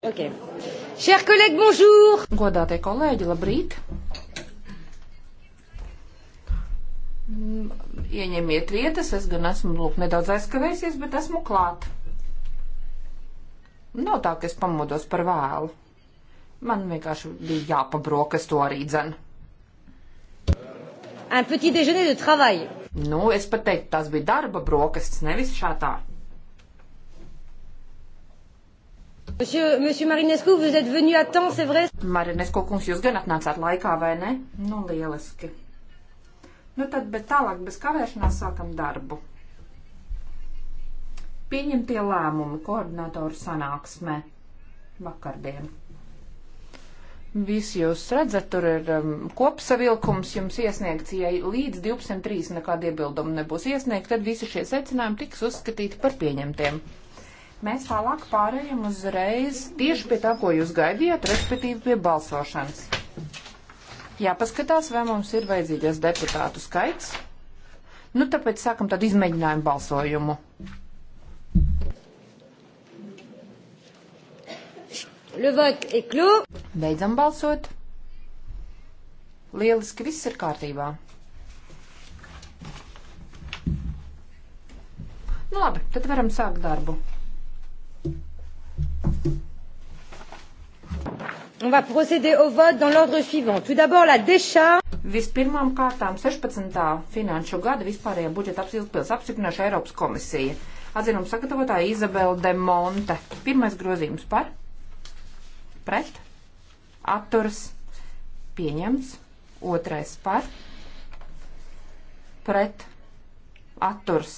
Okay. Chers collègues, bonjour! Godātie kolēģi, labrīt! Ieņemiet vietas, es gan esmu lūk nedaudz aizkavējusies, bet esmu klāt. Nav tā, ka es pamodos par vēlu. Man vienkārši bija jāpabrokas to arī dzen. Un petit déjeuner de travail. Nu, es pat teiktu, tas bija darba brokastis, nevis šā tā. Monsieur, monsieur Marinesku, vous êtes venu à temps, c'est vrai? Marinesku kungs, jūs gan atnācāt laikā, vai ne? Nu, lieliski. Nu tad, bet tālāk bez kavēšanās sākam darbu. Pieņemtie lēmumi koordinatoru sanāksmē vakardien. Visi jūs redzat, tur ir um, kopsavilkums jums iesniegts, ja līdz 203 nekāda iebilduma nebūs iesniegta, tad visi šie secinājumi tiks uzskatīti par pieņemtiem. Mēs tālāk pārējām uzreiz tieši pie tā, ko jūs gaidījāt, respektīvi pie balsošanas. Jāpaskatās, vai mums ir vajadzīgais deputātu skaits. Nu, tāpēc sākam tādu izmēģinājumu balsojumu. Beidzam balsot. Lieliski viss ir kārtībā. Nu labi, tad varam sākt darbu. On va procéder au vote dans l'ordre suivant. Tout d'abord, la décharge. Vispirmām kārtām 16. finanšu gada vispārējā budžeta apsilpils apstiprināšu Eiropas komisija. Atzinumu sagatavotāja Izabela de Monte. Pirmais grozījums par? Pret? Atturs? Pieņems. Otrais par? Pret? Atturs?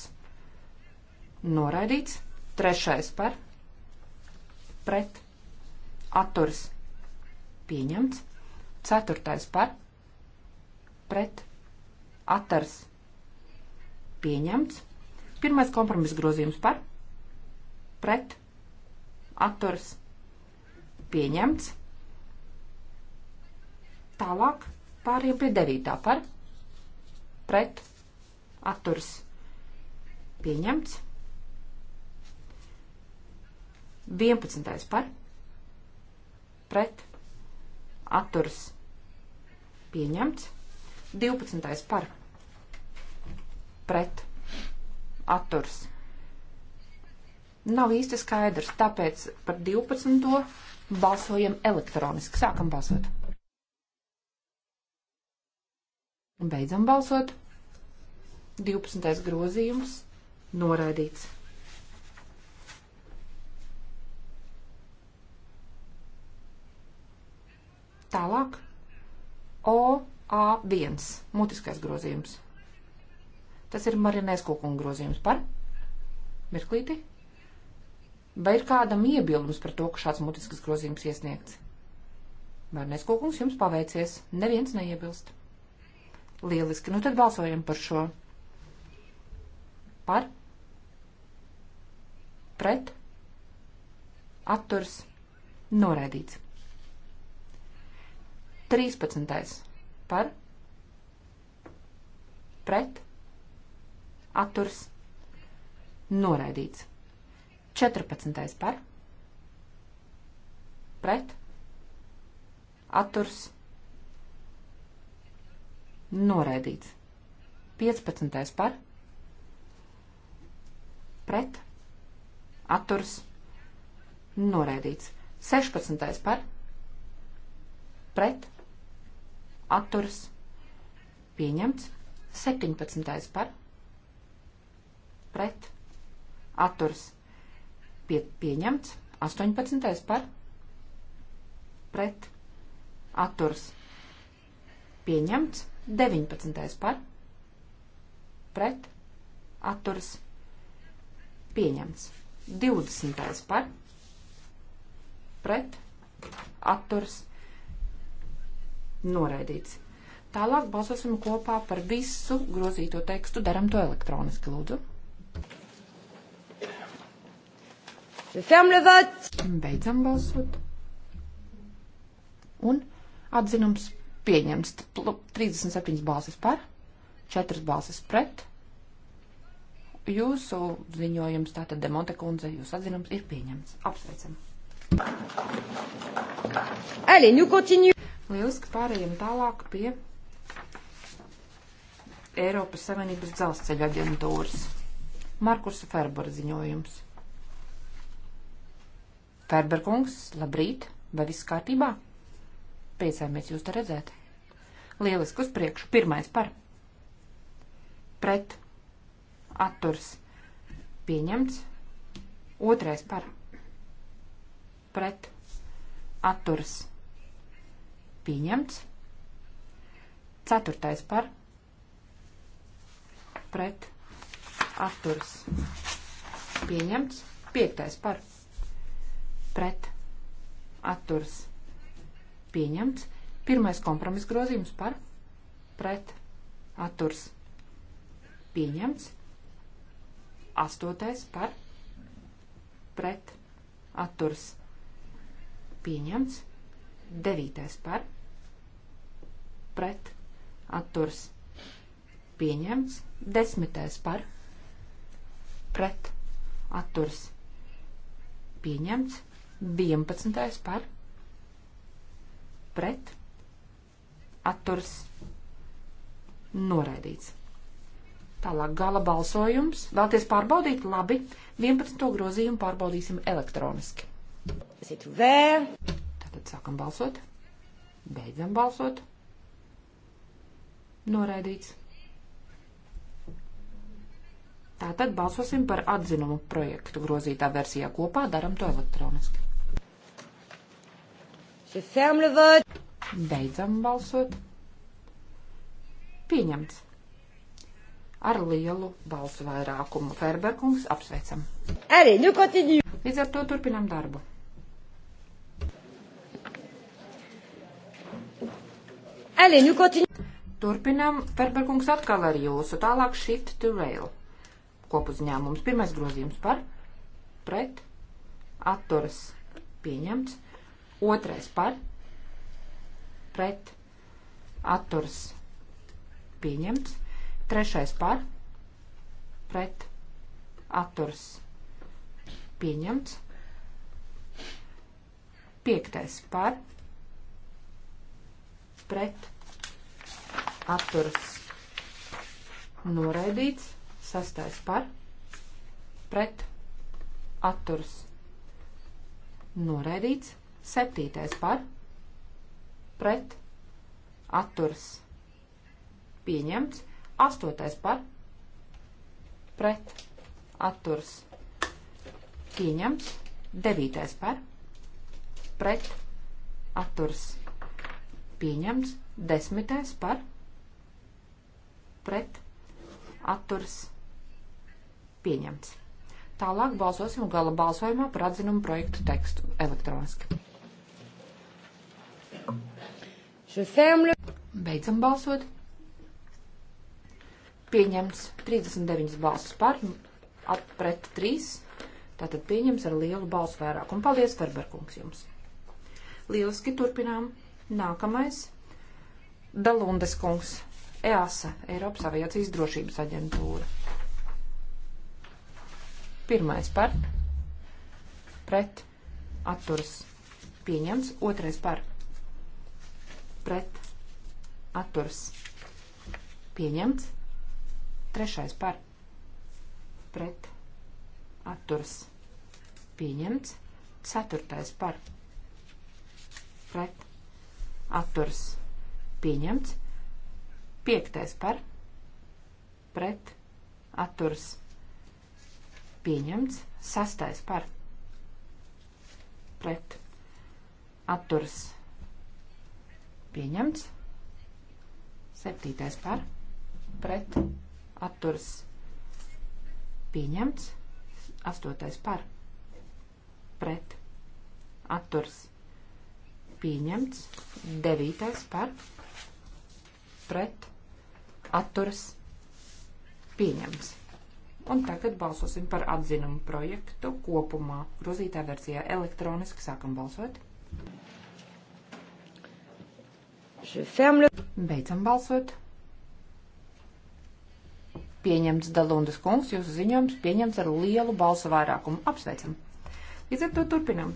Noraidīts. Trešais par? pret atturs pieņemts. Ceturtais par pret atturs pieņemts. Pirmais kompromiss grozījums par pret atturs pieņemts. Tālāk pāriem pie devītā par pret atturs pieņemts. 11. par pret atturas pieņemts. 12. par pret atturas. Nav īsti skaidrs, tāpēc par 12. balsojam elektroniski. Sākam balsot. Beidzam balsot. 12. grozījums noraidīts. Tālāk. OA1. Mutiskais grozījums. Tas ir Marinēs kukunga grozījums par. Mirklīti. Vai ir kādam iebildums par to, ka šāds mutiskas grozījums iesniegts? Marinēs kukungs jums paveicies. Neviens neiebilst. Lieliski. Nu tad balsojam par šo. Par. Pret. Atturs. Noraidīts. 13. par pret atturs noraidīts. 14. par pret atturs noraidīts. 15. par pret atturs noraidīts. 16. par pret atturs atturs pieņemts. 17. par pret atturs pie, pieņemts. 18. par pret atturs pieņemts. 19. par pret atturs pieņemts. 20. par pret atturs pieņemts pret, atturs, Noraidīts. Tālāk balsosim kopā par visu grozīto tekstu. Daram to elektroniski, lūdzu. Beidzam balsot. Un atzinums pieņemts. 37 balsis par, 4 balsis pret. Jūsu ziņojums, tātad Demonte kundze, jūsu atzinums ir pieņemts. Apsveicam. Allez, nous continuons. Lieliski pārējiem tālāk pie Eiropas Savienības dzelzceļa aģentūras. Markusa Ferbera ziņojums. Ferberkungs, labrīt, vai viss kārtībā? Priecājamies jūs te redzēt. Lieliski uz priekšu, pirmais par. Pret. Atturs. Pieņemts. Otrais par. Pret. Atturs. Pieņemts. Ceturtais par pret atturas. Pieņemts. Piektais par pret atturas. Pieņemts. Pirmais kompromis grozījums par pret atturas. Pieņemts. Astotais par pret atturas. Pieņemts. Devītais par pret atturs pieņemts. Desmitais par pret atturs pieņemts. Vienpadsmitais par pret atturs noraidīts. Tālāk gala balsojums. Vēlties pārbaudīt? Labi. 11. grozījumu pārbaudīsim elektroniski. Tad sākam balsot. Beidzam balsot. Noraidīts. Tātad balsosim par atzinumu projektu grozītā versijā kopā, daram to elektroniski. Beidzam balsot. Pieņemts. Ar lielu balsu vairākumu Ferberkungs apsveicam. Arī, nu, Līdz ar to turpinam darbu. Allez, nu continu... Turpinam, Ferberkungs, atkal ar jūsu. Tālāk shift to rail. Kopuzņēmums. Pirmais grozījums par, pret, atturas pieņemts. Otrais par, pret, atturas pieņemts. Trešais par, pret, atturas pieņemts. Piektais par, pret pret atturas noraidīts, sastais par pret atturas noraidīts, septītais par pret atturas pieņemts, astotais par pret atturas pieņemts, devītais par pret atturas pieņemts pieņemts. Desmitais par pret atturs pieņemts. Tālāk balsosim gala balsojumā par atzinumu projektu tekstu elektroniski. Beidzam balsot. Pieņemts 39 balsis par, pret 3. Tātad pieņems ar lielu balsu vairāk. Un paldies, Ferberkungs, jums. Lieliski turpinām. Nākamais. Dalundes kungs. EASA, Eiropas aviācijas drošības aģentūra. Pirmais par, pret, atturas, pieņems. Otrais par, pret, atturas, pieņemts. Trešais par, pret, atturas, pieņemts. Ceturtais par, pret, atturas pieņemts. Piektais par pret atturas pieņemts. Sastais par pret atturas pieņemts. Septītais par pret atturas pieņemts. Astotais par pret atturas pieņemts pieņemts. Devītais par pret atturas pieņemts. Un tagad balsosim par atzinumu projektu kopumā. Grozītā versijā elektroniski sākam balsot. Beidzam balsot. Pieņemts Dalundas kungs, jūsu ziņojums pieņemts ar lielu balsu vairākumu. Apsveicam! Līdz ar to turpinam.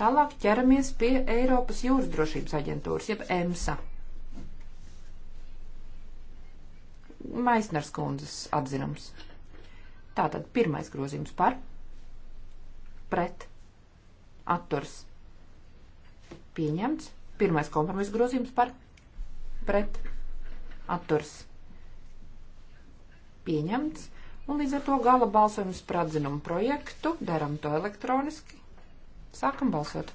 Tālāk ķeramies pie Eiropas jūras drošības aģentūras, jeb EMSA. Maisners kundzes atzinums. Tātad pirmais grozījums par, pret, atturs, pieņemts. Pirmais kompromiss grozījums par, pret, atturs, pieņemts. Un līdz ar to gala balsojums par atzinumu projektu, daram to elektroniski. Sākam balsot.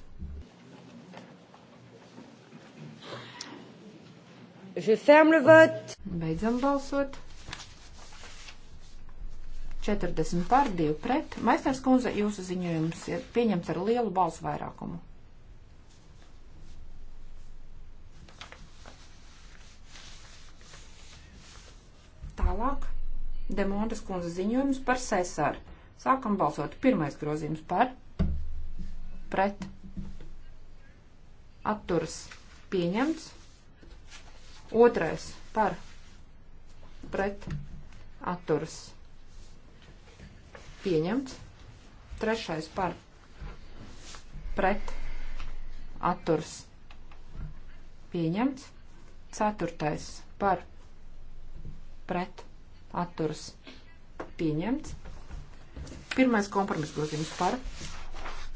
Je ferme le vote. Beidzam balsot. 40 par, 2 pret. Maistars kundze, jūsu ziņojums ir pieņemts ar lielu balsu vairākumu. Tālāk. Demontas kundze ziņojums par sesāru. Sākam balsot. Pirmais grozījums par pret atturas pieņemts. Otrais par pret atturas pieņemts. Trešais par pret atturas pieņemts. Ceturtais par pret atturas pieņemts. Pirmais kompromiss grozījums par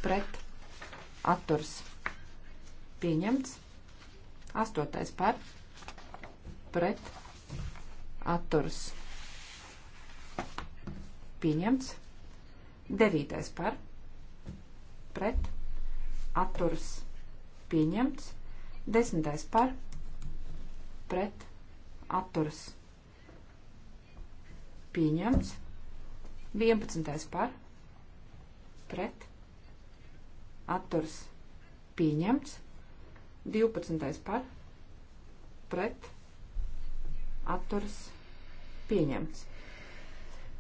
pret atturs pieņemts. Astotais par pret atturs pieņemts. Devītais par pret atturs pieņemts. Desmitais par pret atturs pieņemts. Vienpadsmitais par pret atturs atturs pieņemts. 12. par pret atturs pieņemts.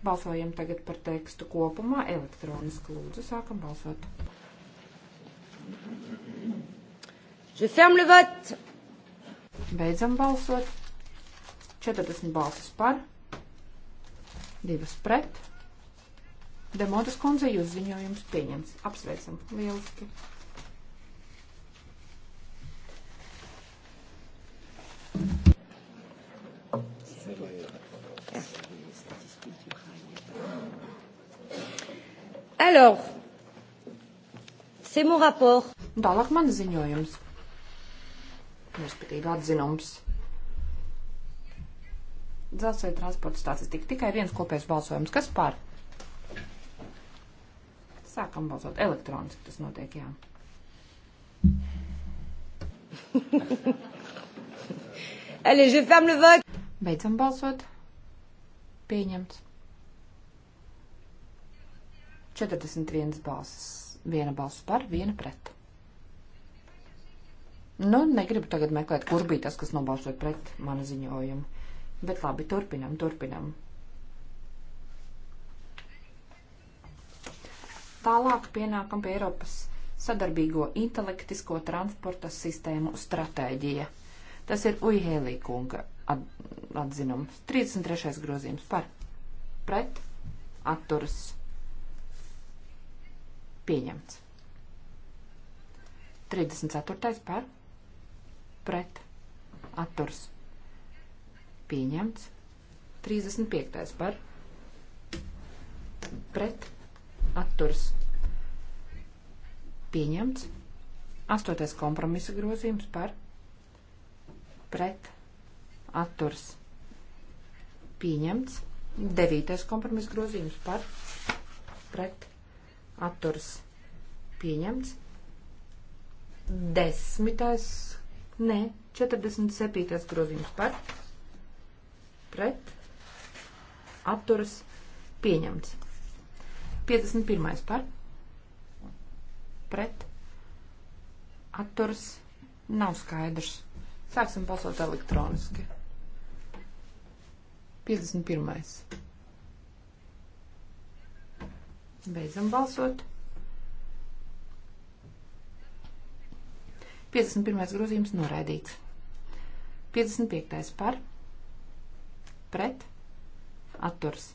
Balsojam tagad par tekstu kopumā elektroniski lūdzu. Sākam balsot. Je ferme le vote. Beidzam balsot. 40 balsas par, 2 pret. Demotas kundze, jūs ziņojums pieņems. Apsveicam. Lieliski. Alors, c'est mon rapport. Tālāk man ziņojums. Respektīvi atzinums. Dzelzceļa transporta stāsts tika tikai viens kopējs balsojums. Kas par? Sākam balsot elektroniski, tas notiek, jā. Allez, je ferme le vote. Beidzam balsot. Pieņemts. 41 balsis. Viena balss par, viena pret. Nu, negribu tagad meklēt, kur bija tas, kas nobalsoja pret mana ziņojumu. Bet labi, turpinam, turpinam. Tālāk pienākam pie Eiropas sadarbīgo intelektisko transporta sistēmu stratēģija. Tas ir Uihēlī kunga atzinums. 33. grozījums par pret atturas pieņemts. 34. par pret atturs pieņemts. 35. par pret atturs pieņemts. Astotais kompromisa grozījums par pret atturs pieņemts. Devītais kompromisa grozījums par pret atturs pieņemts. Desmitais, ne, 47. grozījums par pret atturs pieņemts. 51. par pret atturs nav skaidrs. Sāksim balsot elektroniski. 51. Beidzam balsot. 51. grozījums noraidīts. 55. par pret atturs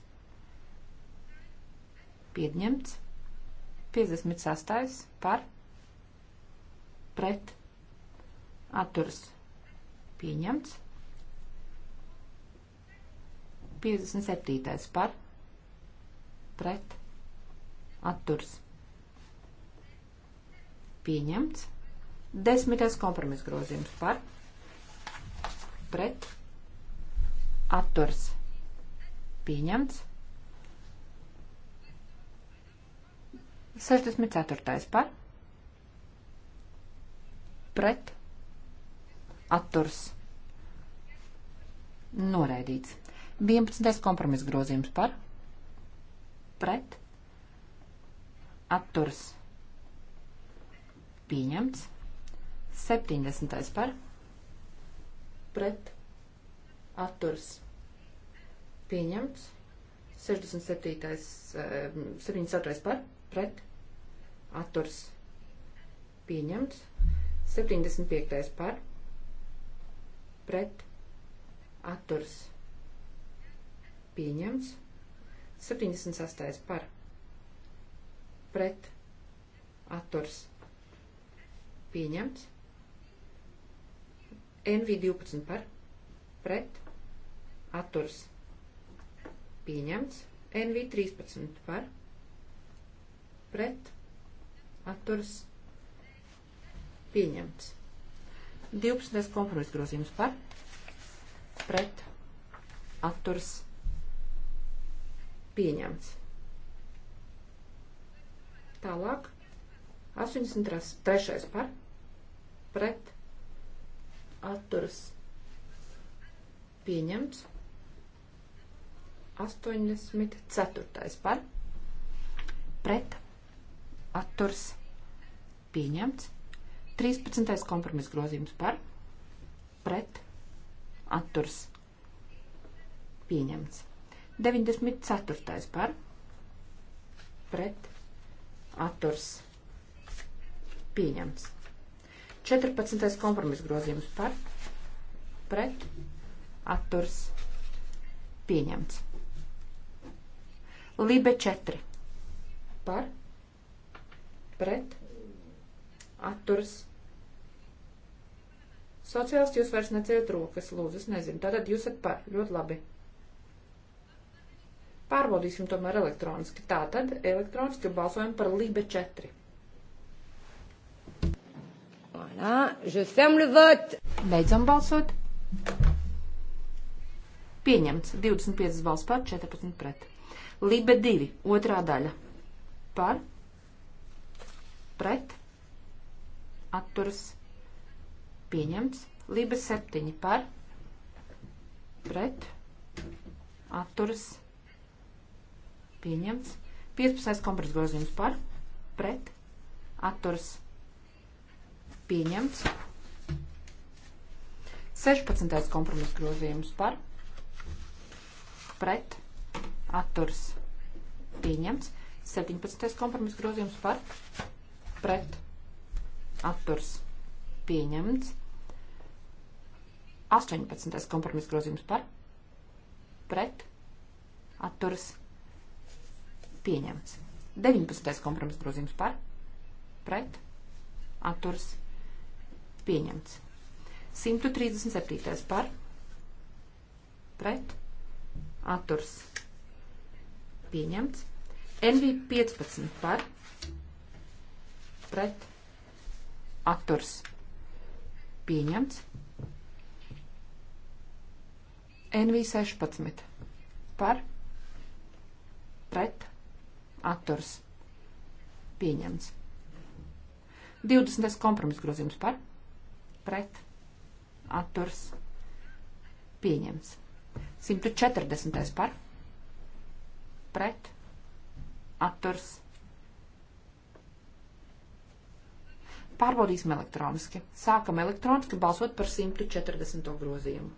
pieņemts. 56. par pret atturs pieņemts. 57. par pret atturs pieņemts. 10. kompromis grozījums par pret atturs pieņemts. 64. par pret atturs noraidīts. 11. kompromiss grozījums par pret atturs pieņemts. 70. par pret atturs pieņemts. 67. 74. Eh, par pret atturs pieņemts. 75. par pret atturs pieņemts. 78. par pret atturs pieņemts. NV12 par pret atturs pieņemts. NV13 par pret atturs pieņemts atturas pieņemts. 12. kompromiss grozījums par pret atturas pieņemts. Tālāk 83. par pret atturas pieņemts. 84. par pret atturas pieņemts pieņemts. 13. kompromiss grozījums par, pret, atturs, pieņemts. 94. par, pret, atturs, pieņemts. 14. kompromiss grozījums par, pret, atturs, pieņemts. Libe 4 par, pret, atturas. Sociālisti jūs vairs neceļat rokas, lūdzu, es nezinu. Tātad jūs esat par. Ļoti labi. Pārbaudīsim tomēr elektroniski. Tātad elektroniski balsojam par Libe 4. Voilà, je ferme le vote. Beidzam balsot. Pieņemts 25 balss par, 14 pret. Libe 2, otrā daļa. Par, pret, atturas pieņemts. Liba 7 par pret atturas pieņemts. 15. kompresa grozījums par pret atturas pieņemts. 16. kompromisa grozījums par pret atturas pieņemts. 17. kompromisa grozījums par pret atturs pieņemts. 18. kompromiss grozījums par pret atturas pieņemts. 19. kompromiss grozījums par pret atturas pieņemts. 137. par pret atturas pieņemts. NV 15 par pret atturs pieņemts. NV16 par pret atturs pieņemts. 20. kompromis grozījums par pret atturs pieņemts. 140. par pret atturs Pārbaudīsim elektroniski. Sākam elektroniski balsot par 140. grozījumu.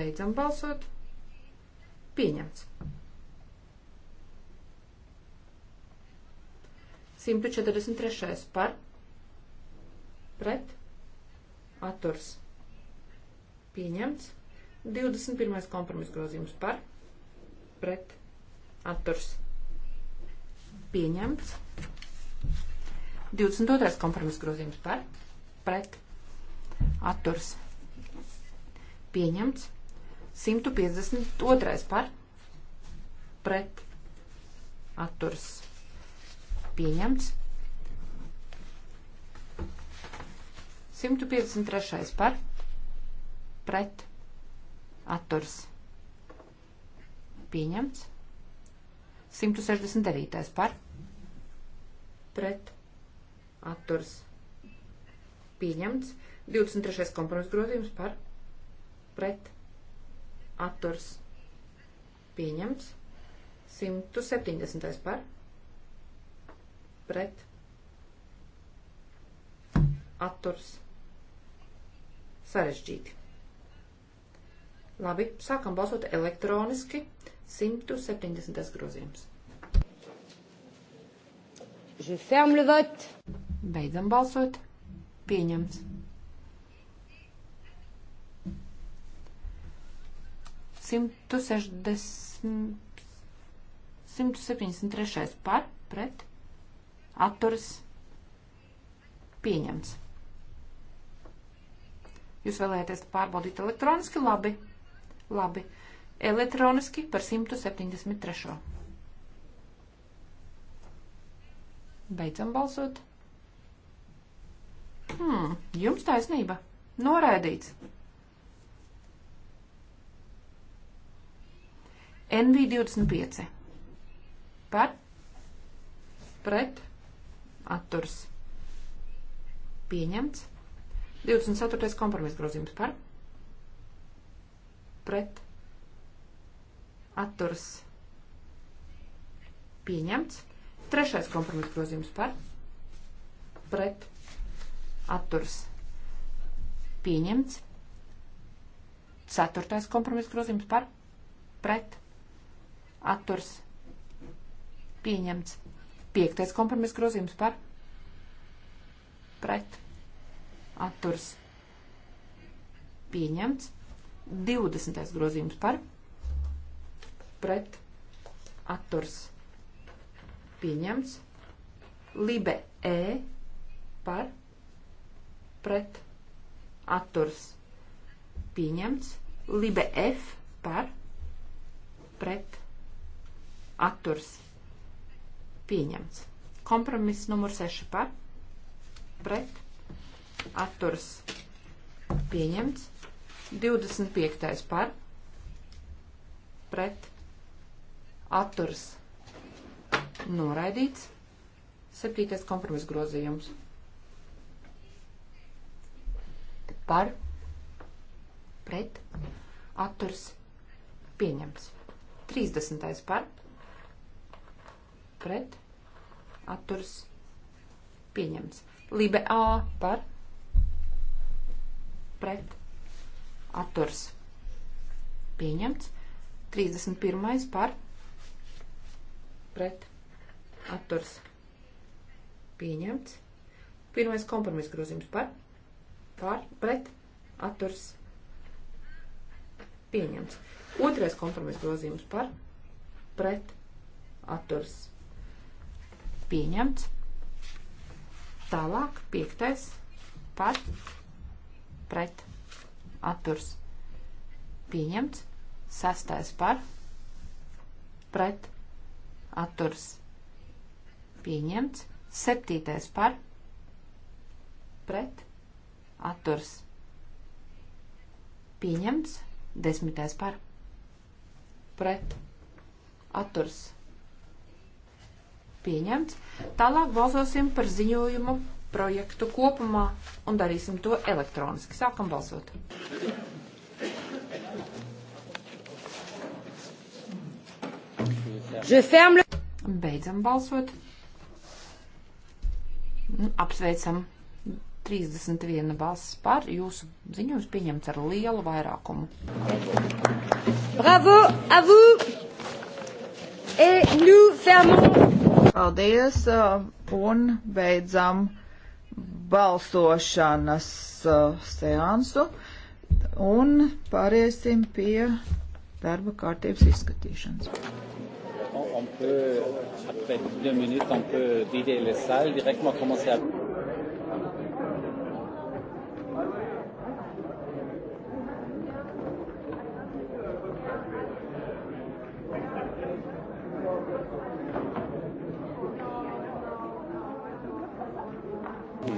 Beidzam balsot. Pieņemts. 143. par pret atturs. Pieņemts. 21. kompromis grozījums par pret atturs pieņemts. 22. kompromiss grozījums par, pret, atturs, pieņemts. 152. par, pret, atturs, pieņemts. 153. par, pret, atturs, pieņemts. 169. par, pret atturs pieņemts. 23. kompromiss grozījums par pret atturs pieņemts. 170. par pret atturs sarežģīti. Labi, sākam balsot elektroniski 170. grozījums. Je ferme le vote. Beidzam balsot. Pieņemts. Simtu sešdesmit. 173. par, pret, atturas, pieņemts. Jūs vēlēties pārbaudīt elektroniski? Labi, labi. Elektroniski par 173. Beidzam balsot. Hmm, jums taisnība. Noraidīts. NV25. Par. Pret. Atturs. Pieņemts. 24. kompromisa grozījums par. Pret. Atturs. Pieņemts. Trešais kompromiss grozījums par pret atturs pieņemts. Ceturtais kompromiss grozījums par pret atturs pieņemts. Piektais kompromiss grozījums par pret atturs pieņemts. 20. grozījums par pret atturs pieņemts pieņemts. Libe E par pret atturs pieņemts. Libe F par pret atturs pieņemts. Kompromiss numur 6 par pret atturs pieņemts. 25. par pret atturs pieņemts Noraidīts. Septītais kompromiss grozījums. Par. Pret. Atturs. Pieņemts. 30. par. Pret. Atturs. Pieņemts. Libe A par. Pret. Atturs. Pieņemts. 31. par. Pret atturs pieņemts. Pirmais kompromiss grozījums par, par, pret, atturs pieņemts. Otrais kompromiss grozījums par, pret, atturs pieņemts. Tālāk piektais par, pret, atturs pieņemts. Sestais par, pret, atturs pieņemts pieņemts. Septītais par pret atturs pieņemts. Desmitais par pret atturs pieņemts. Tālāk balsosim par ziņojumu projektu kopumā un darīsim to elektroniski. Sākam balsot. Beidzam balsot. Nu, apsveicam 31 balss par jūsu ziņojums pieņemts ar lielu vairākumu. Bravo, avu! Et nous fermons! Paldies uh, un beidzam balsošanas uh, seansu un pāriesim pie darba kārtības izskatīšanas on peut, après deux minutes, on peut vider les salles, directement commencer à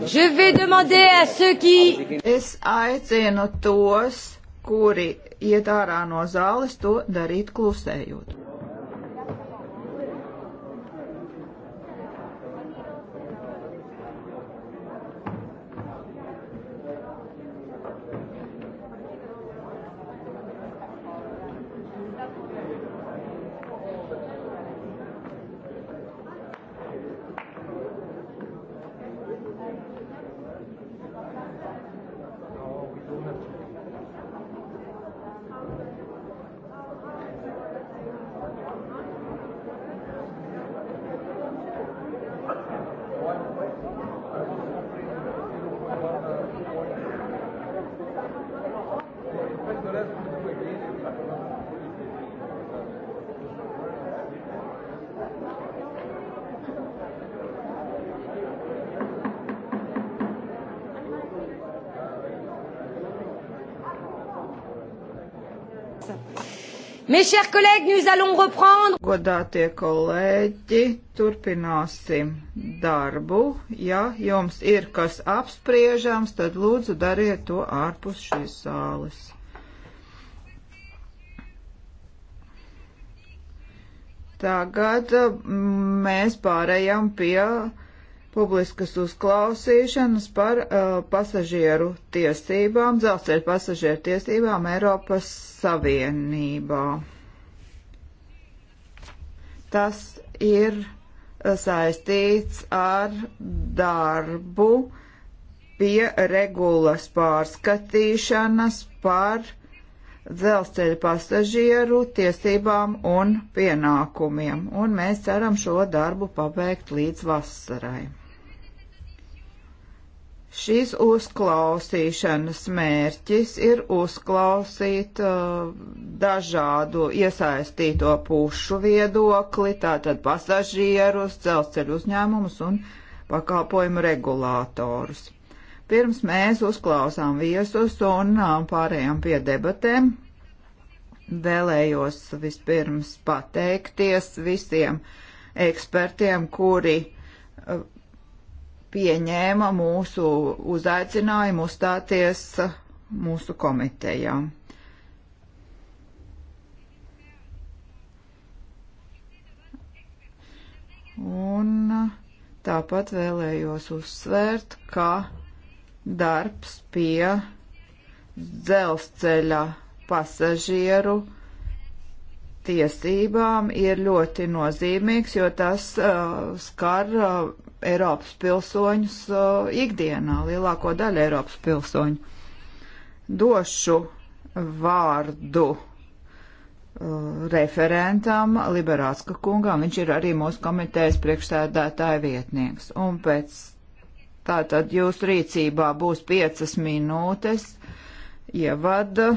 Je vais demander à ceux qui... Es aicinu tos, kuri iet ārā no zāles, to darīt klusējot. Mes chers collègues, nous allons reprendre. Godātie kolēģi, turpināsim darbu. Ja jums ir kas apspriežams, tad lūdzu dariet to ārpus šīs zāles. Tagad mm, mēs pārējām pie publiskas uzklausīšanas par uh, pasažieru tiesībām, dzelzceļa pasažieru tiesībām Eiropas Savienībā. Tas ir uh, saistīts ar darbu pie regulas pārskatīšanas par dzelzceļa pasažieru tiesībām un pienākumiem, un mēs ceram šo darbu pabeigt līdz vasarai. Šīs uzklausīšanas mērķis ir uzklausīt uh, dažādu iesaistīto pušu viedokli, tātad pasažierus, dzelzceļu uzņēmumus un pakalpojumu regulātorus. Pirms mēs uzklausām viesus un uh, pārējām pie debatēm, vēlējos vispirms pateikties visiem ekspertiem, kuri pieņēma mūsu uzaicinājumu uzstāties mūsu komitejā. Un tāpat vēlējos uzsvērt, ka darbs pie dzelzceļa pasažieru tiesībām ir ļoti nozīmīgs, jo tas uh, skar uh, Eiropas pilsoņus uh, ikdienā, lielāko daļu Eiropas pilsoņu. Došu vārdu uh, referentam Liberāska kungam, viņš ir arī mūsu komitejas priekšsēdētāja vietnieks. Un pēc tā tad jūsu rīcībā būs piecas minūtes ievada. Ja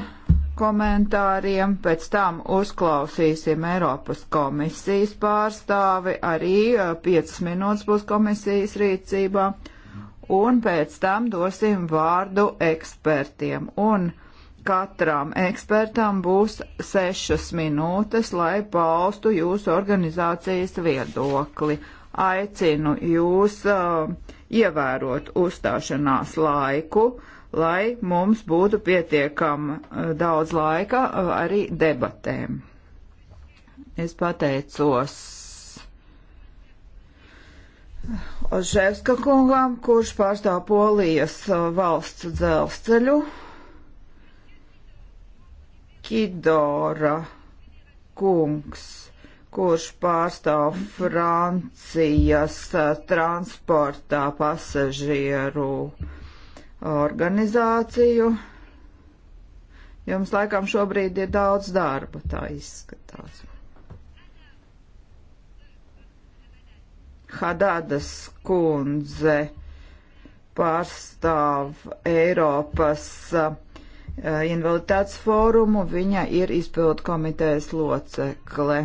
komentāriem, pēc tam uzklausīsim Eiropas komisijas pārstāvi, arī 5 minūtes būs komisijas rīcībā, un pēc tam dosim vārdu ekspertiem. Un katram ekspertam būs 6 minūtes, lai paustu jūsu organizācijas viedokli. Aicinu jūs uh, ievērot uzstāšanās laiku. Uh, lai mums būtu pietiekama eh, daudz laika eh, arī debatēm. Es pateicos Ožēvska kungam, kurš pārstāv Polijas eh, valsts dzelzceļu, Kidora kungs, kurš pārstāv Francijas transportā pasažieru uh, organizāciju. Jums laikam šobrīd ir daudz darba, tā izskatās. Hadadas kundze pārstāv Eiropas eh, invaliditātes fórumu, viņa ir izpildu komitejas locekle.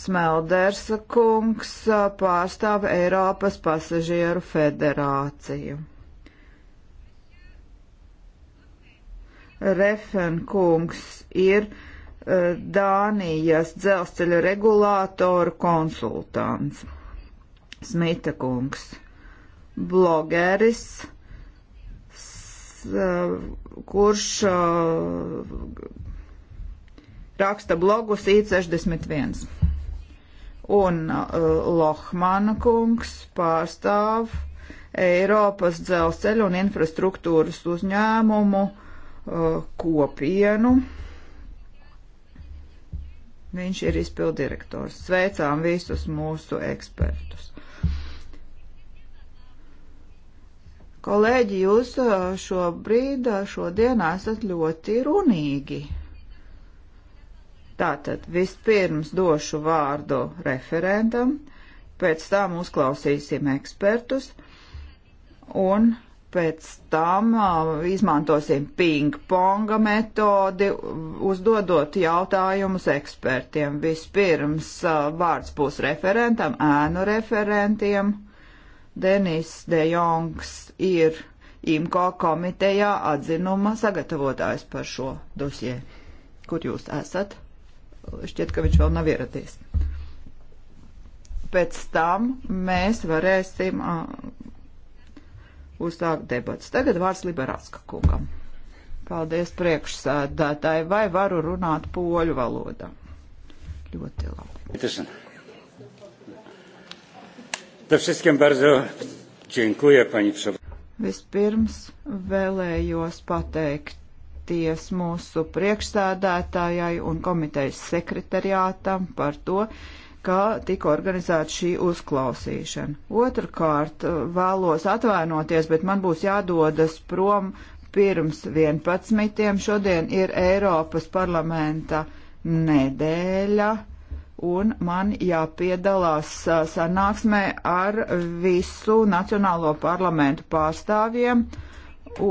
Smelders kungs eh, pārstāv Eiropas pasažieru federāciju. Refenkungs ir eh, Dānijas dzelzceļa regulātoru konsultants. Smita kungs, blogeris, eh, kurš eh, raksta blogus I61. Un Lohmana kungs pārstāv Eiropas dzelzceļa un infrastruktūras uzņēmumu uh, Uh, kopienu. Viņš ir izpildirektors. Sveicām visus mūsu ekspertus. Kolēģi, jūs uh, šobrīd, uh, šodien esat ļoti runīgi. Tātad vispirms došu vārdu referentam, pēc tam uzklausīsim ekspertus un pēc tam izmantosim ping-ponga metodi, uzdodot jautājumus ekspertiem. Vispirms vārds būs referentam, ēnu referentiem. Denis De Jongs ir IMKO komitejā atzinuma sagatavotājs par šo dosie. Kur jūs esat? Šķiet, ka viņš vēl nav ieradies. Pēc tam mēs varēsim uh, uzsākt debats. Tagad vārds Liberāska kungam. Paldies priekšsēdētāji, vai varu runāt poļu valodā? Ļoti labi. Vispirms vēlējos pateikties mūsu priekšsēdētājai un komitejas sekretariātam par to, kā tika organizēta šī uzklausīšana. Otrakārt, eh, vēlos atvainoties, bet man būs jādodas prom pirms 11. Šodien ir Eiropas parlamenta nedēļa, un man jāpiedalās eh, sanāksmē ar visu Nacionālo parlamentu pārstāvjiem.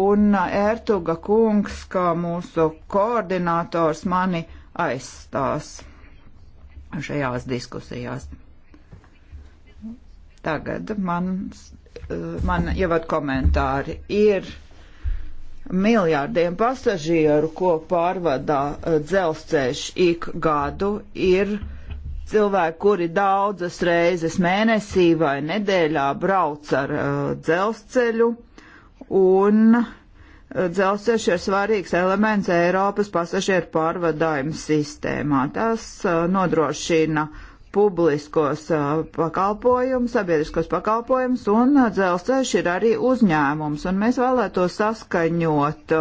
Un eh, Ertuga kungs, kā mūsu koordinators, mani aizstās šajās diskusijās. Tagad man, man ievad komentāri ir miljārdiem pasažieru, ko pārvadā eh, dzelzceļš ik gadu, ir cilvēki, kuri daudzas reizes mēnesī vai nedēļā brauc ar uh, dzelzceļu un uh, Dzelzceļš ir svarīgs elements Eiropas pasažieru pārvadājuma sistēmā. Tas uh, nodrošina publiskos uh, pakalpojumus, sabiedriskos pakalpojumus, un uh, dzelzceļš ir arī uzņēmums, un mēs vēlētos saskaņot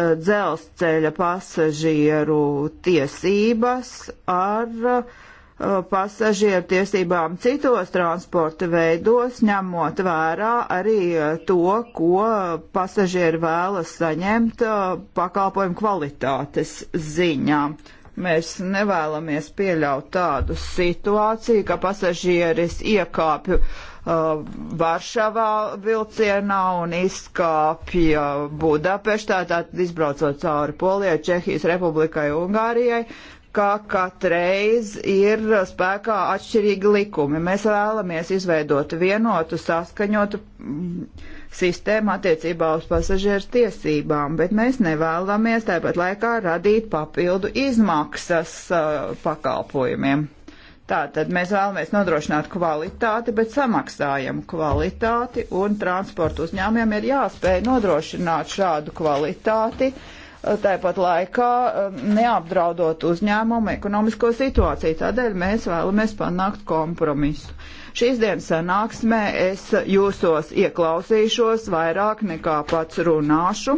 dzelzceļa pasažieru tiesības ar uh, Uh, pasažieru tiesībām citos transporta veidos, ņemot vērā arī uh, to, ko pasažieri vēlas saņemt uh, pakalpojumu kvalitātes ziņā. Mēs nevēlamies pieļaut tādu situāciju, ka pasažieris iekāpju uh, Varšavā vilcienā un izkāpja Budapeštā, tātad izbraucot cauri Polijai, Čehijas republikai, Ungārijai, ka katreiz ir spēkā atšķirīgi likumi. Mēs vēlamies izveidot vienotu, saskaņotu mm, sistēmu attiecībā uz pasažieru tiesībām, bet mēs nevēlamies tāpat laikā radīt papildu izmaksas uh, pakalpojumiem. Tātad mēs vēlamies nodrošināt kvalitāti, bet samaksājam kvalitāti, un transporta uzņēmiem ir jāspēj nodrošināt šādu kvalitāti, uh, tāpat laikā um, neapdraudot uzņēmumu ekonomisko situāciju. Tādēļ mēs vēlamies panākt kompromisu. Šīs dienas sanāksmē es jūsos ieklausīšos vairāk nekā pats runāšu.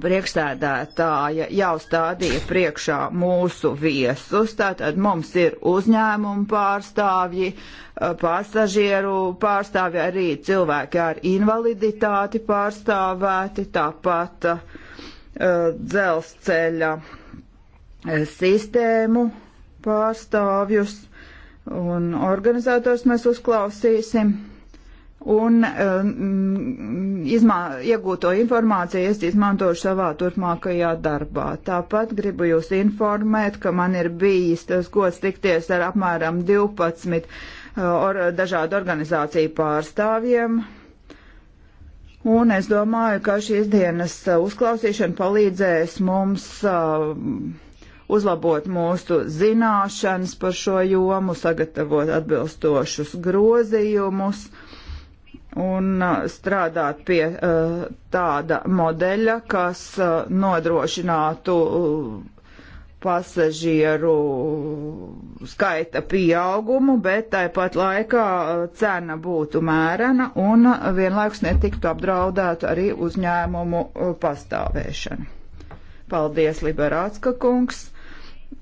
Priekšsēdētāja jau stādīja priekšā mūsu viesus, tātad mums ir uzņēmumu pārstāvji, uh, pasažieru pārstāvji, arī cilvēki ar invaliditāti pārstāvēti, tāpat uh, Uh, dzelzceļa uh, sistēmu pārstāvjus un organizētājus mēs uzklausīsim. Un um, izmā, iegūto informāciju es izmantošu savā turpmākajā darbā. Tāpat gribu jūs informēt, ka man ir bijis tas gods tikties ar apmēram 12 uh, or, dažādu organizāciju pārstāvjiem, Un es domāju, ka šīs dienas uh, uzklausīšana palīdzēs mums uh, uzlabot mūsu zināšanas par šo jomu, sagatavot atbilstošus grozījumus un uh, strādāt pie uh, tāda modeļa, kas uh, nodrošinātu uh, pasažieru skaita pieaugumu, bet tāpat laikā uh, cena būtu mērena un vienlaikus netiktu apdraudēta arī uzņēmumu uh, pastāvēšana. Paldies, Liberācka kungs!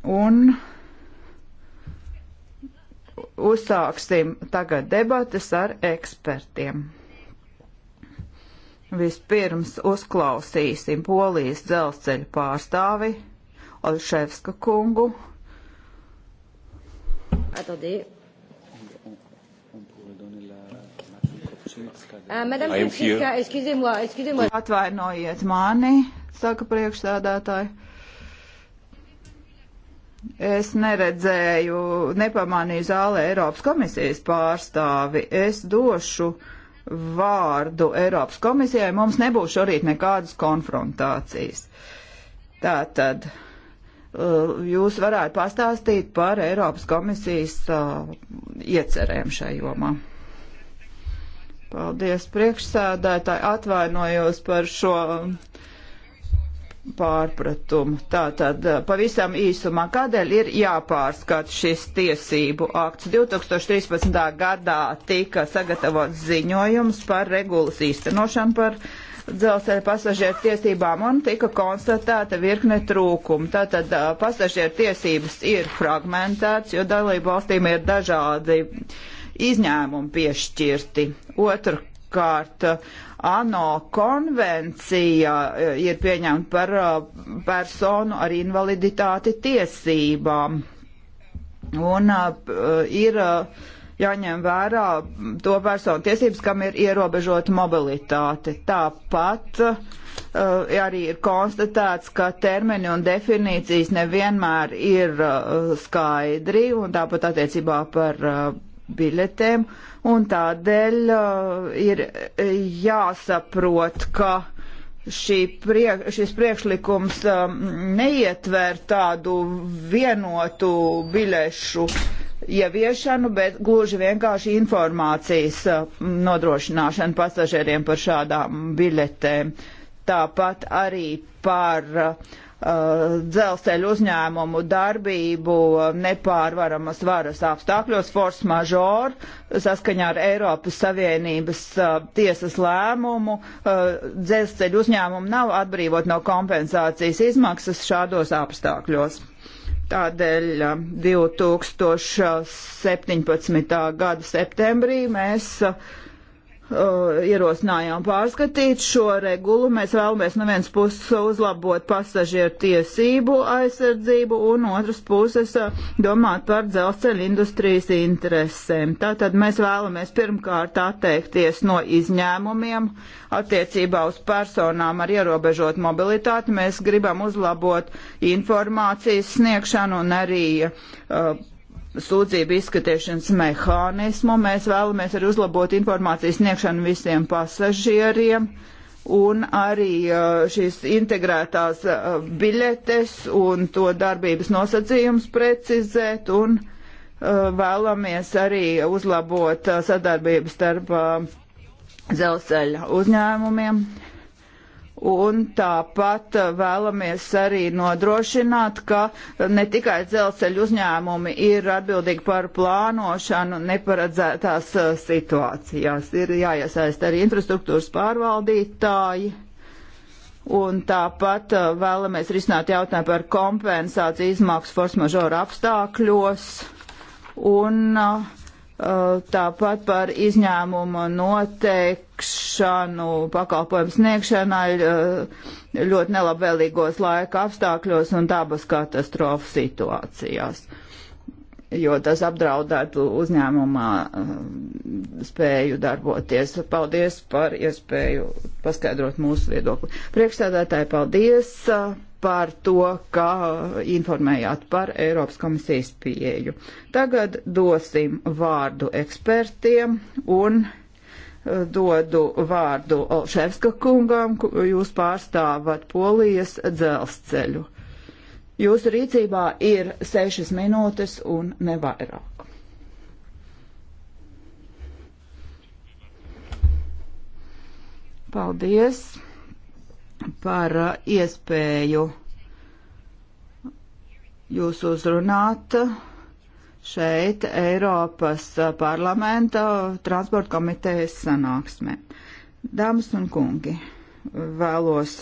Un uzsāksim tagad debatas ar ekspertiem. Vispirms uzklausīsim polijas dzelzceļa pārstāvi Olševska kungu. Attendez. Uh, uh, Atvainojiet mani, saka priekšsēdētāji. Es neredzēju, nepamanīju zālē Eiropas komisijas pārstāvi. Es došu vārdu Eiropas komisijai. Mums nebūs šorīt nekādas konfrontācijas. Tātad. tad. Eh, jūs varētu pastāstīt par Eiropas komisijas eh, iecerēm šajā jomā. Paldies priekšsēdētāji, atvainojos par šo eh, pārpratumu. Tātad pavisam īsumā, kādēļ ir jāpārskat šis tiesību akts? 2013. gadā tika sagatavots ziņojums par regulas īstenošanu par dzelzceļa pasažieru tiesībām un tika konstatēta virkne trūkumu. Tātad pasažieru tiesības ir fragmentēts, jo dalību valstīm ir dažādi izņēmumi piešķirti. Otrkārt, ANO konvencija ir pieņemta par personu ar invaliditāti tiesībām. Un uh, ir uh, jāņem vērā to personu tiesības, kam ir ierobežota mobilitāte. Tāpat uh, arī ir konstatēts, ka termini un definīcijas nevienmēr ir uh, skaidri, un tāpat attiecībā par uh, biļetēm, un tādēļ uh, ir jāsaprot, ka priek, šis priekšlikums um, neietver tādu vienotu biļešu ieviešanu, bet gluži vienkārši informācijas uh, nodrošināšanu pasažieriem par šādām biļetēm. Tāpat arī par uh, dzelzceļu uzņēmumu darbību nepārvaramas varas apstākļos force majeure saskaņā ar Eiropas Savienības uh, tiesas lēmumu. Uh, dzelzceļu uzņēmumu nav atbrīvot no kompensācijas izmaksas šādos apstākļos. Tādēļ 2017. gada septembrī mēs uh, Uh, ierosinājām pārskatīt šo regulu. Mēs vēlamies no vienas puses uzlabot pasažieru tiesību aizsardzību un otras puses uh, domāt par dzelzceļa industrijas interesēm. Tātad mēs vēlamies pirmkārt atteikties no izņēmumiem attiecībā uz personām ar ierobežotu mobilitāti. Mēs gribam uzlabot informācijas sniegšanu un arī uh, sūdzību izskatīšanas mehānismu. Mēs vēlamies arī uzlabot informācijas sniegšanu visiem pasažieriem un arī šīs integrētās biļetes un to darbības nosacījums precizēt un vēlamies arī uzlabot sadarbības starp dzelzceļa uzņēmumiem Un tāpat eh, vēlamies arī nodrošināt, ka ne tikai dzelzceļu uzņēmumi ir atbildīgi par plānošanu neparedzētās eh, situācijās. Ir jāiesaist arī infrastruktūras pārvaldītāji. Un tāpat eh, vēlamies risināt jautājumu par kompensāciju izmaksu force majeure apstākļos. Un uh, Uh, tāpat par izņēmumu noteikšanu pakalpojumu sniegšanai uh, ļoti nelabvēlīgos laika apstākļos un dabas katastrofu situācijās, jo tas apdraudētu uzņēmumā uh, spēju darboties. Paldies par iespēju paskaidrot mūsu viedokli. Priekšstādātāji, paldies! par to, ka informējāt par Eiropas komisijas pieeju. Tagad dosim vārdu ekspertiem un e, dodu vārdu Olševska kungam, jūs pārstāvat Polijas dzelzceļu. Jūsu rīcībā ir sešas minūtes un nevairāk. Paldies! par uh, iespēju jūs uzrunāt šeit Eiropas uh, parlamenta transporta komitejas sanāksmē. Dāmas un kungi, vēlos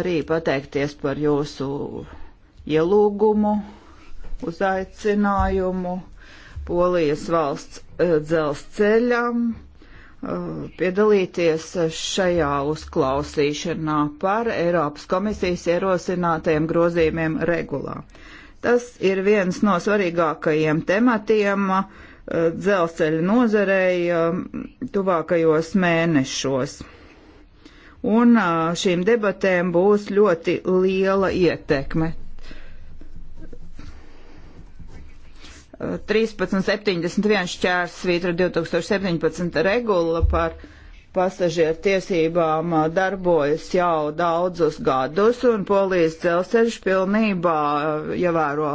arī pateikties par jūsu ielūgumu, uzaicinājumu Polijas valsts uh, dzelzceļam. Uh, Uh, piedalīties šajā uzklausīšanā par Eiropas komisijas ierosinātajiem grozījumiem regulā. Tas ir viens no svarīgākajiem tematiem uh, dzelzceļa nozarei um, tuvākajos mēnešos. Un uh, šīm debatēm būs ļoti liela ietekme. 1371 šķērsvītra 2017 regula par pasažieru tiesībām darbojas jau daudzus gadus, un polijas dzelzceļš pilnībā ievēro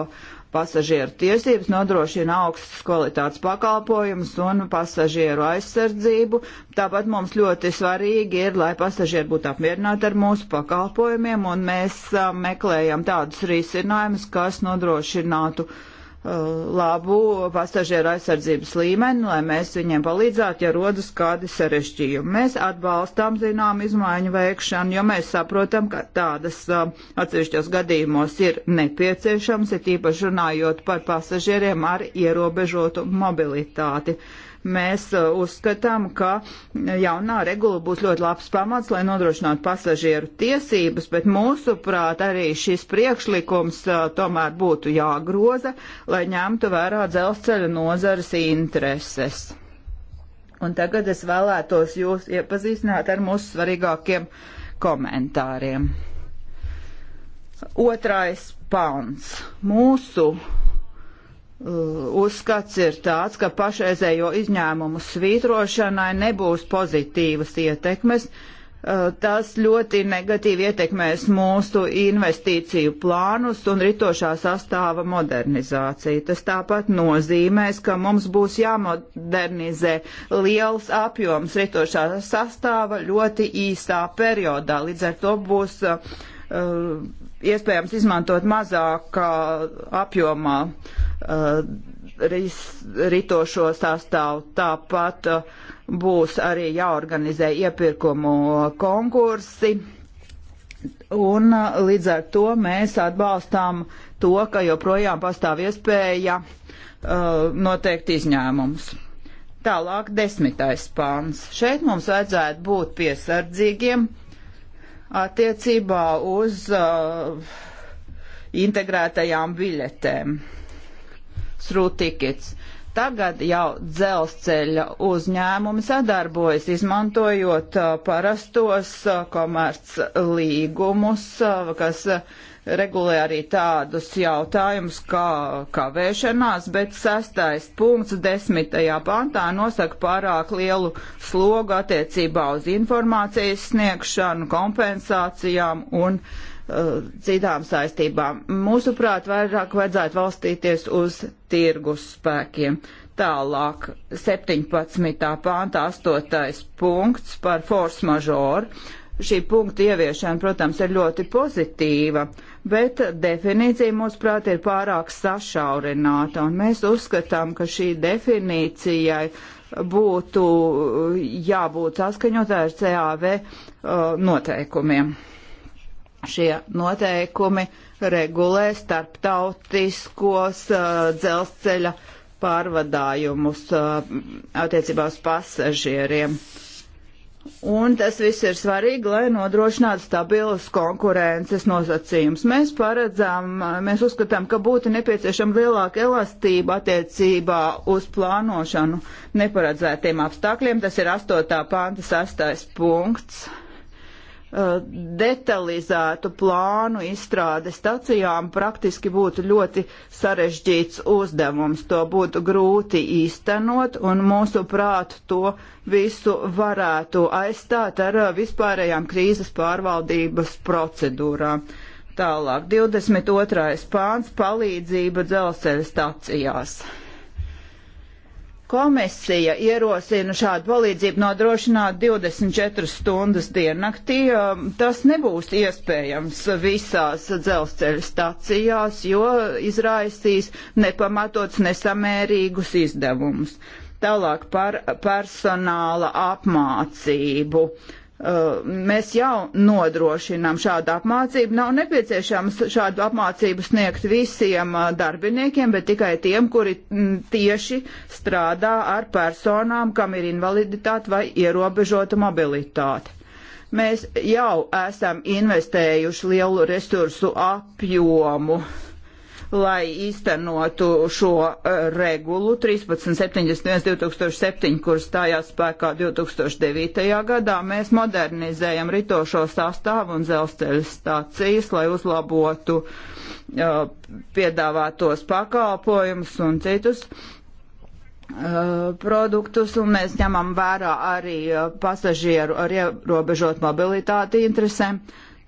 pasažieru tiesības, nodrošina augstas kvalitātes pakalpojumus un pasažieru aizsardzību. Tāpat mums ļoti svarīgi ir, lai pasažieri būtu apmierināti ar mūsu pakalpojumiem, un mēs a, meklējam tādus risinājumus, kas nodrošinātu uh, Uh, labu pasažieru aizsardzības līmeni, lai mēs viņiem palīdzētu, ja rodas kādi sarežģījumi. Mēs atbalstām zinām izmaiņu veikšanu, jo mēs saprotam, ka tādas uh, atsevišķos gadījumos ir nepieciešams, ir tīpaši runājot par pasažieriem ar ierobežotu mobilitāti. Uh, mēs uh, uzskatām, ka jaunā regula būs ļoti labs pamats, lai nodrošinātu pasažieru tiesības, bet mūsuprāt arī šis priekšlikums uh, tomēr būtu jāgroza, lai ņemtu vērā dzelzceļa nozares intereses. Un tagad es vēlētos jūs iepazīstināt ar mūsu svarīgākiem komentāriem. Otrais pants. Mūsu Uh, uzskats ir tāds, ka pašreizējo izņēmumu svītrošanai nebūs pozitīvas ietekmes. Uh, tas ļoti negatīvi ietekmēs mūsu investīciju plānus un ritošā sastāva modernizāciju. Tas tāpat nozīmēs, ka mums būs jāmodernizē liels apjoms ritošā sastāva ļoti īsā periodā. Līdz ar to būs uh, Uh, iespējams izmantot mazākā apjomā uh, ritošo sastāvu. Tāpat uh, būs arī jāorganizē iepirkumu konkursi. Un līdz ar to mēs atbalstām to, ka joprojām pastāv iespēja uh, noteikt izņēmumus. Tālāk, desmitais pāns. Šeit mums vajadzētu būt piesardzīgiem, uh, attiecībā uz uh, integrētajām biļetēm. Srūtikits. Tagad jau dzelzceļa uzņēmumi sadarbojas, izmantojot uh, parastos uh, komerc līgumus, uh, kas regulē arī tādus jautājumus kā kavēšanās, bet sastais punkts desmitajā pantā nosaka pārāk lielu slogu attiecībā uz informācijas sniegšanu, kompensācijām un uh, citām saistībām. Mūsuprāt, vairāk vajadzētu valstīties uz tirgus spēkiem. Tālāk 17. pānta 8. punkts par force majeure šī punkta ieviešana, protams, ir ļoti pozitīva, bet definīcija, mūsuprāt, ir pārāk sašaurināta, un mēs uzskatām, ka šī definīcijai būtu jābūt saskaņotā ar CAV uh, noteikumiem. Šie noteikumi regulē starptautiskos uh, dzelzceļa pārvadājumus uh, attiecībā uz pasažieriem. Uh, Un tas viss ir svarīgi, lai nodrošinātu stabilas konkurences nosacījumus. Mēs paredzam, mēs uzskatām, ka būtu nepieciešama lielāka elastība attiecībā uz plānošanu neparedzētiem apstākļiem. Tas ir 8. panta 6. punkts. Eh, detalizētu plānu izstrāde stacijām praktiski būtu ļoti sarežģīts uzdevums. To būtu grūti īstenot, un mūsu prāt to visu varētu aizstāt ar eh, vispārējām krīzes pārvaldības procedūrām. Tālāk, 22. pāns - palīdzība dzelzceļa stacijās. Komisija ierosina šādu palīdzību nodrošināt 24 stundas diennaktī. Um, tas nebūs iespējams visās dzelzceļa stacijās, jo izraisīs nepamatots nesamērīgus izdevumus. Tālāk par personāla apmācību. Uh, Uh, mēs jau nodrošinām šādu apmācību. Nav nepieciešams šādu apmācību sniegt visiem uh, darbiniekiem, bet tikai tiem, kuri mm, tieši strādā ar personām, kam ir invaliditāte vai ierobežota mobilitāte. Mēs jau esam investējuši lielu resursu apjomu uh, lai īstenotu šo eh, regulu 1371-2007, kur stājās spēkā 2009. gadā. Mēs modernizējam ritošo sastāvu un dzelzceļa stācijas, lai uzlabotu uh, piedāvātos pakalpojumus un citus eh, produktus, un mēs ņemam vērā arī pasažieru ar ierobežot mobilitāti interesēm.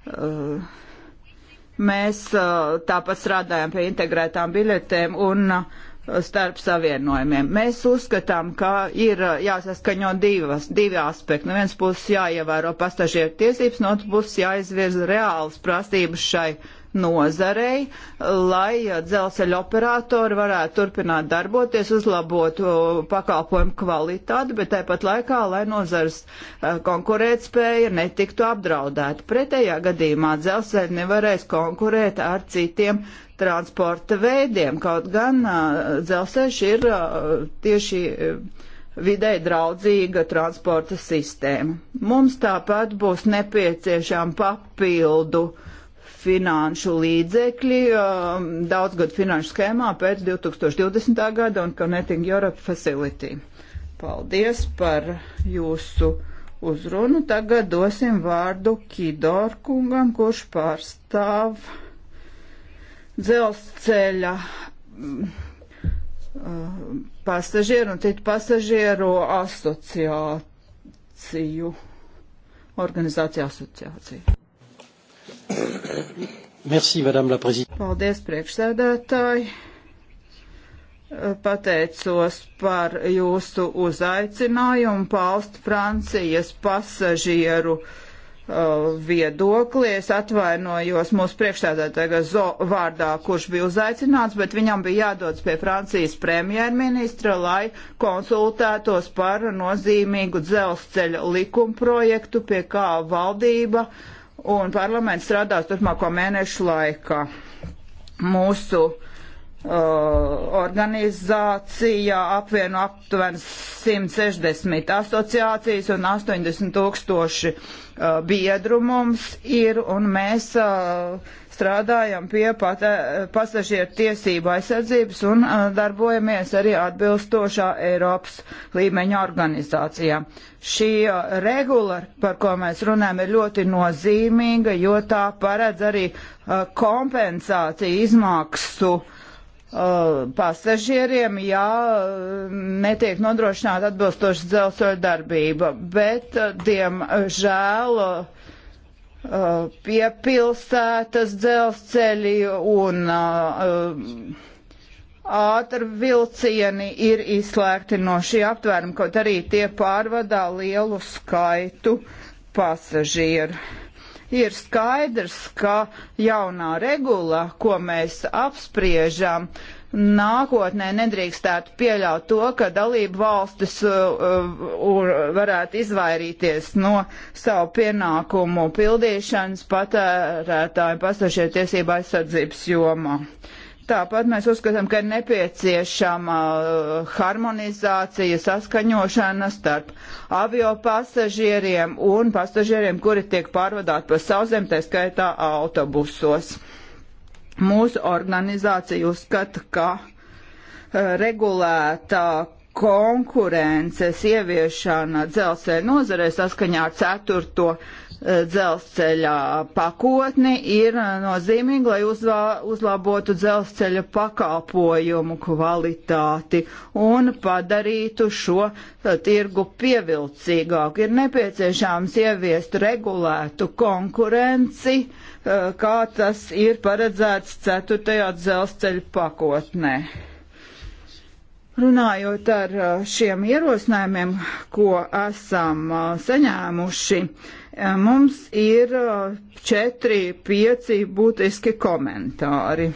Uh, Mēs uh, tāpat strādājam pie integrētām biļetēm un uh, starp savienojumiem. Mēs uzskatām, ka ir uh, jāsaskaņo divas, divi aspekti. No vienas puses jāievēro pasažieru tiesības, no otras puses jāizvirza reāls prasības šai nozarei, lai uh, dzelzceļa operatori varētu turpināt darboties, uzlabot uh, pakalpojumu kvalitāti, bet tāpat laikā, lai nozars uh, konkurētspēja netiktu apdraudēta. Pretējā gadījumā dzelzceļa nevarēs konkurēt ar citiem transporta veidiem, kaut gan dzelzceļš ir tieši videi draudzīga transporta sistēma. Mums tāpat būs nepieciešama papildu uh, finanšu līdzekļi um, daudzgad finanšu schēmā pēc 2020. gada un Connecting Europe Facility. Paldies par jūsu uzrunu. Tagad dosim vārdu Kidorkungam, kurš pārstāv dzelzceļa mm, uh, pasažieru un citu pasažieru asociāciju, organizāciju asociāciju. Merci, Madame la Présidente. Paldies, priekšsēdētāji. Pateicos par jūsu uzaicinājumu paust Francijas pasažieru uh, viedokli. Es atvainojos mūsu priekšstādātāja vārdā, kurš bija uzaicināts, bet viņam bija jādodas pie Francijas premjerministra, lai konsultētos par nozīmīgu dzelzceļa likumprojektu, pie kā valdība uh, un parlaments strādās turpmāko mēnešu laikā. Mūsu uh, organizācijā apvieno aptuveni 160 asociācijas un 80 tūkstoši uh, biedru mums ir, un mēs uh, strādājam pie pat, eh, pasažieru tiesību aizsardzības un eh, darbojamies arī atbilstošā Eiropas līmeņa organizācijā. Šī eh, regula, par ko mēs runājam, ir ļoti nozīmīga, jo tā paredz arī kompensāciju izmaksu pasažieriem, ja netiek nodrošināta atbilstoša dzelzceļa darbība, bet, diemžēl, uh, Uh, piepilsētas dzelzceļi un uh, ātrvilcieni ir izslēgti no šī aptvēruma, kaut arī tie pārvadā lielu skaitu pasažieru. Ir skaidrs, ka jaunā regula, ko mēs apspriežam, uh, nākotnē nedrīkstētu pieļaut to, ka dalību valstis uh, uh, varētu izvairīties no savu pienākumu pildīšanas patērētāju pasažieru tiesību aizsardzības jomā. Tāpat mēs uzskatām, ka ir nepieciešama uh, harmonizācija, saskaņošana starp avio pasažieriem un pasažieriem, kuri tiek pārvadāti pa sauzem, tā skaitā autobusos. Mūsu organizācija uzskata, ka e, regulētā konkurences ieviešana dzelzceļa nozarē saskaņā ar 4. E, dzelzceļa pakotni ir e, nozīmīgi, lai uzvā, uzlabotu dzelzceļa pakalpojumu kvalitāti un padarītu šo e, tirgu pievilcīgāku. Ir nepieciešams ieviest regulētu konkurenci, kā tas ir paredzēts 4. dzelzceļa pakotnē. Runājot ar šiem ierosinājumiem, ko esam saņēmuši, uh, Eh, mums ir eh, četri, pieci būtiski komentāri.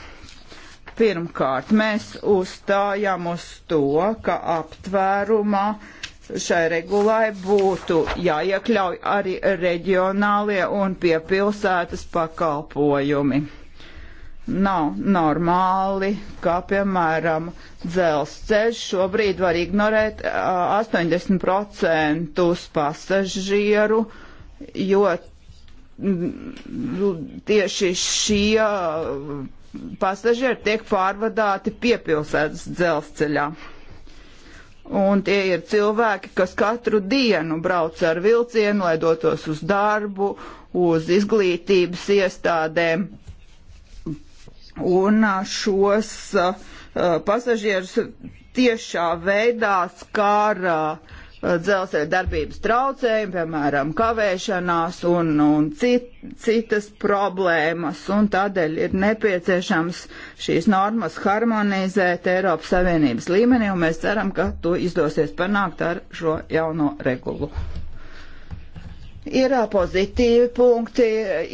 Pirmkārt, mēs uzstājam uz to, ka aptvērumā šai regulai būtu jāiekļauj arī reģionālie un piepilsētas pakalpojumi. Nav normāli, kā piemēram dzelzceļš šobrīd var ignorēt 80% eh, pasažieru uh, jo nu, tieši šie pasažieri tiek pārvadāti piepilsētas dzelzceļā. Un tie ir cilvēki, kas katru dienu brauc ar vilcienu, lai dotos uz darbu, uz izglītības iestādēm. Un šos uh, pasažierus tiešā veidā skārā uh, Eh, dzelzceļa darbības traucējumi, piemēram, kavēšanās un, un cit, citas problēmas, un tādēļ ir nepieciešams šīs normas harmonizēt Eiropas Savienības līmenī, un mēs ceram, ka to izdosies panākt ar šo jauno regulu. Ir pozitīvi punkti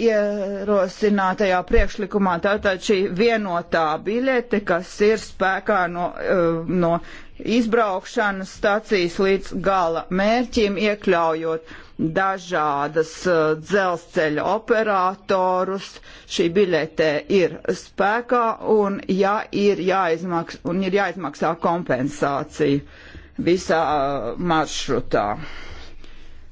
ierosinātajā priekšlikumā, tātad šī vienotā biļete, kas ir spēkā no, eh, no izbraukšanas stacijas līdz gala mērķim, iekļaujot dažādas uh, dzelzceļa operatorus. Šī biļetē ir spēkā un, ja ir, jāizmaks, un ir jāizmaksā kompensācija visā uh, maršrutā.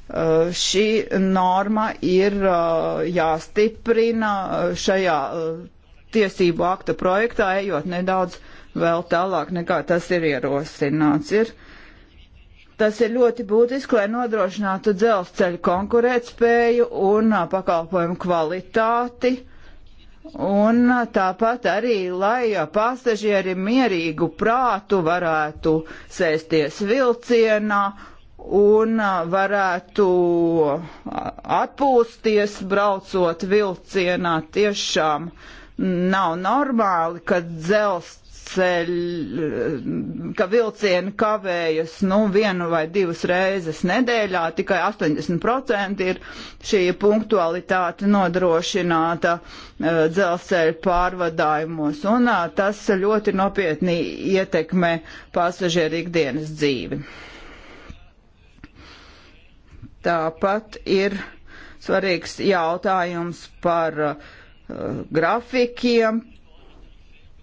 Uh, šī norma ir uh, jāstiprina uh, šajā uh, tiesību akta projektā, ejot nedaudz uh, vēl tālāk nekā tas ir ierosināts. Ir, tas ir ļoti būtiski, lai nodrošinātu dzelzceļu konkurētspēju un pakalpojumu kvalitāti. Un tāpat arī, lai pasažieri mierīgu prātu varētu sēsties vilcienā un varētu atpūsties braucot vilcienā. Tiešām nav normāli, ka dzelzs ceļ, ka vilcieni kavējas nu, vienu vai divas reizes nedēļā, tikai 80% ir šī punktualitāte nodrošināta eh, dzelzceļa pārvadājumos, un eh, tas ļoti nopietni ietekmē pasažieru ikdienas dzīvi. Tāpat ir svarīgs jautājums par uh, grafikiem,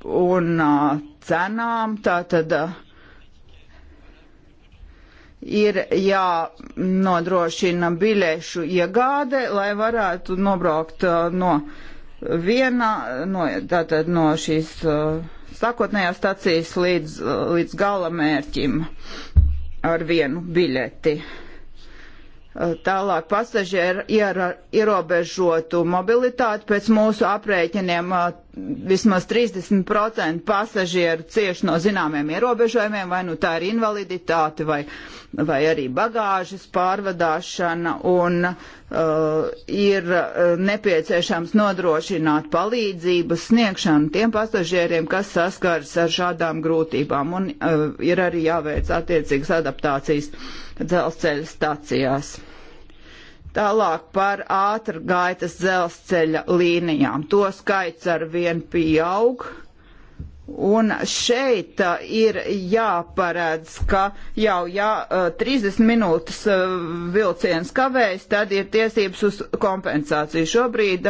un cenām. Tātad ir jānodrošina biļešu iegāde, lai varētu nobraukt no viena, no, tātad no šīs sākotnējās stacijas līdz, līdz galamērķim ar vienu biļeti. Eh, tālāk pasažieru ierobežotu mobilitāti pēc mūsu aprēķiniem eh, vismaz 30% pasažieru cieš no zināmiem ierobežojumiem, vai nu tā ir invaliditāte vai, vai arī bagāžas pārvadāšana un uh, Uh, ir uh, nepieciešams nodrošināt palīdzības sniegšanu tiem pasažieriem, kas saskars ar šādām grūtībām, un uh, ir arī jāveic attiecīgas adaptācijas dzelzceļa stacijās. Tālāk par ātrgaitas dzelzceļa līnijām. To skaits ar vien pieaug. Uh, Un šeit uh, ir jāparedz, ka jau ja 30 uh, minūtes uh, vilciens kavējas, tad ir tiesības uz kompensāciju. Šobrīd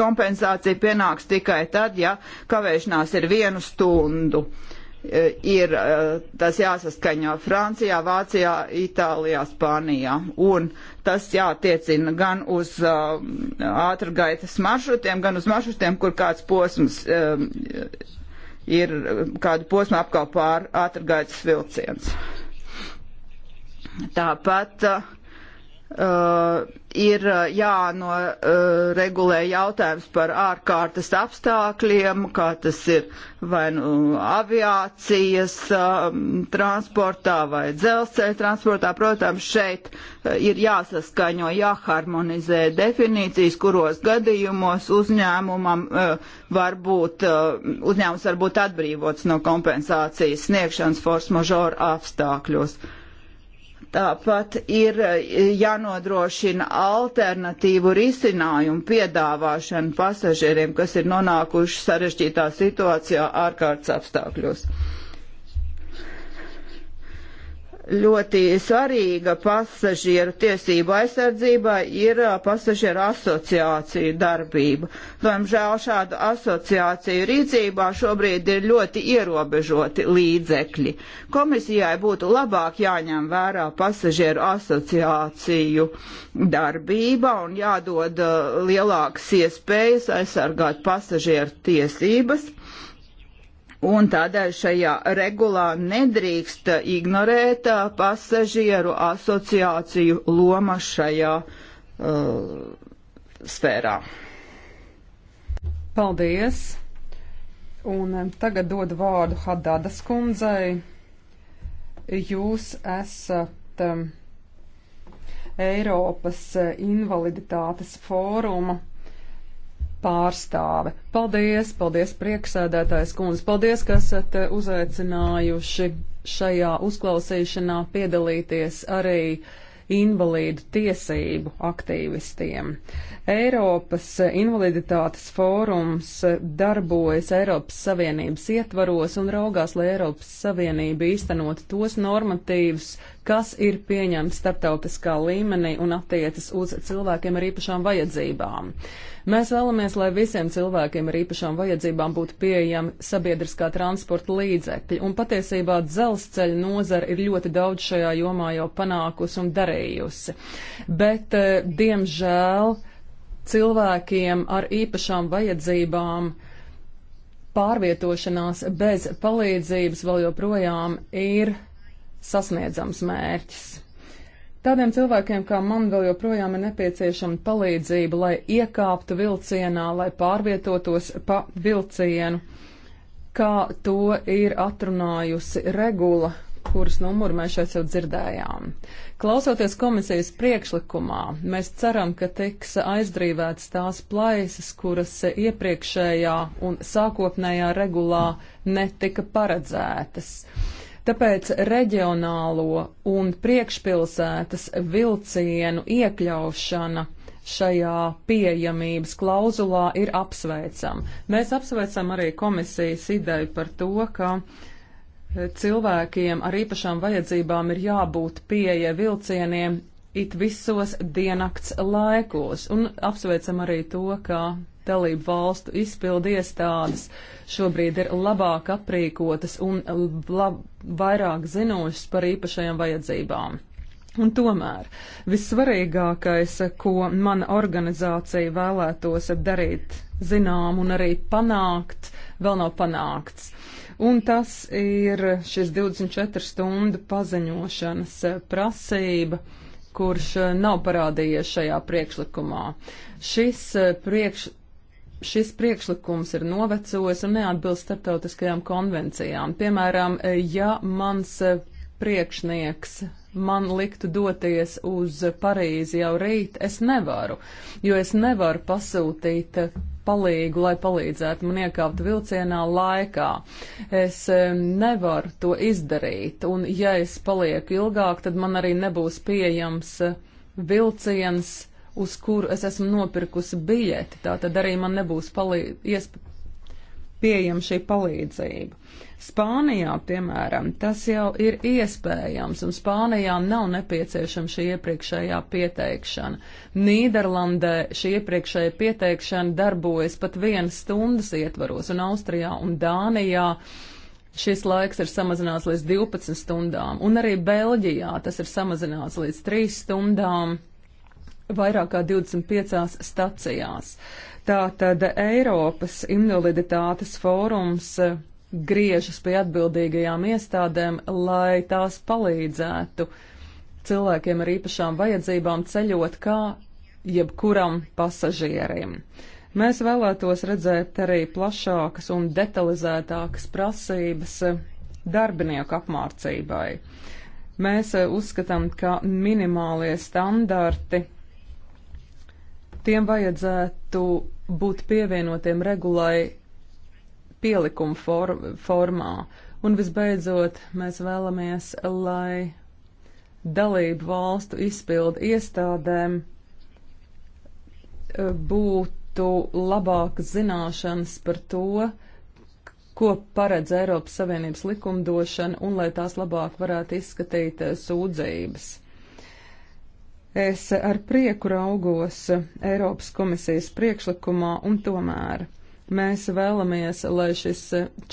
kompensācija pienāks tikai tad, ja kavēšanās ir vienu stundu. Ir tas jāsaskaņo Francijā, Vācijā, Itālijā, Spānijā. Un tas jātiecina gan uz ātrgaitas maršrutiem, gan uz maršrutiem, kur kāds posms um, ir eh, kādu posmu apkalpā ātrgaitas vilciens. Tāpat uh, Uh, ir jānoregulē uh, uh jautājums par ārkārtas apstākļiem, kā tas ir vai nu aviācijas uh, transportā vai dzelzceļa transportā. Protams, šeit uh, ir jāsaskaņo, jāharmonizē definīcijas, kuros gadījumos uzņēmumam uh, var būt, uzņēmums var būt atbrīvots no kompensācijas sniegšanas force majeure apstākļos. Tāpat ir eh, jānodrošina alternatīvu risinājumu piedāvāšanu pasažieriem, kas ir nonākuši sarežģītā situācijā ārkārtas apstākļos ļoti svarīga pasažieru tiesību aizsardzība ir pasažieru asociāciju darbība. Domžēl šādu asociāciju rīcībā šobrīd ir ļoti ierobežoti līdzekļi. Komisijai būtu labāk jāņem vērā pasažieru asociāciju darbība un jādod lielākas iespējas aizsargāt pasažieru tiesības Un tādēļ šajā regulā nedrīkst ignorēt uh, pasažieru asociāciju loma šajā uh, sfērā. Paldies! Un um, tagad dodu vārdu Hadadas kundzei. Jūs esat um, Eiropas uh, invaliditātes fóruma pārstāve. Paldies, paldies prieksēdētājs kundze, paldies, ka esat eh, uzaicinājuši šajā uzklausīšanā piedalīties arī invalīdu tiesību aktīvistiem. Eiropas eh, invaliditātes fórums eh, darbojas Eiropas Savienības ietvaros un raugās, lai Eiropas Savienība īstenot tos normatīvus, kas ir pieņemts starptautiskā līmenī un attiecas uz cilvēkiem ar īpašām vajadzībām. Mēs vēlamies, lai visiem cilvēkiem ar īpašām vajadzībām būtu pieejami sabiedriskā transporta līdzekļi, un patiesībā dzelzceļa nozara ir ļoti daudz šajā jomā jau panākusi un darījusi. Bet, eh, diemžēl, cilvēkiem ar īpašām vajadzībām pārvietošanās bez palīdzības vēl joprojām ir sasniedzams mērķis. Tādiem cilvēkiem kā man vēl joprojām ir nepieciešama palīdzība, lai iekāptu vilcienā, lai pārvietotos pa vilcienu, kā to ir atrunājusi regula, kuras numuru mēs šeit jau dzirdējām. Klausoties komisijas priekšlikumā, mēs ceram, ka tiks aizdrīvētas tās plaisas, kuras iepriekšējā un sākotnējā regulā netika paredzētas. Uh, Tāpēc reģionālo un priekšpilsētas vilcienu iekļaušana šajā pieejamības klauzulā ir apsveicama. Mēs apsveicam arī komisijas ideju par to, ka cilvēkiem ar īpašām vajadzībām ir jābūt pieeja vilcieniem it visos dienakts laikos, un apsveicam arī to, ka dalību valstu izpildu iestādes šobrīd ir labāk aprīkotas un lab, vairāk zinošas par īpašajām vajadzībām. Un tomēr vissvarīgākais, ko mana organizācija vēlētos darīt zinām un arī panākt, vēl nav panākts. Un tas ir šis 24 stundu paziņošanas prasība kurš nav parādījies šajā priekšlikumā. Šis priekš, šis priekšlikums ir novecojis un neatbilst starptautiskajām konvencijām. Piemēram, e, ja mans e, priekšnieks man liktu doties uz Parīzi jau rīt, es nevaru, jo es nevaru pasūtīt e, palīgu, lai palīdzētu man iekāpt vilcienā laikā. Es nevaru to izdarīt, un ja es palieku ilgāk, tad man arī nebūs pieejams vilciens uz kuru es esmu nopirkusi biļeti. Tā tad arī man nebūs pieejama šī palīdzība. Spānijā, piemēram, tas jau ir iespējams, un Spānijā nav nepieciešama šī iepriekšējā pieteikšana. Nīderlandē šī iepriekšējā pieteikšana darbojas pat vienas stundas ietvaros, un Austrijā un Dānijā šis laiks ir samazināts līdz 12 stundām, un arī Beļģijā tas ir samazināts līdz 3 stundām vairāk kā 25 stacijās. Tātad Eiropas invaliditātes fórums e, griežas pie atbildīgajām iestādēm, lai tās palīdzētu cilvēkiem ar īpašām vajadzībām ceļot kā jebkuram pasažierim. Mēs vēlētos redzēt arī plašākas un detalizētākas prasības e, darbinieku apmācībai. Mēs e, uzskatām, ka minimālie standarti tiem vajadzētu būt pievienotiem regulai pielikuma form formā. Un visbeidzot, mēs vēlamies, lai dalību valstu izpildu iestādēm eh, būtu labākas zināšanas par to, ko paredz Eiropas Savienības likumdošana un lai tās labāk varētu izskatīt eh, sūdzības. Es ar prieku raugos Eiropas komisijas priekšlikumā un tomēr mēs vēlamies, lai šis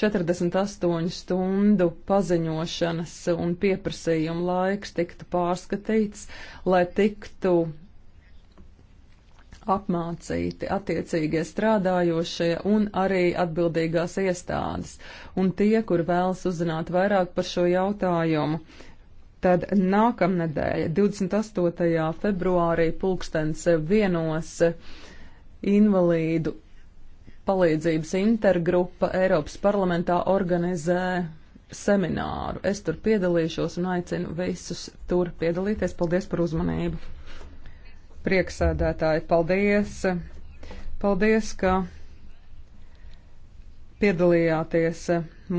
48 stundu paziņošanas un pieprasījuma laiks tiktu pārskatīts, lai tiktu apmācīti attiecīgie strādājošie un arī atbildīgās iestādes un tie, kur vēlas uzzināt vairāk par šo jautājumu Tad nākamnedēļ, 28. februārī, pulkstens vienos invalīdu palīdzības intergrupa Eiropas parlamentā organizē semināru. Es tur piedalīšos un aicinu visus tur piedalīties. Paldies par uzmanību! Prieksēdētāji, paldies! Paldies, ka piedalījāties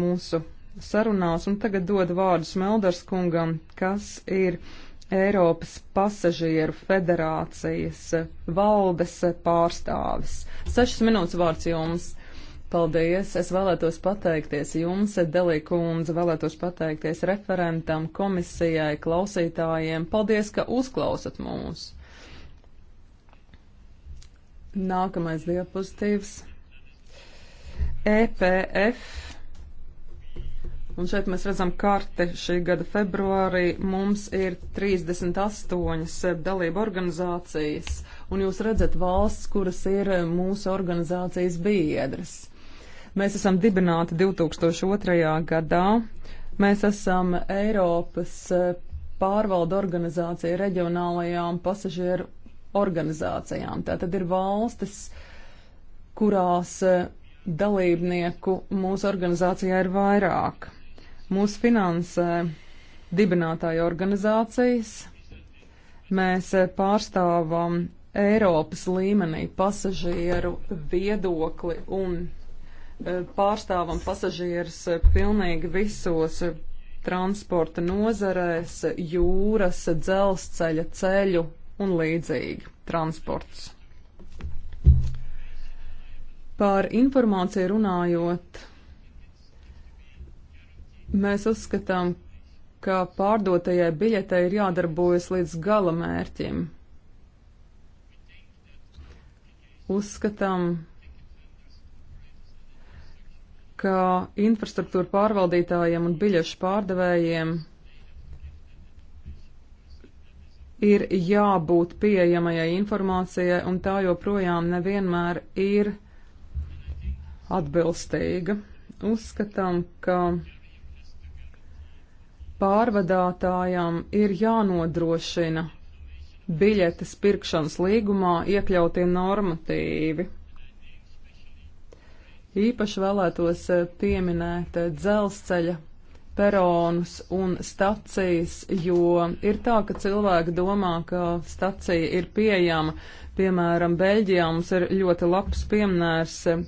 mūsu sarunās, un tagad dodu vārdu Smelders kungam, kas ir Eiropas pasažieru federācijas valdes pārstāvis. Sešas minūtes vārds jums. Paldies! Es vēlētos pateikties jums, Delija kundze, vēlētos pateikties referentam, komisijai, klausītājiem. Paldies, ka uzklausat mūs! Nākamais diapozitīvs. EPF Un šeit mēs redzam karti šī gada februārī. Mums ir 38 dalība organizācijas, un jūs redzat valsts, kuras ir mūsu organizācijas biedras. Mēs esam dibināti 2002. gadā. Mēs esam Eiropas pārvalda organizācija reģionālajām pasažieru organizācijām. Tā tad ir valstis, kurās dalībnieku mūsu organizācijā ir vairāk. Mūs finansē dibinātāja organizācijas. Mēs eh, pārstāvam Eiropas līmenī pasažieru viedokli un eh, pārstāvam pasažierus eh, pilnīgi visos transporta nozarēs, jūras, dzelzceļa, ceļu un līdzīgi transports. Par informāciju runājot, Mēs uzskatām, ka pārdotajai biļetei ir jādarbojas līdz gala mērķim. Uzskatām, ka infrastruktūra pārvaldītājiem un biļešu pārdevējiem ir jābūt pieejamajai informācijai, un tā joprojām nevienmēr ir atbilstīga. Uzskatām, ka pārvadātājam ir jānodrošina biļetes pirkšanas līgumā iekļautie normatīvi. Īpaši vēlētos eh, pieminēt eh, dzelzceļa peronus un stacijas, jo ir tā, ka cilvēki domā, ka stacija ir pieejama. Piemēram, Beļģijā mums ir ļoti labs piemērs eh,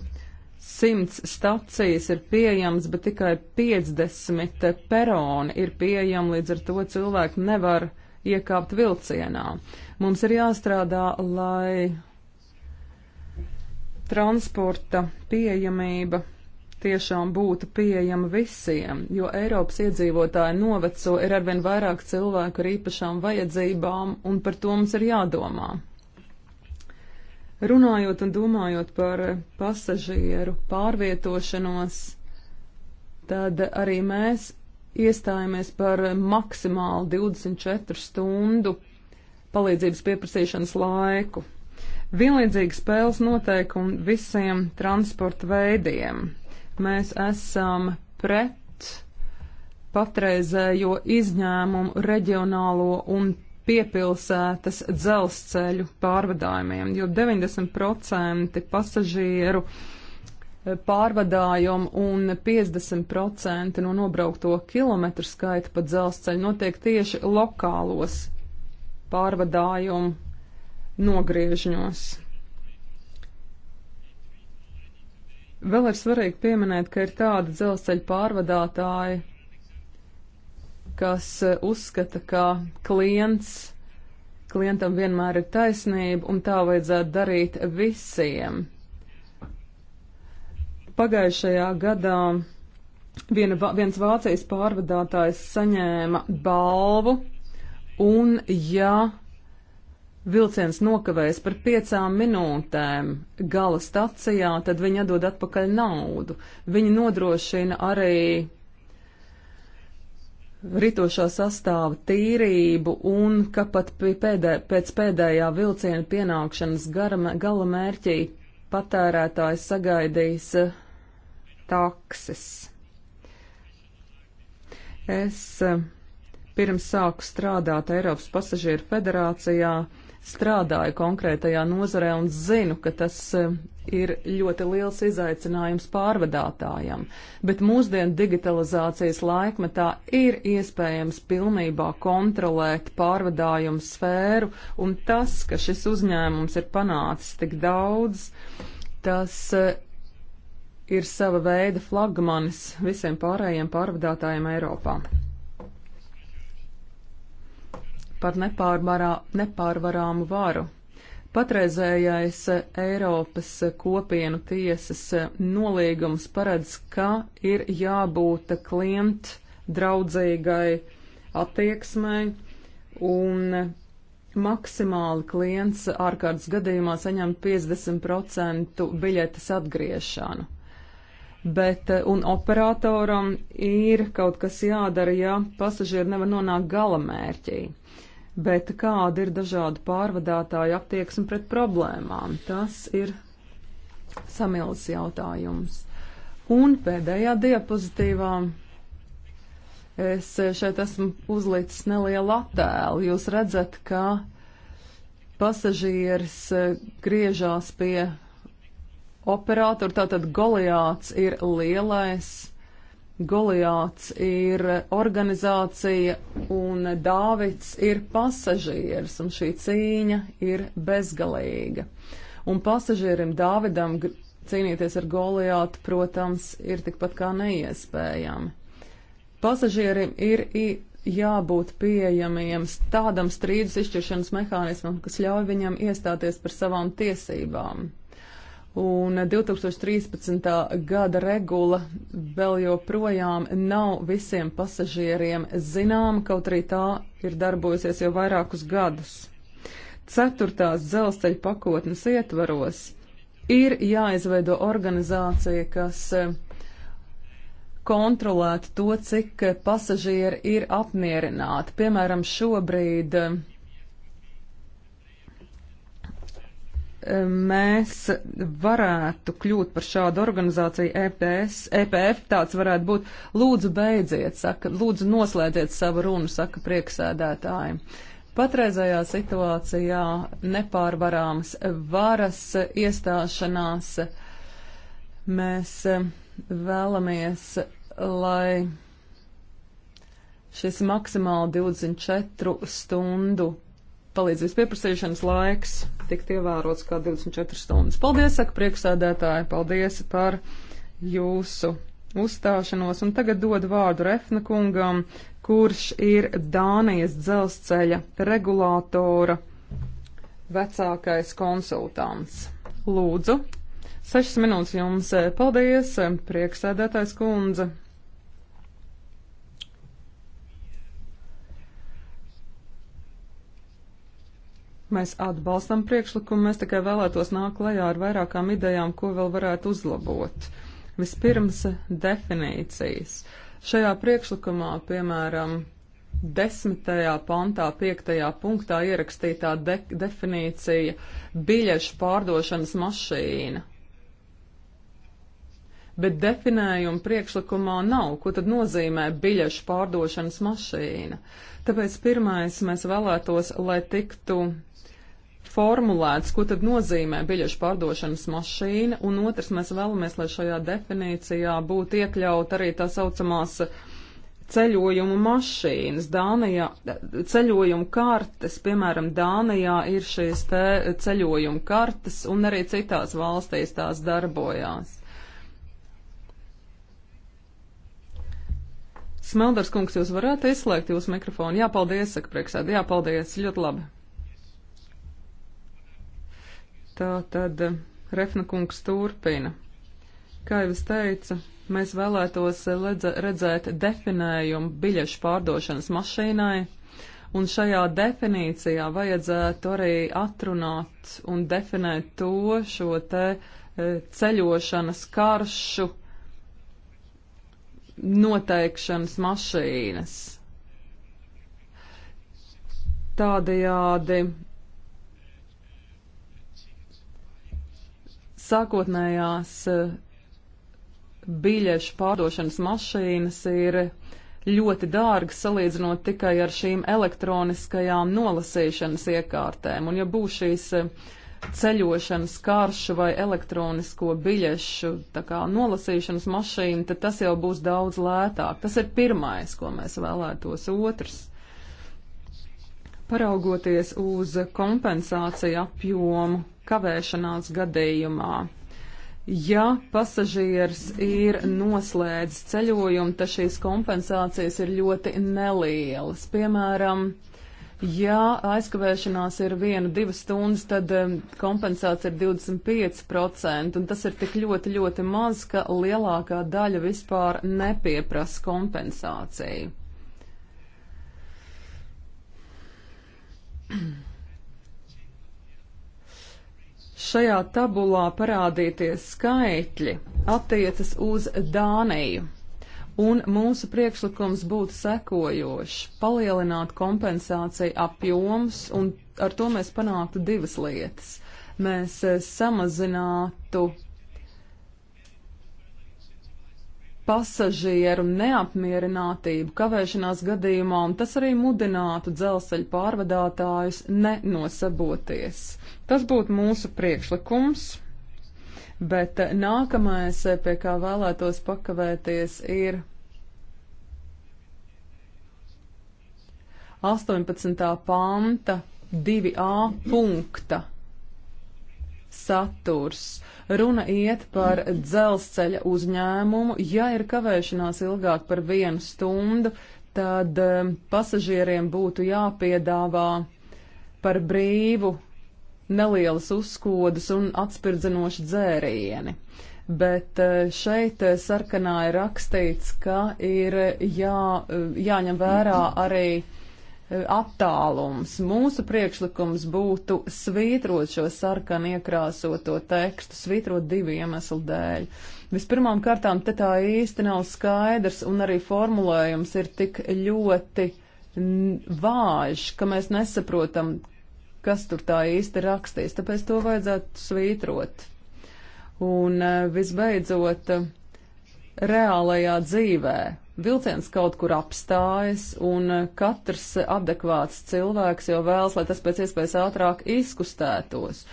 simts stacijas ir pieejams, bet tikai 50 peroni ir pieejami, līdz ar to cilvēki nevar iekāpt vilcienā. Mums ir jāstrādā, lai transporta pieejamība tiešām būtu pieejama visiem, jo Eiropas iedzīvotāji noveco ir arvien vairāk cilvēku ar īpašām vajadzībām, un par to mums ir jādomā. Runājot un domājot par eh, pasažieru pārvietošanos, tad arī mēs iestājāmies par maksimāli 24 stundu palīdzības pieprasīšanas laiku. Vienlīdzīgi spēles noteikumi visiem transporta veidiem. Mēs esam pret patreizējo izņēmumu reģionālo un piepilsētas dzelzceļu pārvadājumiem, jo 90% pasažieru eh, pārvadājumu un 50% no nobraukto kilometru skaita pa dzelzceļu notiek tieši lokālos pārvadājumu nogriežņos. Vēl ir svarīgi pieminēt, ka ir tādi dzelzceļa pārvadātāji, kas eh, uzskata, ka klients, klientam vienmēr ir taisnība un tā vajadzētu darīt visiem. Pagājušajā gadā viena, viens Vācijas pārvadātājs saņēma balvu, un ja vilciens nokavēs par piecām minūtēm gala stacijā, tad viņi atdod atpakaļ naudu. Viņi nodrošina arī ritošā sastāva tīrību un ka pat pēdē, pēc pēdējā vilciena pienākšanas gara, gala mērķī patērētājs sagaidīs eh, takses. Es eh, pirms sāku strādāt Eiropas pasažieru federācijā, uh, strādāju konkrētajā nozarē un zinu, ka tas e, ir ļoti liels izaicinājums pārvadātājam. Bet mūsdienu digitalizācijas laikmetā ir iespējams pilnībā kontrolēt pārvadājumu sfēru, un tas, ka šis uzņēmums ir panācis tik daudz, tas e, ir sava veida flagmanis visiem pārējiem pārvadātājiem Eiropā par nepārvarāmu varu. Patreizējais Eiropas kopienu tiesas nolīgums paredz, ka ir jābūt klient draudzīgai attieksmei un maksimāli klients ārkārtas gadījumā saņem 50% biļetes atgriešanu. Bet, eh, un operatoram ir kaut kas jādara, ja pasažieri nevar nonākt galamērķī bet kāda ir dažādu pārvadātāju attieksme pret problēmām. Tas ir samils jautājums. Un pēdējā diapozitīvā es šeit esmu uzlicis nelielu attēlu. Jūs redzat, ka pasažieris eh, griežās pie operatora, tātad Goliāts ir lielais Goliāts ir organizācija un Dāvids ir pasažieris, un šī cīņa ir bezgalīga. Un pasažierim Dāvidam cīnīties ar Goliātu, protams, ir tikpat kā neiespējami. Pasažierim ir jābūt pieejamiem tādam strīdus izšķiršanas mehānismam, kas ļauj viņam iestāties par savām tiesībām. Un 2013. gada regula vēl joprojām nav visiem pasažieriem zināma, kaut arī tā ir darbojusies jau vairākus gadus. Ceturtās dzelzceļa pakotnes ietvaros ir jāizveido organizācija, kas eh, kontrolētu to, cik pasažieri ir apmierināti. Piemēram, šobrīd eh, mēs varētu kļūt par šādu organizāciju EPS, EPF tāds varētu būt. Lūdzu, beidziet, saka, lūdzu, noslēdziet savu runu, saka prieksēdētājiem. Patreizajā situācijā nepārvarāms varas iestāšanās mēs eh, vēlamies, lai šis maksimāli 24 stundu palīdzības pieprasīšanas laiks tiktu ievērots kā 24 stundas. Paldies, saka priekšsēdētāji, paldies par jūsu uzstāšanos. Un tagad dodu vārdu Refna kungam, kurš ir Dānijas dzelzceļa regulātora vecākais konsultants. Lūdzu, sešas minūtes jums. Paldies, priekšsēdētājs kundze. Mēs atbalstam priekšlikumu, mēs tikai vēlētos nākt klajā ar vairākām idejām, ko vēl varētu uzlabot. Vispirms definīcijas. Šajā priekšlikumā, piemēram, desmitajā pantā, piektajā punktā ierakstītā de definīcija biļešu pārdošanas mašīna. Bet definējuma priekšlikumā nav, ko tad nozīmē biļešu pārdošanas mašīna. Tāpēc pirmais mēs vēlētos, lai tiktu formulēts, ko tad nozīmē biļešu pārdošanas mašīna, un otrs mēs vēlamies, lai šajā definīcijā būtu iekļaut arī tā saucamās ceļojumu mašīnas. Dānijā ceļojumu kartes, piemēram, Dānijā ir šīs te ceļojumu kartes, un arī citās valstīs tās darbojās. Smelders kungs, jūs varētu izslēgt jūsu mikrofonu. Jā, paldies, saka priekšsēdē. Jā, paldies. Ļoti labi. Tā tad Refna kungs turpina. Kā jau es teicu, mēs vēlētos redzēt definējumu biļešu pārdošanas mašīnai, un šajā definīcijā vajadzētu arī atrunāt un definēt to šo te e, ceļošanas karšu noteikšanas mašīnas. Tādējādi sākotnējās eh, biļešu pārdošanas mašīnas ir ļoti dārgas salīdzinot tikai ar šīm elektroniskajām nolasīšanas iekārtēm. Un ja būs šīs eh, ceļošanas karšu vai elektronisko biļešu kā, nolasīšanas mašīna, tad tas jau būs daudz lētāk. Tas ir pirmais, ko mēs vēlētos. Otrs. Paraugoties uz kompensāciju apjomu, kavēšanās gadījumā. Ja pasažieris ir noslēdzis ceļojumu, tad šīs kompensācijas ir ļoti nelielas. Piemēram, ja aizkavēšanās ir viena, divas stundas, tad kompensācija ir 25%, un tas ir tik ļoti, ļoti maz, ka lielākā daļa vispār nepieprasa kompensāciju šajā tabulā parādītie skaitļi attiecas uz Dāniju. Un mūsu priekšlikums būtu sekojošs - palielināt kompensāciju apjoms, un ar to mēs panāktu divas lietas. Mēs eh, samazinātu pasažieru neapmierinātību kavēšanās gadījumā, un tas arī mudinātu dzelzceļa pārvadātājus nenosaboties. Tas būtu mūsu priekšlikums. Bet eh, nākamais, eh, pie kā vēlētos pakavēties, ir 18. panta 2a punkta saturs. Runa iet par dzelzceļa uzņēmumu. Ja ir kavēšanās ilgāk par vienu stundu, tad eh, pasažieriem būtu jāpiedāvā par brīvu nelielas uzkodas un atspirdzinoši dzērieni. Bet eh, šeit eh, sarkanā ir rakstīts, ka ir jā, eh, jāņem vērā arī attālums. Mūsu priekšlikums būtu svītrot šo sarkanu iekrāsoto tekstu, svītrot divu iemeslu dēļ. Vispirmām kārtām te tā īsti nav skaidrs, un arī formulējums ir tik ļoti vāž, ka mēs nesaprotam, kas tur tā īsti rakstīs, tāpēc to vajadzētu svītrot. Un e, visbeidzot, reālajā dzīvē vilciens kaut kur apstājas, un e, katrs adekvāts cilvēks jau vēlas, lai tas pēc iespējas ātrāk izkustētos.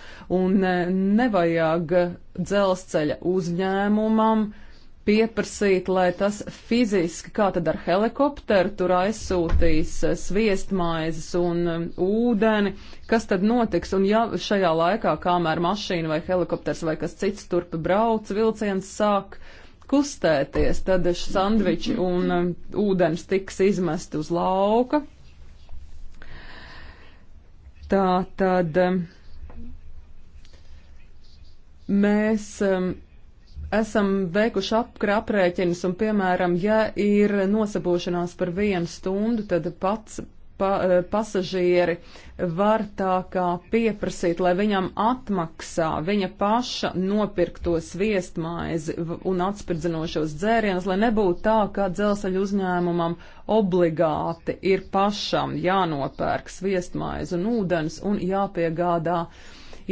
Un e, nevajag dzelzceļa uzņēmumam, uh, pieprasīt, lai tas fiziski, kā tad ar helikopteru tur aizsūtīs eh, sviestmaizes un um, ūdeni, kas tad notiks, un ja šajā laikā, kamēr mašīna vai helikopters vai kas cits turpa brauc, vilciens sāk kustēties, tad sandviči un um, ūdens tiks izmest uz lauka. Tā tad um, mēs esam veikuši apkrāprēķinus un, piemēram, ja ir nosabošanās par vienu stundu, tad pats pa, eh, pasažieri var tā kā pieprasīt, lai viņam atmaksā viņa paša nopirkto sviestmaizi un atspirdzinošos dzērienus, lai nebūtu tā, ka dzelzceļa uzņēmumam obligāti ir pašam jānopērk sviestmaizi un ūdens un jāpiegādā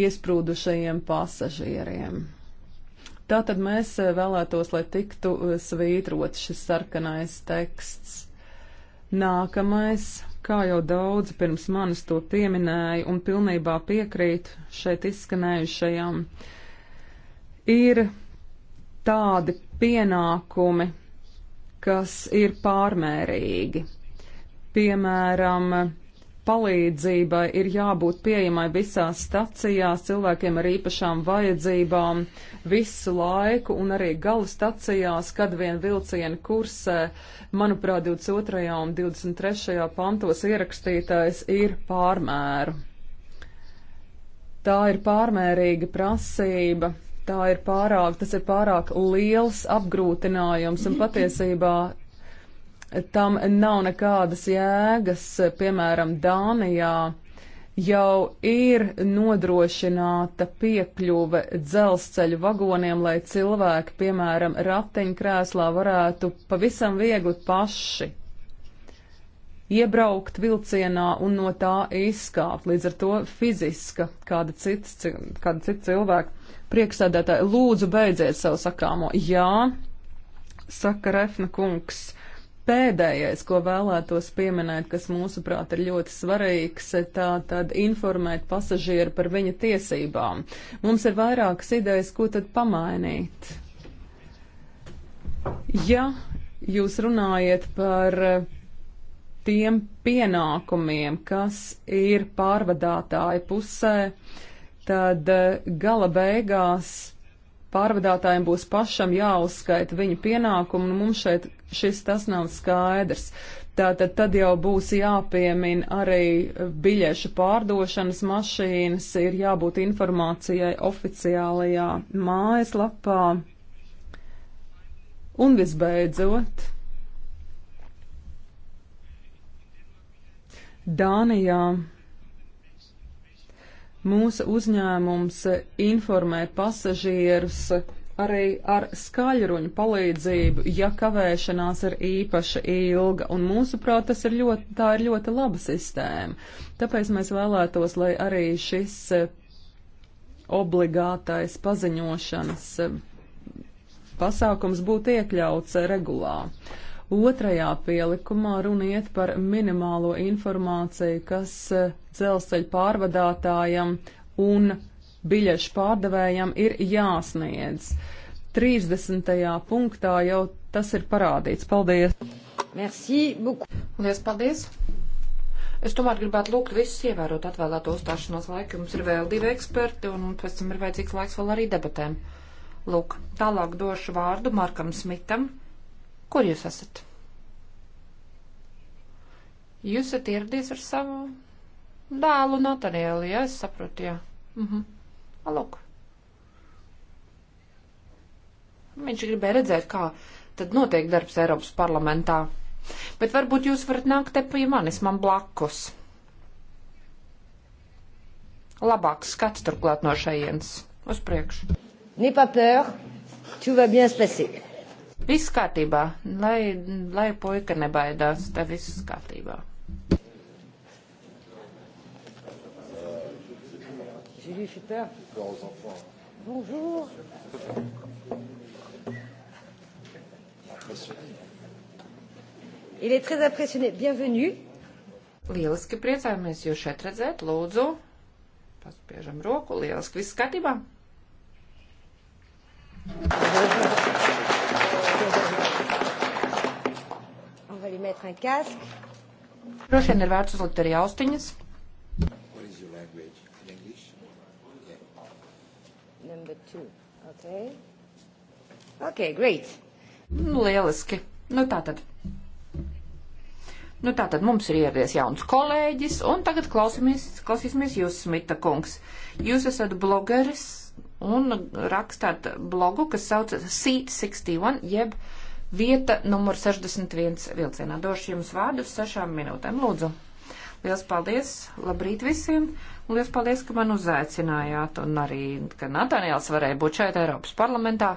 iesprūdušajiem pasažieriem. Tātad mēs eh, vēlētos, lai tiktu eh, svītrots šis sarkanais teksts. Nākamais, kā jau daudzi pirms manis to pieminēja un pilnībā piekrīt šeit izskanējušajam, ir tādi pienākumi, kas ir pārmērīgi. Piemēram, palīdzībai ir jābūt pieejamai visās stacijās, cilvēkiem ar īpašām vajadzībām visu laiku un arī gala stacijās, kad vien vilcieni kursē. Manuprāt, 22. un 23. pantos ierakstītais ir pārmēru. Tā ir pārmērīga prasība. Tā ir pārāk, tas ir pārāk liels apgrūtinājums un patiesībā tam nav nekādas jēgas, piemēram, Dānijā jau ir nodrošināta piekļuve dzelzceļu vagoniem, lai cilvēki, piemēram, ratiņkrēslā varētu pavisam viegli paši iebraukt vilcienā un no tā izkāpt. Līdz ar to fiziska kāda cita, kāda cita cilvēka priekšsēdētāja lūdzu beidziet savu sakāmo. Jā, saka Refna kungs pēdējais, ko vēlētos pieminēt, kas mūsuprāt ir ļoti svarīgs, tā tad informēt pasažieru par viņa tiesībām. Mums ir vairākas idejas, ko tad pamainīt. Ja jūs runājat par tiem pienākumiem, kas ir pārvadātāja pusē, tad eh, gala beigās pārvadātājiem būs pašam jāuzskaita viņa pienākumu, un mums šeit šis tas nav skaidrs. Tātad tad jau būs jāpiemina arī biļešu pārdošanas mašīnas, ir jābūt informācijai oficiālajā mājaslapā. Un visbeidzot, Dānijā Mūsu uzņēmums informē pasažierus arī ar skaļruņu palīdzību, ja kavēšanās ir īpaši ilga, un mūsuprāt, tas ir ļoti, tā ir ļoti laba sistēma. Tāpēc mēs vēlētos, lai arī šis eh, obligātais paziņošanas eh, pasākums būtu iekļauts eh, regulā. Uh, Otrajā pielikumā runiet par minimālo informāciju, kas eh, dzelzceļa pārvadātājam un biļešu pārdevējam ir jāsniedz. 30. punktā jau tas ir parādīts. Paldies! Merci beaucoup! Lies paldies! Es tomēr gribētu lūgt visus ievērot atvēlēto uzstāšanos laiku. Mums ir vēl divi eksperti, un pēc tam ir vajadzīgs laiks vēl arī debatēm. Lūk, tālāk došu vārdu Markam Smitam Kur jūs esat? Jūs esat ieradies ar savu dēlu Natanēlu, jā, es saprotu, jā. Mhm. Alok. Viņš gribēja redzēt, kā tad notiek darbs Eiropas parlamentā. Bet varbūt jūs varat nākt te pie manis, man blakus. Labāks skats turklāt no šajienes. Uz priekšu. Nē, papēr, tu vas bien se passer. Viss kārtībā, lai, lai puika nebaidās, tā viss kārtībā. Julie Fitter. Bonjour. Il est très impressionné. Bienvenue. Lieliski priecājamies jūs šeit redzēt. Lūdzu, paspiežam roku. Lieliski, viss kārtībā. Bonjour. lui mettre un casque. Droši vien ir vērts uzlikt arī austiņas. Number two. Okay. Okay, great. Nu, lieliski. Nu, tā tad. Nu, tā tad mums ir ieradies jauns kolēģis, un tagad klausīsimies jūs, Smita kungs. Jūs esat blogeris un rakstāt blogu, kas saucas Seat 61, jeb uh, vieta numur 61 vilcienā. Došu jums vārdu uz sešām minūtēm. Lūdzu. Liels paldies. Labrīt visiem. Liels paldies, ka man uzaicinājāt un arī, ka Natānijāls varēja būt šeit Eiropas parlamentā.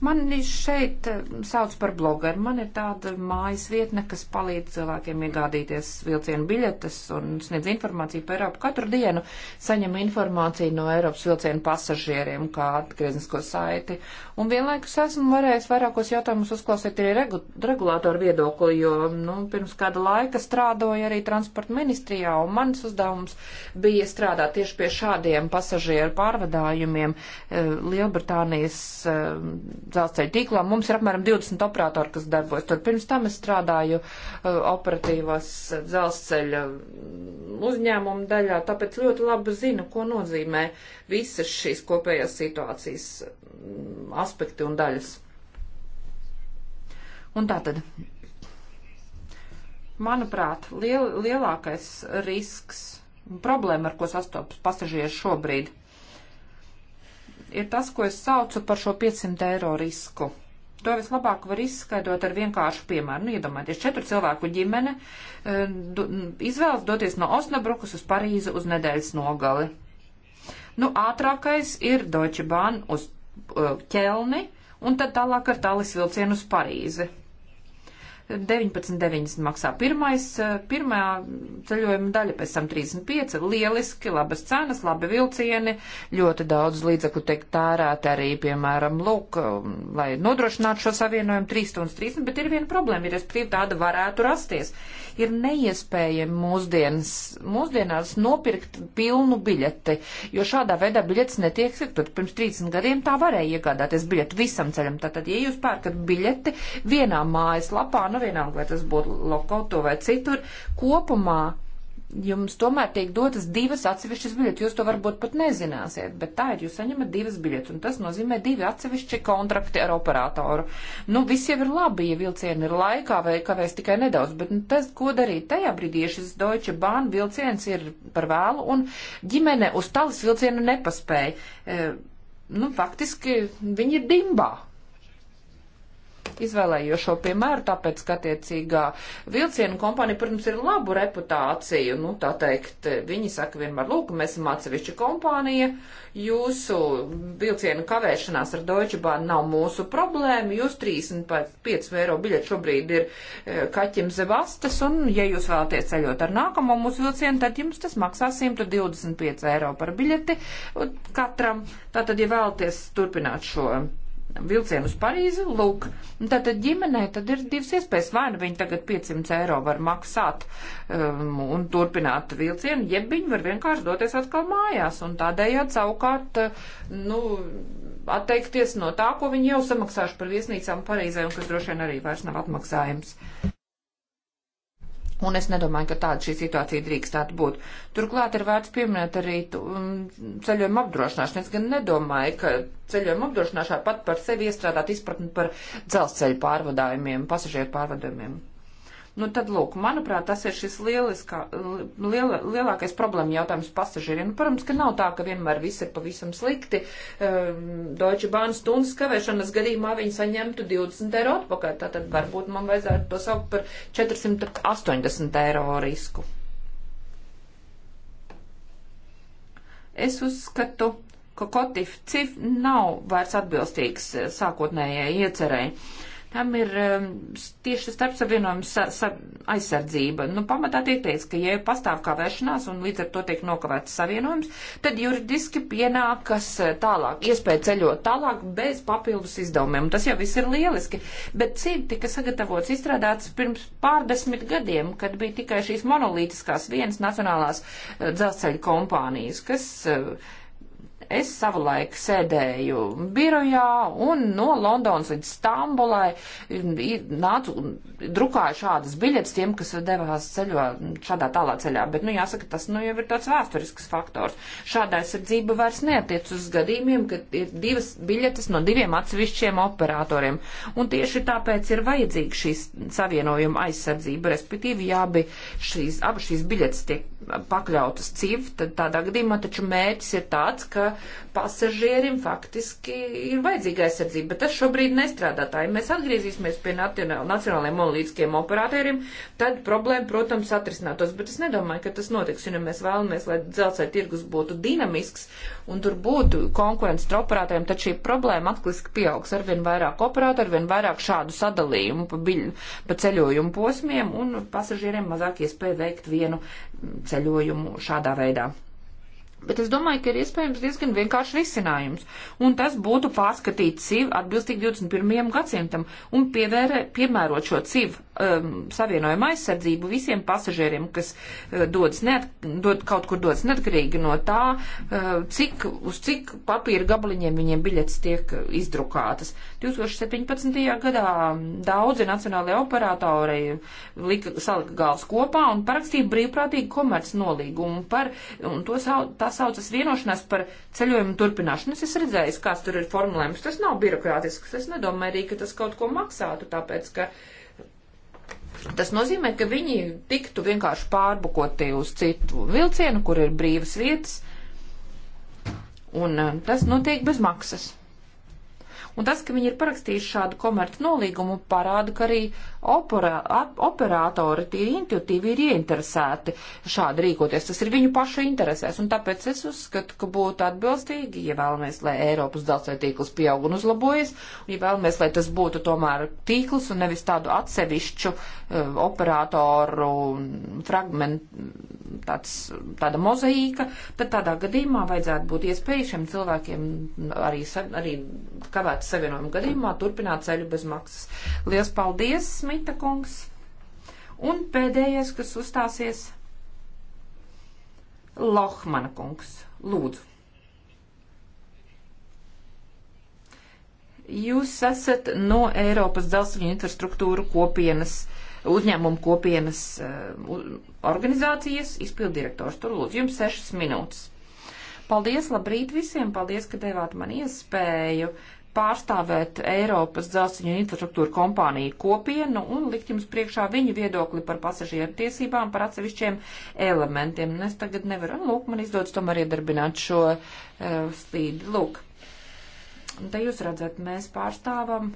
Mani šeit eh, sauc par blogeru. Man ir tāda mājas vietne, kas palīdz cilvēkiem iegādīties vilcienu biļetes un sniedz informāciju par Eiropu. Katru dienu saņem informāciju no Eiropas vilcienu pasažieriem, kā atgrieznisko saiti. Un vienlaikus esmu varējis vairākos jautājumus uzklausīt arī regu, regulātoru viedokli, jo nu, pirms kāda laika strādāju arī transporta ministrijā, un mans uzdevums bija strādāt tieši pie šādiem pasažieru pārvadājumiem eh, Lielbritānijas eh, dzelzceļa tīklā. Mums ir apmēram 20 operatori, kas darbojas. Tur pirms tam es strādāju uh, operatīvās dzelzceļa mm, uzņēmuma daļā, tāpēc ļoti labi zinu, ko nozīmē visas šīs kopējās situācijas mm, aspekti un daļas. Un tā tad. Manuprāt, liel, lielākais risks, problēma, ar ko sastopas pasažieši šobrīd, ir tas, ko es saucu par šo 500 eiro risku. To vislabāk var izskaidrot ar vienkāršu piemēru. Nu, iedomājieties, četru cilvēku ģimene e, do, izvēlas doties no Osnabrukas uz Parīzi uz nedēļas nogali. Nu, ātrākais ir Deutsche Bahn uz uh, ķelni un tad tālāk ar talis vilcienu uz Parīzi. 19,90 maksā pirmais, pirmā ceļojuma daļa, pēc tam 35, lieliski, labas cenas, labi vilcieni, ļoti daudz līdzekļu tiek tērēt arī, piemēram, lūk, lai nodrošinātu šo savienojumu 3 stundas 30, bet ir viena problēma, ir respektīvi tāda varētu rasties. Ir neiespējami mūsdienas, mūsdienās nopirkt pilnu biļeti, jo šādā veidā biļetes netiek sirtot. Pirms 30 gadiem tā varēja iegādāties biļeti visam ceļam. Tātad, ja jūs pērkat biļeti vienā mājas lapā, nu nu vienalga, vai tas būtu Lokoto vai citur, kopumā jums tomēr tiek dotas divas atsevišķas biļetes. Jūs to varbūt pat nezināsiet, bet tā ir. Jūs saņemat divas biļetes, un tas nozīmē divi atsevišķi kontrakti ar operatoru. Nu, viss jau ir labi, ja vilcieni ir laikā vai kavēs tikai nedaudz, bet nu, tas, ko darīt tajā brīdī, ja šis Deutsche Bahn vilciens ir par vēlu, un ģimene uz talas vilcienu nepaspēja. E, nu, faktiski viņi ir dimbā izvēlējos šo piemēru, tāpēc, ka attiecīgā vilcienu kompānija, protams, ir labu reputāciju. Nu, tā teikt, viņi saka vienmēr, lūk, mēs esam atsevišķa kompānija, jūsu vilcienu kavēšanās ar Deutsche Bahn nav mūsu problēma, jūs 35 eiro biļeti šobrīd ir e, kaķim zevastas, un ja jūs vēlaties ceļot ar nākamo mūsu vilcienu, tad jums tas maksā 125 eiro par biļeti katram. Tātad, ja vēlaties turpināt šo vilcienu uz Parīzi, lūk, tātad ģimenei tad ir divas iespējas. Vai nu viņi tagad 500 eiro var maksāt um, un turpināt vilcienu, jeb viņi var vienkārši doties atkal mājās un tādējādi savukārt, uh, nu, atteikties no tā, ko viņi jau samaksājuši par viesnīcām Parīzē un kas droši vien arī vairs nav atmaksājums. Un es nedomāju, ka tāda šī situācija drīkstētu būt. Turklāt ir vērts pieminēt arī um, ceļojuma apdrošināšanu. Es gan nedomāju, ka ceļojuma apdrošināšana pat par sevi iestrādāt izpratni par dzelzceļu pārvadājumiem, pasažieru pārvadājumiem. Nu, tad, lūk, manuprāt, tas ir šis lieliskā, liel, lielākais problēma jautājums pasažieriem. Nu, protams, ka nav tā, ka vienmēr viss ir pavisam slikti. Um, Deutsche Bahn stundas kavēšanas gadījumā viņi saņemtu 20 eiro atpakaļ, tātad varbūt man vajadzētu to saukt par 480 eiro risku. Es uzskatu, ka kotif cif nav vairs atbilstīgs eh, sākotnējai iecerēji tam ir um, tieši starpsavienojums sa, sa, aizsardzība. Nu, pamatā tiek teikt, ka, ja pastāv kavēšanās un līdz ar to tiek nokavēts savienojums, tad juridiski pienākas uh, tālāk, iespēja ceļot tālāk bez papildus izdevumiem. Un tas jau viss ir lieliski. Bet cik tika sagatavots, izstrādāts pirms pārdesmit gadiem, kad bija tikai šīs monolītiskās vienas nacionālās uh, dzelzceļa kompānijas, kas uh, Es savulaik sēdēju birojā un no Londonas līdz Stambulai nācu, drukāju šādas biļetes tiem, kas devās ceļo šādā tālā ceļā. Bet, nu, jāsaka, tas nu jau ir tāds vēsturisks faktors. Šāda aizsardzība vairs neatiec uz gadījumiem, kad ir divas biļetes no diviem atsevišķiem operatoriem. Un tieši tāpēc ir vajadzīga šīs savienojuma aizsardzība, respektīvi, ja abi šīs, abi šīs biļetes tiek pakļautas civ, tad tādā gadījumā taču mērķis ir tāds, ka pasažierim faktiski ir vajadzīga aizsardzība, bet tas šobrīd nestrādā tā. Ja mēs atgriezīsimies pie nacionālajiem monolītiskiem operatoriem, tad problēma, protams, atrisinātos, bet es nedomāju, ka tas notiks, jo ja mēs vēlamies, lai dzelzceļa tirgus būtu dinamisks un tur būtu konkurence starp operatoriem, tad šī problēma atkliski pieaugs ar vien vairāk operatoru, ar vien vairāk šādu sadalījumu pa, biļ, pa ceļojumu posmiem un pasažieriem mazāk iespēja veikt vienu ceļojumu šādā veidā. Bet es domāju, ka ir iespējams diezgan vienkāršs risinājums, un tas būtu pārskatīt CIV atbilstīgi 21. gadsimtam un pievērē, piemērot šo CIV um, savienojuma aizsardzību visiem pasažieriem, kas uh, dodas neat, dod, kaut kur dodas neatkarīgi no tā, uh, cik, uz cik papīra gabaliņiem viņiem biļetes tiek izdrukātas. 2017. gadā daudzi nacionālajie operatori lika, salika gals kopā un parakstīja brīvprātīgu komerc nolīgumu par, un to sau, tā saucas vienošanās par ceļojumu turpināšanu. Es esmu redzējis, kāds tur ir formulējums. Tas nav birokrātisks. Es nedomāju arī, ka tas kaut ko maksātu, tāpēc, ka uh, Tas nozīmē, ka viņi tiktu vienkārši pārbukoti uz citu vilcienu, kur ir brīvas vietas, un eh, tas notiek bez maksas. Un tas, ka viņi ir parakstījuši šādu komercu nolīgumu, parāda, ka arī opera, operatori tie intuitīvi ir ieinteresēti šādi rīkoties. Tas ir viņu pašu interesēs. Un tāpēc es uzskatu, ka būtu atbilstīgi, ja vēlamies, lai Eiropas dzelzceļa tīkls pieaug un uzlabojas, un ja vēlamies, lai tas būtu tomēr tīkls un nevis tādu atsevišķu uh, operatoru fragment, tāds, tāda mozaīka, tad tādā gadījumā vajadzētu būt iespēju šiem cilvēkiem arī, arī kavēt mobilitātes savienojuma gadījumā turpināt ceļu bez maksas. Lielas paldies, Smita kungs! Un pēdējais, kas uzstāsies, Lohmana kungs. Lūdzu! Jūs esat no Eiropas dzelzceļa infrastruktūru kopienas uzņēmumu kopienas uh, organizācijas izpildirektors. Tur lūdzu jums sešas minūtes. Paldies, labrīt visiem, paldies, ka devāt man iespēju pārstāvēt Eiropas dzelzceļa infrastruktūra kompāniju kopienu un likt jums priekšā viņu viedokli par pasažieru tiesībām, par atsevišķiem elementiem. Un es tagad nevaru, un ah, lūk, man izdodas tomēr iedarbināt šo uh, slīdi. Lūk, un te jūs redzat, mēs pārstāvam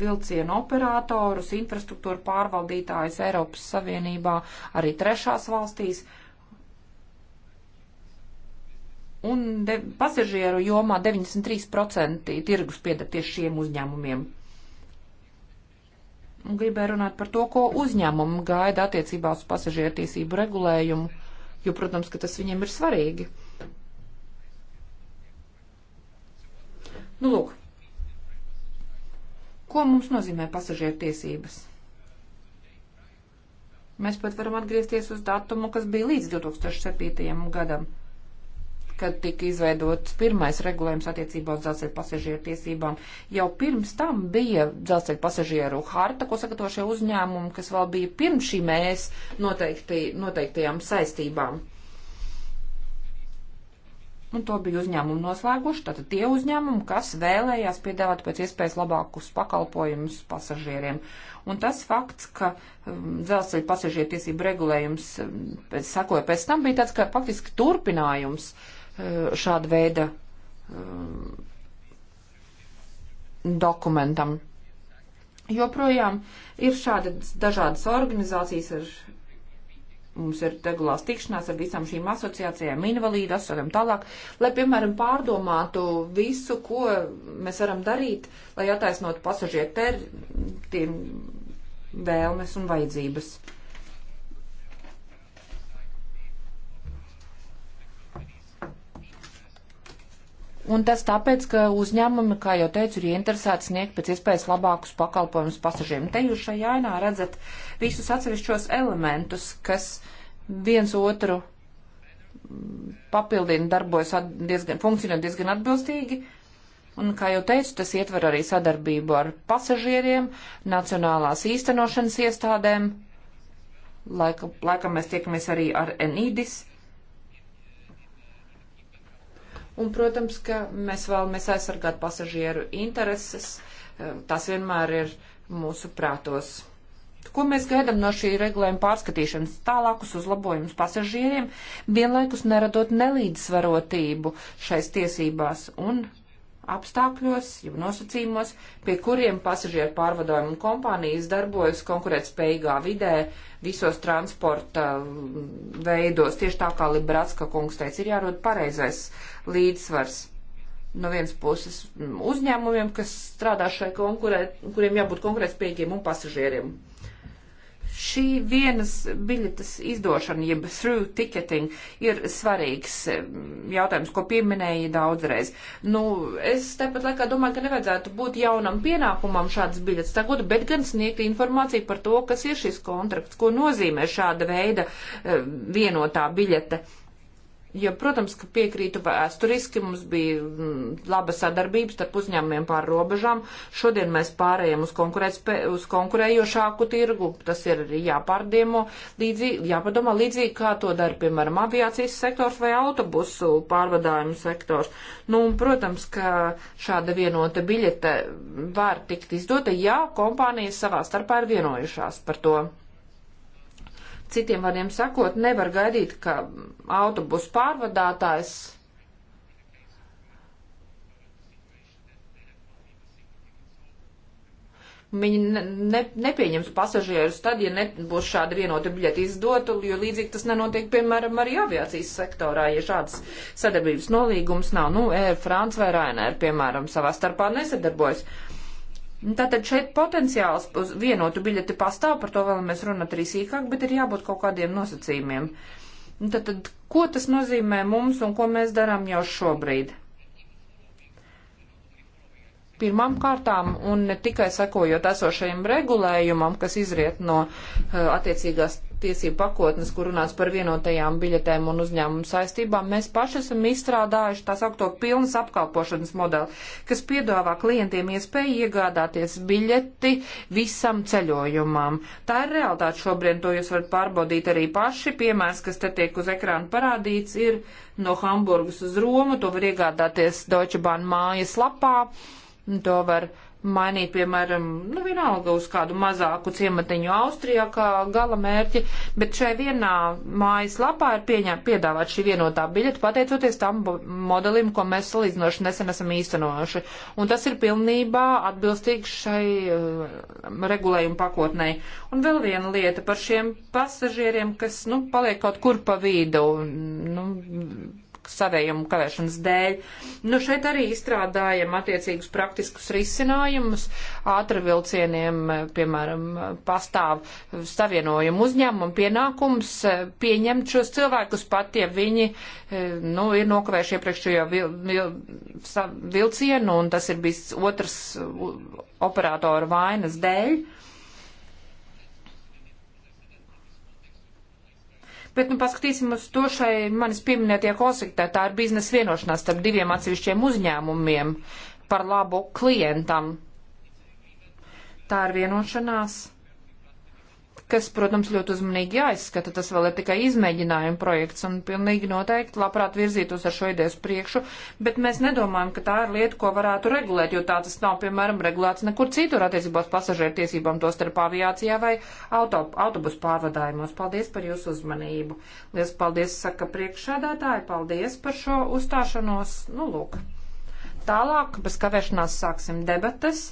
vilcienu operatorus, infrastruktūra pārvaldītājus Eiropas Savienībā, arī trešās valstīs. Uh, un de, pasažieru jomā 93% tirgus pieder tieši šiem uzņēmumiem. Un gribēju runāt par to, ko uzņēmumi gaida attiecībā uz pasažieru tiesību regulējumu, jo, protams, ka tas viņiem ir svarīgi. Nu, lūk, ko mums nozīmē pasažieru tiesības? Mēs pat varam atgriezties uz datumu, kas bija līdz 2007. gadam kad tika izveidots pirmais regulējums attiecībā uz dzelzceļa pasažieru tiesībām. Jau pirms tam bija dzelzceļa pasažieru harta, ko sagatavošie uzņēmumi, kas vēl bija pirms šī mēs noteikti, noteiktajām saistībām. Un to bija uzņēmumi noslēguši, tātad tie uzņēmumi, kas vēlējās piedāvāt pēc iespējas labākus pakalpojumus pasažieriem. Un tas fakts, ka um, dzelzceļa pasažieru tiesību regulējums um, sakoja pēc tam, bija tāds, ka faktiski turpinājums uh, Eh, šāda veida eh, dokumentam. Joprojām ir šādas dažādas organizācijas ar mums ir regulās tikšanās ar visām šīm asociācijām, invalīdu asociācijām tālāk, lai, piemēram, pārdomātu visu, ko mēs varam darīt, lai attaisnotu pasažieru ter, tiem vēlmes un vajadzības. Un tas tāpēc, ka uzņēmumi, kā jau teicu, ir ieinteresēti sniegt pēc iespējas labākus pakalpojumus pasažieriem. Te jūs šajā ainā redzat visus atsevišķos elementus, kas viens otru papildina, darbojas diezgan, funkcionē diezgan atbilstīgi. Un, kā jau teicu, tas ietver arī sadarbību ar pasažieriem, nacionālās īstenošanas iestādēm. Laika, laikam mēs tiekamies arī ar Enīdis. Uh, Un, protams, ka mēs vēlamies aizsargāt pasažieru intereses. Eh, tas vienmēr ir mūsu prātos. Ko mēs gaidām no šī regulējuma pārskatīšanas? Tālākus uzlabojumus pasažieriem, vienlaikus neradot nelīdzsvarotību šais tiesībās un apstākļos, jau nosacījumos, pie kuriem pasažieru pārvadojumu kompānijas darbojas konkurētspējīgā vidē visos transporta mm, veidos. Tieši tā kā Liberatska kungs teica, ir jārod pareizais līdzsvars. No vienas puses uzņēmumiem, kas strādā šai konkurēt, kuriem jābūt konkurētspējīgiem un pasažieriem. Šī vienas biļetes izdošana, jeb through ticketing, ir svarīgs mm, jautājums, ko pieminēja daudzreiz. Nu, es tepat laikā domāju, ka nevajadzētu būt jaunam pienākumam šādas biļetes tagad, bet gan sniegt informāciju par to, kas ir šis kontrakts, ko nozīmē šāda veida eh, vienotā biļete. Uh, Jo, protams, ka piekrītu vēsturiski, mums bija mm, laba sadarbība starp uzņēmumiem pār robežām. Šodien mēs pārējām uz, uz konkurējošāku tirgu, tas ir arī jāpārdiemo, līdzī, jāpadomā līdzīgi, kā to dara, piemēram, aviācijas sektors vai autobusu pārvadājumu sektors. Nu, un, protams, ka šāda vienota biļete var tikt izdota, ja kompānijas savā starpā ir vienojušās par to. Citiem vārdiem sakot, nevar gaidīt, ka autobusu pārvadātājs viņi ne, ne, nepieņems pasažierus tad, ja nebūs šāda vienota biļeta izdota, jo līdzīgi tas nenotiek, piemēram, arī aviācijas sektorā, ja šāds sadarbības nolīgums nav. Nu, Air France vai Ryanair, piemēram, savā starpā nesadarbojas. Nu, tātad šeit potenciāls uz vienotu biļeti pastāv, par to vēlamies runāt arī sīkāk, bet ir jābūt kaut kādiem nosacījumiem. Nu, tātad, ko tas nozīmē mums un ko mēs darām jau šobrīd? Pirmām kārtām, un ne tikai sekojot esošajam regulējumam, kas izriet no uh, attiecīgās tiesību pakotnes, kur runāts par vienotajām biļetēm un uzņēmumu saistībām, mēs paši esam izstrādājuši tās augto pilnas apkalpošanas modeli, kas piedāvā klientiem iespēju iegādāties biļeti visam ceļojumam. Tā ir realitāte šobrīd, to jūs varat pārbaudīt arī paši. Piemērs, kas te tiek uz ekrāna parādīts, ir no Hamburgas uz Romu, to var iegādāties Deutsche Bahn mājas lapā. To var uh, mainīt, piemēram, nu vienalga uz kādu mazāku ciematiņu Austrijā kā gala mērķi, bet šai vienā mājas lapā ir pieņem, piedāvāt šī vienotā biļeta, pateicoties tam modelim, ko mēs salīdzinoši nesen esam īstenojuši. Un tas ir pilnībā atbilstīgs šai uh, regulējumu pakotnei. Un vēl viena lieta par šiem pasažieriem, kas, nu, paliek kaut kur pa vidu. Nu, savējumu kavēšanas dēļ. Nu, šeit arī izstrādājam attiecīgus praktiskus risinājumus. Ātri vilcieniem, eh, piemēram, pastāv savienojumu uzņēmumu pienākums eh, pieņemt šos cilvēkus pat, ja viņi, eh, nu, ir nokavējuši iepriekšējo vil, vil, vilcienu, un tas ir bijis otrs operatora vainas dēļ. Uh, Bet, nu, paskatīsim uz to šai manis pieminētie konfliktē. Tā ir biznesa vienošanās starp diviem atsevišķiem uzņēmumiem par labu klientam. Tā ir vienošanās kas, protams, ļoti uzmanīgi jāizskata. Tas vēl ir tikai izmēģinājuma projekts un pilnīgi noteikti labprāt virzītos ar šo ideju uz priekšu, bet mēs nedomājam, ka tā ir lieta, ko varētu regulēt, jo tā tas nav, piemēram, regulēts nekur citur attiecībās pasažieru tiesībām, to starp aviācijā vai auto, autobusu pārvadājumos. Paldies par jūsu uzmanību. Lielas paldies, saka priekšādātāji, paldies par šo uzstāšanos. Nu, lūk. Tālāk, bez kavēšanās sāksim debatas.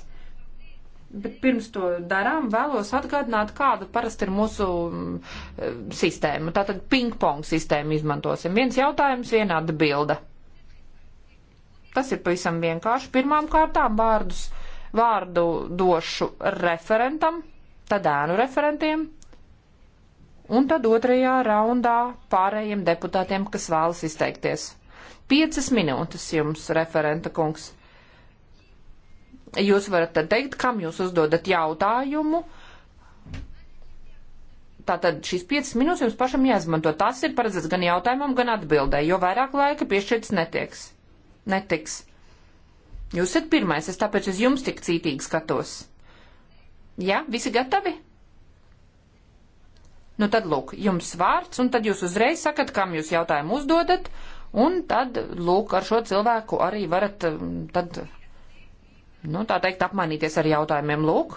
Bet pirms to darām, vēlos atgādināt, kāda parasti ir mūsu mm, eh, sistēma. Tātad ping-pong sistēmu izmantosim. Viens jautājums, viena atbilde. Tas ir pavisam vienkārši. Pirmām kārtām vārdus, vārdu došu referentam, tad ēnu referentiem, un tad otrajā raundā pārējiem deputātiem, kas vēlas izteikties. Piecas minūtes jums, referenta kungs. Jūs varat tad teikt, kam jūs uzdodat jautājumu. Tātad šīs 5 minūtes jums pašam jāizmanto. Tas ir paredzēts gan jautājumam, gan atbildē, jo vairāk laika piešķirts netiks. Netiks. Jūs esat pirmais, es tāpēc uz jums tik cītīgi skatos. Jā, ja? visi gatavi? Nu tad lūk, jums vārds, un tad jūs uzreiz sakat, kam jūs jautājumu uzdodat, un tad lūk, ar šo cilvēku arī varat um, tad nu, tā teikt, apmainīties ar jautājumiem. Lūk,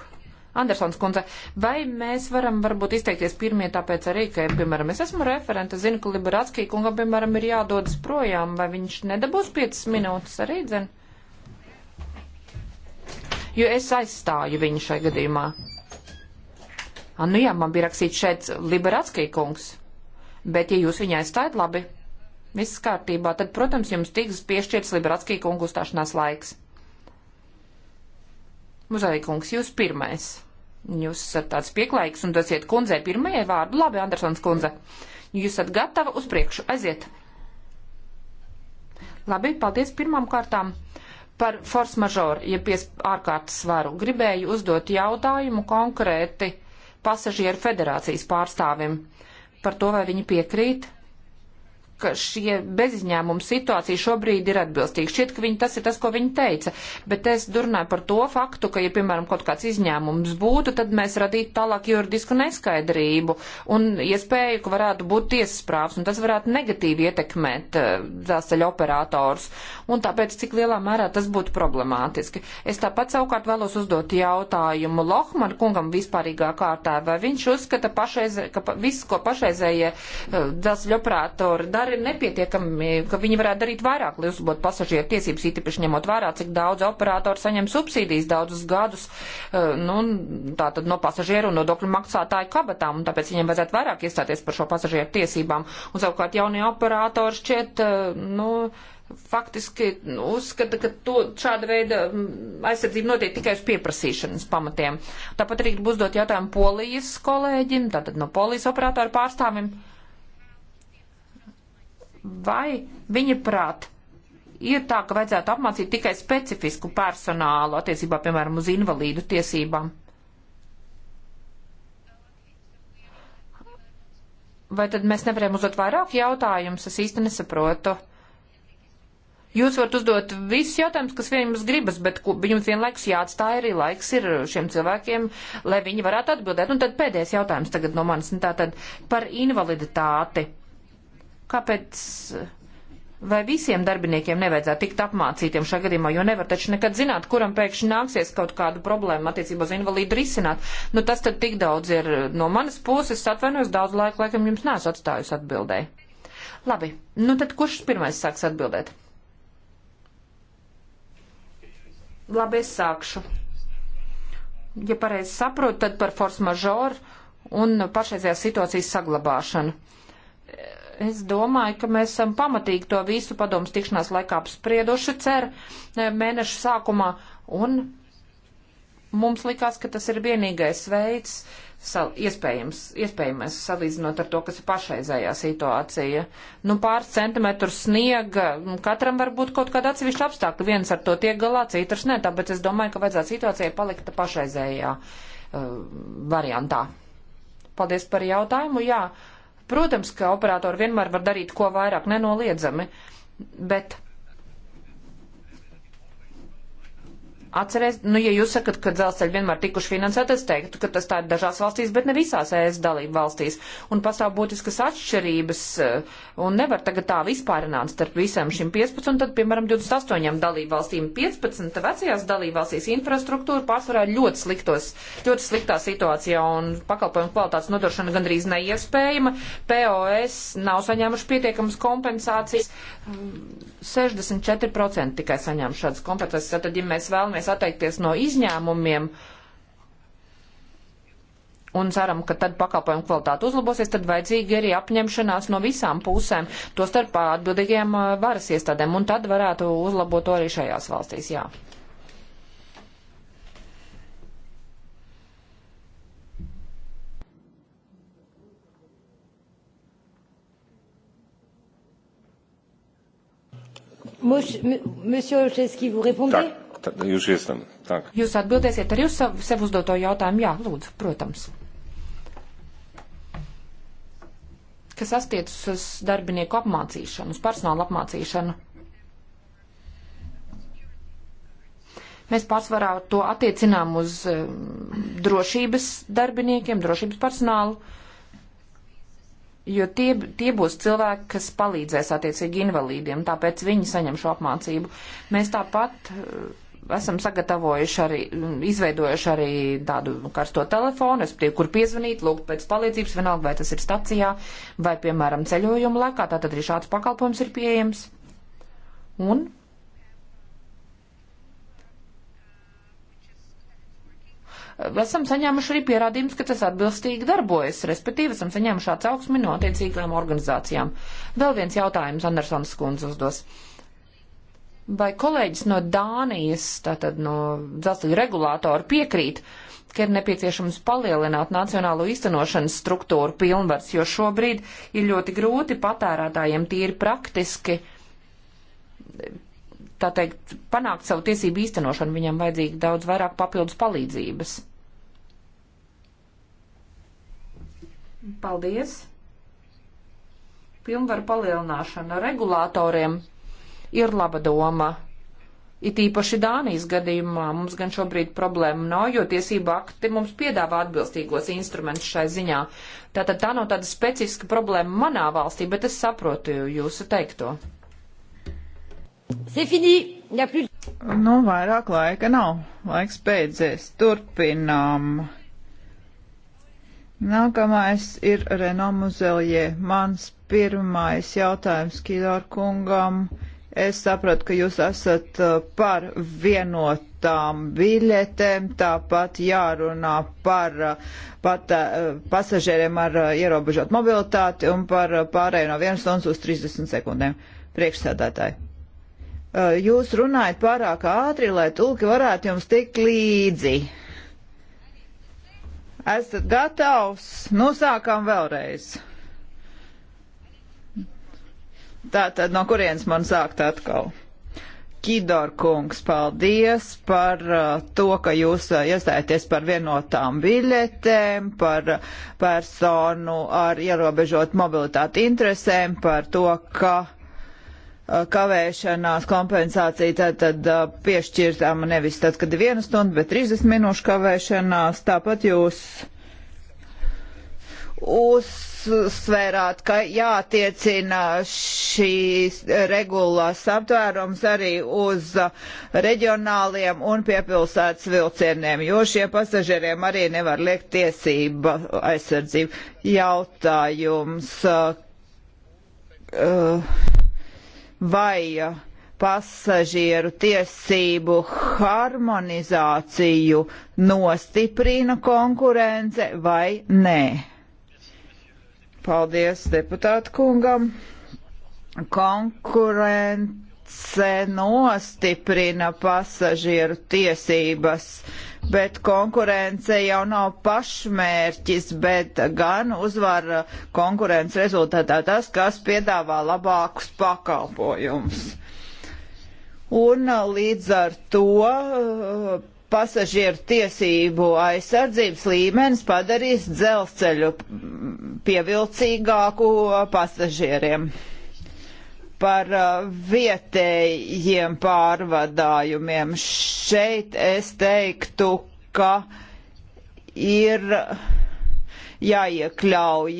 Andersons kundze, vai mēs varam varbūt izteikties pirmie, tāpēc arī, ka, piemēram, es esmu referenta, zinu, ka Liberatskī kungam, piemēram, ir jādodas projām, vai viņš nedabūs 5 minūtes arī, dzen? Jo es aizstāju viņu šai gadījumā. A, nu jā, man bija rakstīts šeit Liberatskī kungs, bet ja jūs viņu aizstājat, labi, viss kārtībā, tad, protams, jums tiks piešķirts Liberatskī kungu uzstāšanās laiks. Muzaikungs, jūs pirmais. Jūs esat tāds pieklājīgs un dosiet kundzei pirmajai vārdu. Labi, Andersons kundze. Jūs esat gatava uz priekšu. Aiziet. Labi, paldies pirmām kārtām par force majeure, ja pies ārkārtas svaru. Gribēju uzdot jautājumu konkrēti pasažieru federācijas pārstāvim par to, vai viņi piekrīt ka šie bezizņēmuma situācija šobrīd ir atbilstīga. Šķiet, ka viņi, tas ir tas, ko viņi teica, bet es durināju par to faktu, ka, ja, piemēram, kaut kāds izņēmums būtu, tad mēs radītu tālāk juridisku neskaidrību un iespēju, ja ka varētu būt tiesas prāvs, un tas varētu negatīvi ietekmēt eh, dzelzceļa operators, un tāpēc, cik lielā mērā tas būtu problemātiski. Es tāpat savukārt vēlos uzdot jautājumu Lohmanu kungam vispārīgā kārtā, vai viņš uzskata, pašreiz, ka viss, ko pašreizējie eh, dzelzceļa operatori dara, tomēr ir nepietiekami, ka viņi varētu darīt vairāk, lai uzlabotu pasažieru tiesības, īpaši ņemot vērā, cik daudz operātori saņem subsīdijas daudzus gadus, eh, nu, tā tad no pasažieru un nodokļu maksātāju kabatām, un tāpēc viņiem vajadzētu vairāk iestāties par šo pasažieru tiesībām. Un savukārt jaunie operātori šķiet, eh, nu, faktiski uzskata, ka to, šāda veida mm, aizsardzība notiek tikai uz pieprasīšanas pamatiem. Tāpat arī gribu uzdot jautājumu polijas kolēģim, tātad no polijas operātoru pārstāvim. Uh, vai viņa prāt ir tā, ka vajadzētu apmācīt tikai specifisku personālu attiecībā, piemēram, uz invalīdu tiesībām? Vai tad mēs nevarējam uzdot vairāk jautājumus? Es īsti nesaprotu. Jūs varat uzdot visus jautājumus, kas vien jums gribas, bet jums vienlaikus jāatstāj arī laiks ir šiem cilvēkiem, lai viņi varētu atbildēt. Un tad pēdējais jautājums tagad no manis, tā tad par invaliditāti. Kāpēc vai visiem darbiniekiem nevajadzētu tikt apmācītiem šajā gadījumā, jo nevar taču nekad zināt, kuram pēkšņi nāksies kaut kādu problēmu attiecībā uz invalīdu risināt. Nu, tas tad tik daudz ir no manas puses, atvainojos, daudz laika laikam jums nesu atstājusi atbildēji. Labi, nu tad kurš pirmais sāks atbildēt? Labi, es sākšu. Ja pareizi saprotu, tad par force majeure un pašreizējās situācijas saglabāšanu. Es domāju, ka mēs esam pamatīgi to visu padomus tikšanās laikā apsprieduši cer e, mēnešu sākumā, un mums likās, ka tas ir vienīgais veids, sal, iespējams, iespējamais salīdzinot ar to, kas ir pašreizējā situācija. Nu, pāris centimetrus sniega, nu, katram var būt kaut kāda atsevišķa apstākļa, viens ar to tiek galā, citrs ne, tāpēc es domāju, ka vajadzētu situācijai palikt pašreizējā uh, variantā. Paldies par jautājumu, jā. Uh, Protams, ka operatori vienmēr var darīt ko vairāk nenoliedzami, bet Atcerēs, nu, ja jūs sakat, ka dzelzceļi vienmēr tikuši finansēti, es teiktu, ka tas tā ir dažās valstīs, bet ne visās ES dalību valstīs. Un pastāv būtiskas atšķirības, eh, un nevar tagad tā vispārināt starp visam šim 15, un tad, piemēram, 28 dalību valstīm. 15 vecajās dalību valstīs infrastruktūra pārsvarā ļoti sliktos, ļoti sliktā situācijā, un pakalpojumu kvalitātes nodošana gandrīz neiespējama. POS nav saņēmuši pietiekamas kompensācijas. 64% mm, tikai saņēmuši šādas kompensācijas. Tad, ja mēs vēlamies vēlamies atteikties no izņēmumiem un ceram, ka tad pakalpojumu kvalitāte uzlabosies, tad vajadzīga arī apņemšanās no visām pusēm, to starp atbildīgajām uh, varas iestādēm, un tad varētu uzlabot to arī šajās valstīs, jā. Monsieur Olszewski, vous répondez? tad jūs iesam. Tā. Jūs atbildēsiet arī uz savu, sev uzdoto jautājumu? Jā, lūdzu, protams. Kas astiecas uz darbinieku apmācīšanu, uz personāla apmācīšanu? Mēs pārsvarā to attiecinām uz um, drošības darbiniekiem, drošības personālu, jo tie, tie būs cilvēki, kas palīdzēs attiecīgi invalīdiem, tāpēc viņi saņem šo apmācību. Mēs tāpat esam sagatavojuši arī, izveidojuši arī tādu karsto telefonu, es prie kur piezvanīt, lūgt pēc palīdzības, vienalga vai tas ir stacijā vai, piemēram, ceļojuma laikā, tātad arī šāds pakalpojums ir pieejams. Un esam saņēmuši arī pierādījumus, ka tas atbilstīgi darbojas, respektīvi esam saņēmuši atsauksmi no attiecīgām organizācijām. Vēl viens jautājums Andersons kundze uzdos. Uh, Vai kolēģis no Dānijas, tātad no dzelzceļa regulātora, piekrīt, ka ir nepieciešams palielināt nacionālo īstenošanas struktūru pilnvars, jo šobrīd ir ļoti grūti patērētājiem tīri praktiski, tā teikt, panākt savu tiesību īstenošanu. Viņam vajadzīga daudz vairāk papildus palīdzības. Paldies! Pilnvaru palielināšana regulātoriem ir laba doma. It īpaši Dānijas gadījumā mums gan šobrīd problēma nav, jo tiesība akti mums piedāvā atbilstīgos instrumentus šai ziņā. Tātad tā nav no tāda specifiska problēma manā valstī, bet es saprotu jūsu teikto. C'est fini! Plus... Nu, vairāk laika nav. Laiks beidzies. Turpinām. Nākamais ir Renamu Zelje. Mans pirmais jautājums Kidor kungam Es sapratu, ka jūs esat uh, par vienotām biļetēm, tāpat jārunā par uh, pat, uh, pasažieriem ar ierobežotu mobilitāti un par pārēju no vienas stundas uz 30 sekundēm. Priekšsēdētāji. Jūs runājat pārāk ātri, lai tulki varētu jums tikt līdzi. Esat gatavs? Nu, sākam vēlreiz. Tātad no kurienes man sākt atkal? Kidor kungs, paldies par uh, to, ka jūs uh, iestājaties par vienotām biļetēm, par uh, personu ar ierobežot mobilitāti interesēm, par to, ka uh, kavēšanās kompensācija tad, tad uh, piešķirtama nevis tad, kad ir viena stunda, bet 30 minūšu kavēšanās. Tāpat jūs uz uzsvērāt, ka jātiecina šīs regulās aptvērums arī uz reģionāliem un piepilsētas vilcieniem, jo šie pasažieriem arī nevar liekt tiesība aizsardzību. Jautājums, uh, vai pasažieru tiesību harmonizāciju nostiprina konkurence vai nē? Paldies deputātu kungam. Konkurence nostiprina pasažieru tiesības, bet konkurence jau nav pašmērķis, bet gan uzvar konkurence rezultātā tas, kas piedāvā labākus pakalpojumus. Un uh, līdz ar to uh, pasažieru tiesību aizsardzības līmenis padarīs dzelzceļu pievilcīgāku pasažieriem. Par uh, vietējiem pārvadājumiem šeit es teiktu, ka ir uh, jāiekļauj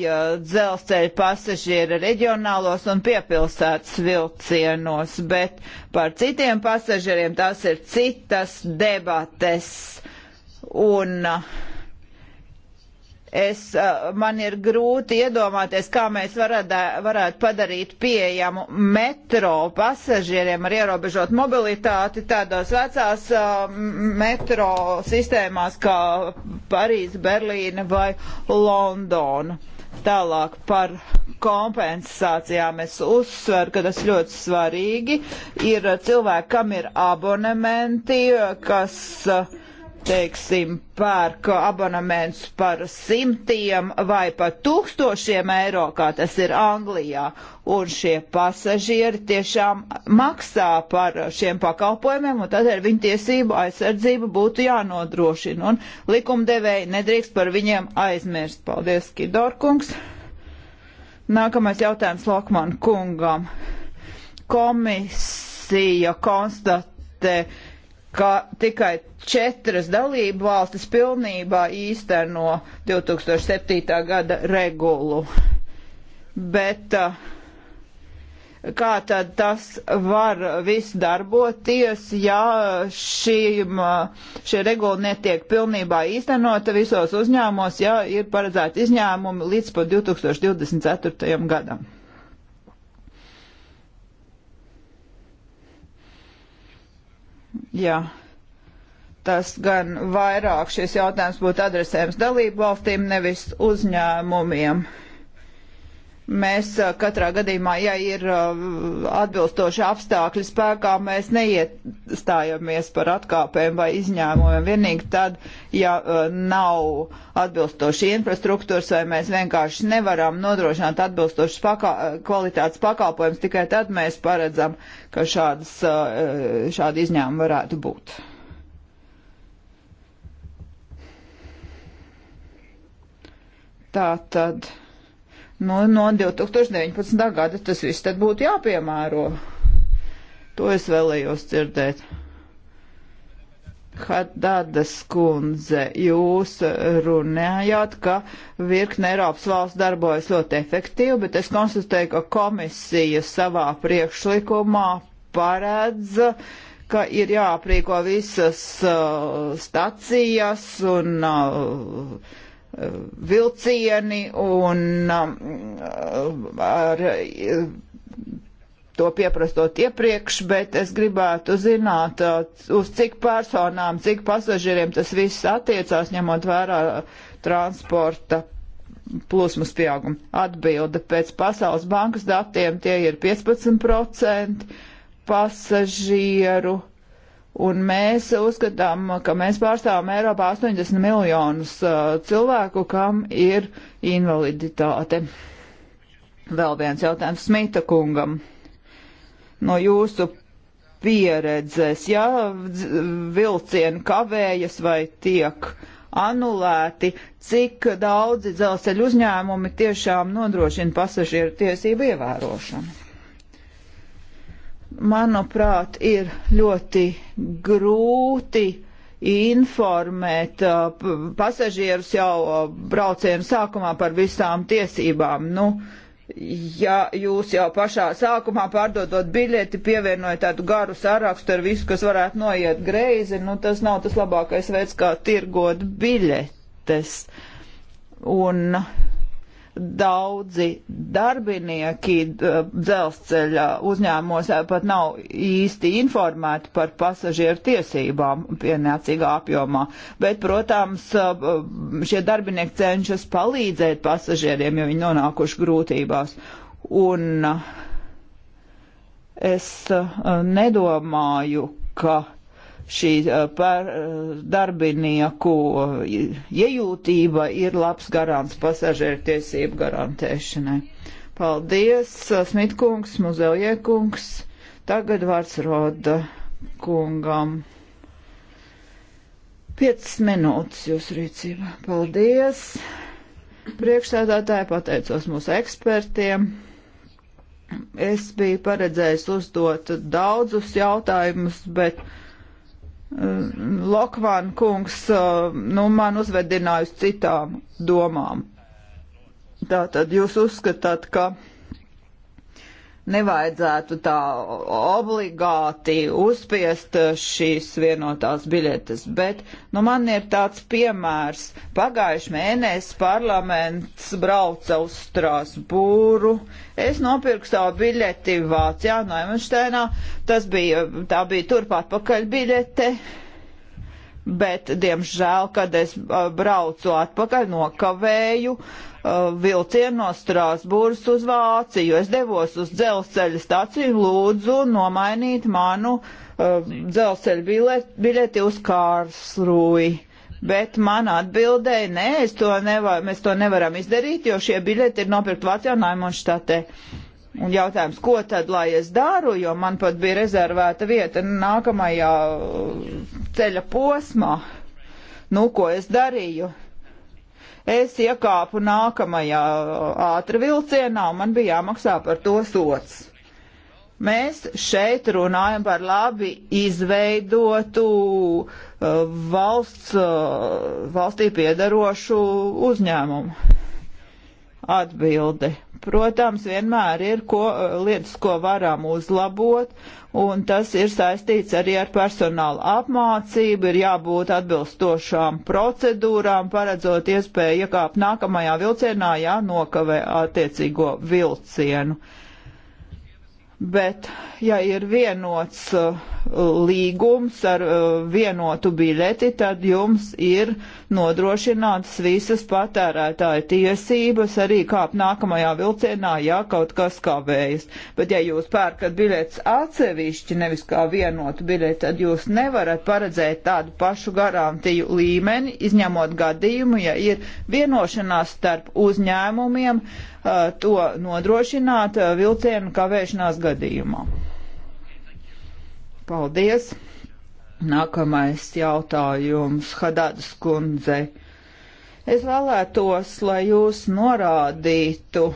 dzelzceļa pasažieri reģionālos un piepilsētas vilcienos, bet par citiem pasažieriem tās ir citas debates. Un uh, Es, uh, man ir grūti iedomāties, kā mēs varada, varētu padarīt pieejamu metro pasažieriem ar ierobežot mobilitāti tādos vecās uh, metro sistēmās kā Parīze, Berlīne vai Londona. Tālāk par kompensācijām es uzsveru, ka tas ļoti svarīgi ir cilvēki, kam ir abonementi, kas uh, teiksim, pērk abonements par simtiem vai pat tūkstošiem eiro, kā tas ir Anglijā, un šie pasažieri tiešām maksā par šiem pakalpojumiem, un tādēļ viņu tiesību aizsardzība būtu jānodrošina, un likumdevēji nedrīkst par viņiem aizmirst. Paldies, Kidorkungs. Nākamais jautājums Lokman kungam. Komisija konstatē, ka tikai četras dalību valstis pilnībā īsteno 2007. gada regulu. Bet eh, kā tad tas var viss darboties, ja šīm, eh, šie reguli netiek pilnībā īstenota visos uzņēmos, ja ir paredzēti izņēmumi līdz pat 2024. gadam? ja tas gan vairāk šis jautājums būtu adresējams dalību valstīm, nevis uzņēmumiem. Uh, mēs katrā gadījumā, ja ir atbilstoši apstākļi spēkā, mēs neiestājamies par atkāpēm vai izņēmumiem. Vienīgi tad, ja nav atbilstoši infrastruktūras vai mēs vienkārši nevaram nodrošināt atbilstošas pakā kvalitātes pakalpojums, tikai tad mēs paredzam, ka šādas, šādi izņēmumi varētu būt. Tā tad. Nu, no 2019. gada tas viss tad būtu jāpiemēro. To es vēlējos dzirdēt. Hadadas kundze, jūs runājāt, ka virkne Eiropas valsts darbojas ļoti efektīvi, bet es konstatēju, ka komisija savā priekšlikumā paredz, ka ir jāaprīko visas uh, stacijas un uh, vilcieni un um, ar to pieprastot iepriekš, bet es gribētu zināt, uh, uz cik personām, cik pasažieriem tas viss attiecās, ņemot vērā transporta plūsmas pieauguma atbilde. Pēc Pasaules bankas datiem tie ir 15% pasažieru Un mēs uzskatām, ka mēs pārstāvam Eiropā 80 miljonus uh, cilvēku, kam ir invaliditāte. Vēl viens jautājums Smita kungam. No jūsu pieredzes, ja vilcieni kavējas vai tiek anulēti, cik daudzi dzelzceļu uzņēmumi tiešām nodrošina pasažieru tiesību ievērošanu? manuprāt, ir ļoti grūti informēt uh, pasažierus jau uh, braucienu sākumā par visām tiesībām. Nu, ja jūs jau pašā sākumā pārdodot biļeti pievienojat tādu garu sarakstu ar visu, kas varētu noiet greizi, nu, tas nav tas labākais veids, kā tirgot biļetes. Un uh, Daudzi darbinieki dzelzceļa uzņēmumos eh, pat nav īsti informēti par pasažieru tiesībām pienācīgā apjomā, bet, protams, eh, šie darbinieki cenšas palīdzēt pasažieriem, jo viņi nonākuši grūtībās. Un eh, es nedomāju, ka šī par darbinieku iejūtība ir labs garants pasažieru tiesību garantēšanai. Paldies, Smitkungs, Muzeljekungs. Tagad vārds roda kungam. 5 minūtes jūsu rīcībā. Paldies! Priekšsēdātāji pateicos mūsu ekspertiem. Es biju paredzējis uzdot daudzus jautājumus, bet Lokvāna kungs uh, nu, man uzvedinājusi citām domām. Tātad jūs uzskatāt, ka nevajadzētu tā obligāti uzspiest šīs vienotās biļetes, bet nu, man ir tāds piemērs. Pagājuši mēnesi parlaments brauca uz Strasbūru. Es nopirku savu biļeti Vācijā, Neumanšteinā. Tas bija, tā bija turpat pakaļ biļete. Uh, bet, diemžēl, kad es uh, braucu atpakaļ, nokavēju uh, vilcienu no Strāsbūras uz Vāciju. Es devos uz dzelzceļa staciju un lūdzu nomainīt manu uh, dzelzceļa biļeti, biļeti uz Kārsrūju. Bet man atbildēja, nē, to nevar, mēs to nevaram izdarīt, jo šie biļeti ir nopirkt Vācijā un Aimonštatē. Uh, Un jautājums, ko tad lai es daru, jo man pat bija rezervēta vieta nākamajā uh, ceļa posmā. Nu, ko es darīju? Es iekāpu nākamajā uh, ātri vilcienā un man bija jāmaksā par to sots. Mēs šeit runājam par labi izveidotu uh, valsts, valstī piedarošu uzņēmumu. Atbildi. Protams, vienmēr ir ko, eh, lietas, ko varam uzlabot, un tas ir saistīts arī ar personāla apmācību, ir jābūt atbilstošām procedūrām, paredzot iespēju iekāpt nākamajā vilcienā, jānokavē attiecīgo vilcienu. Uh, bet ja ir vienots uh, līgums ar uh, vienotu biļeti, tad jums ir nodrošinātas visas patērētāja tiesības arī kāp nākamajā vilcienā, ja kaut kas kavējas. Bet ja jūs pērkat biļetes atsevišķi, nevis kā vienotu biļeti, tad jūs nevarat paredzēt tādu pašu garantiju līmeni, izņemot gadījumu, ja ir vienošanās starp uzņēmumiem uh, to nodrošināt uh, vilcienu kavēšanās gadījumā gadījumā. Paldies! Nākamais jautājums Hadadas kundzei. Es vēlētos, lai jūs norādītu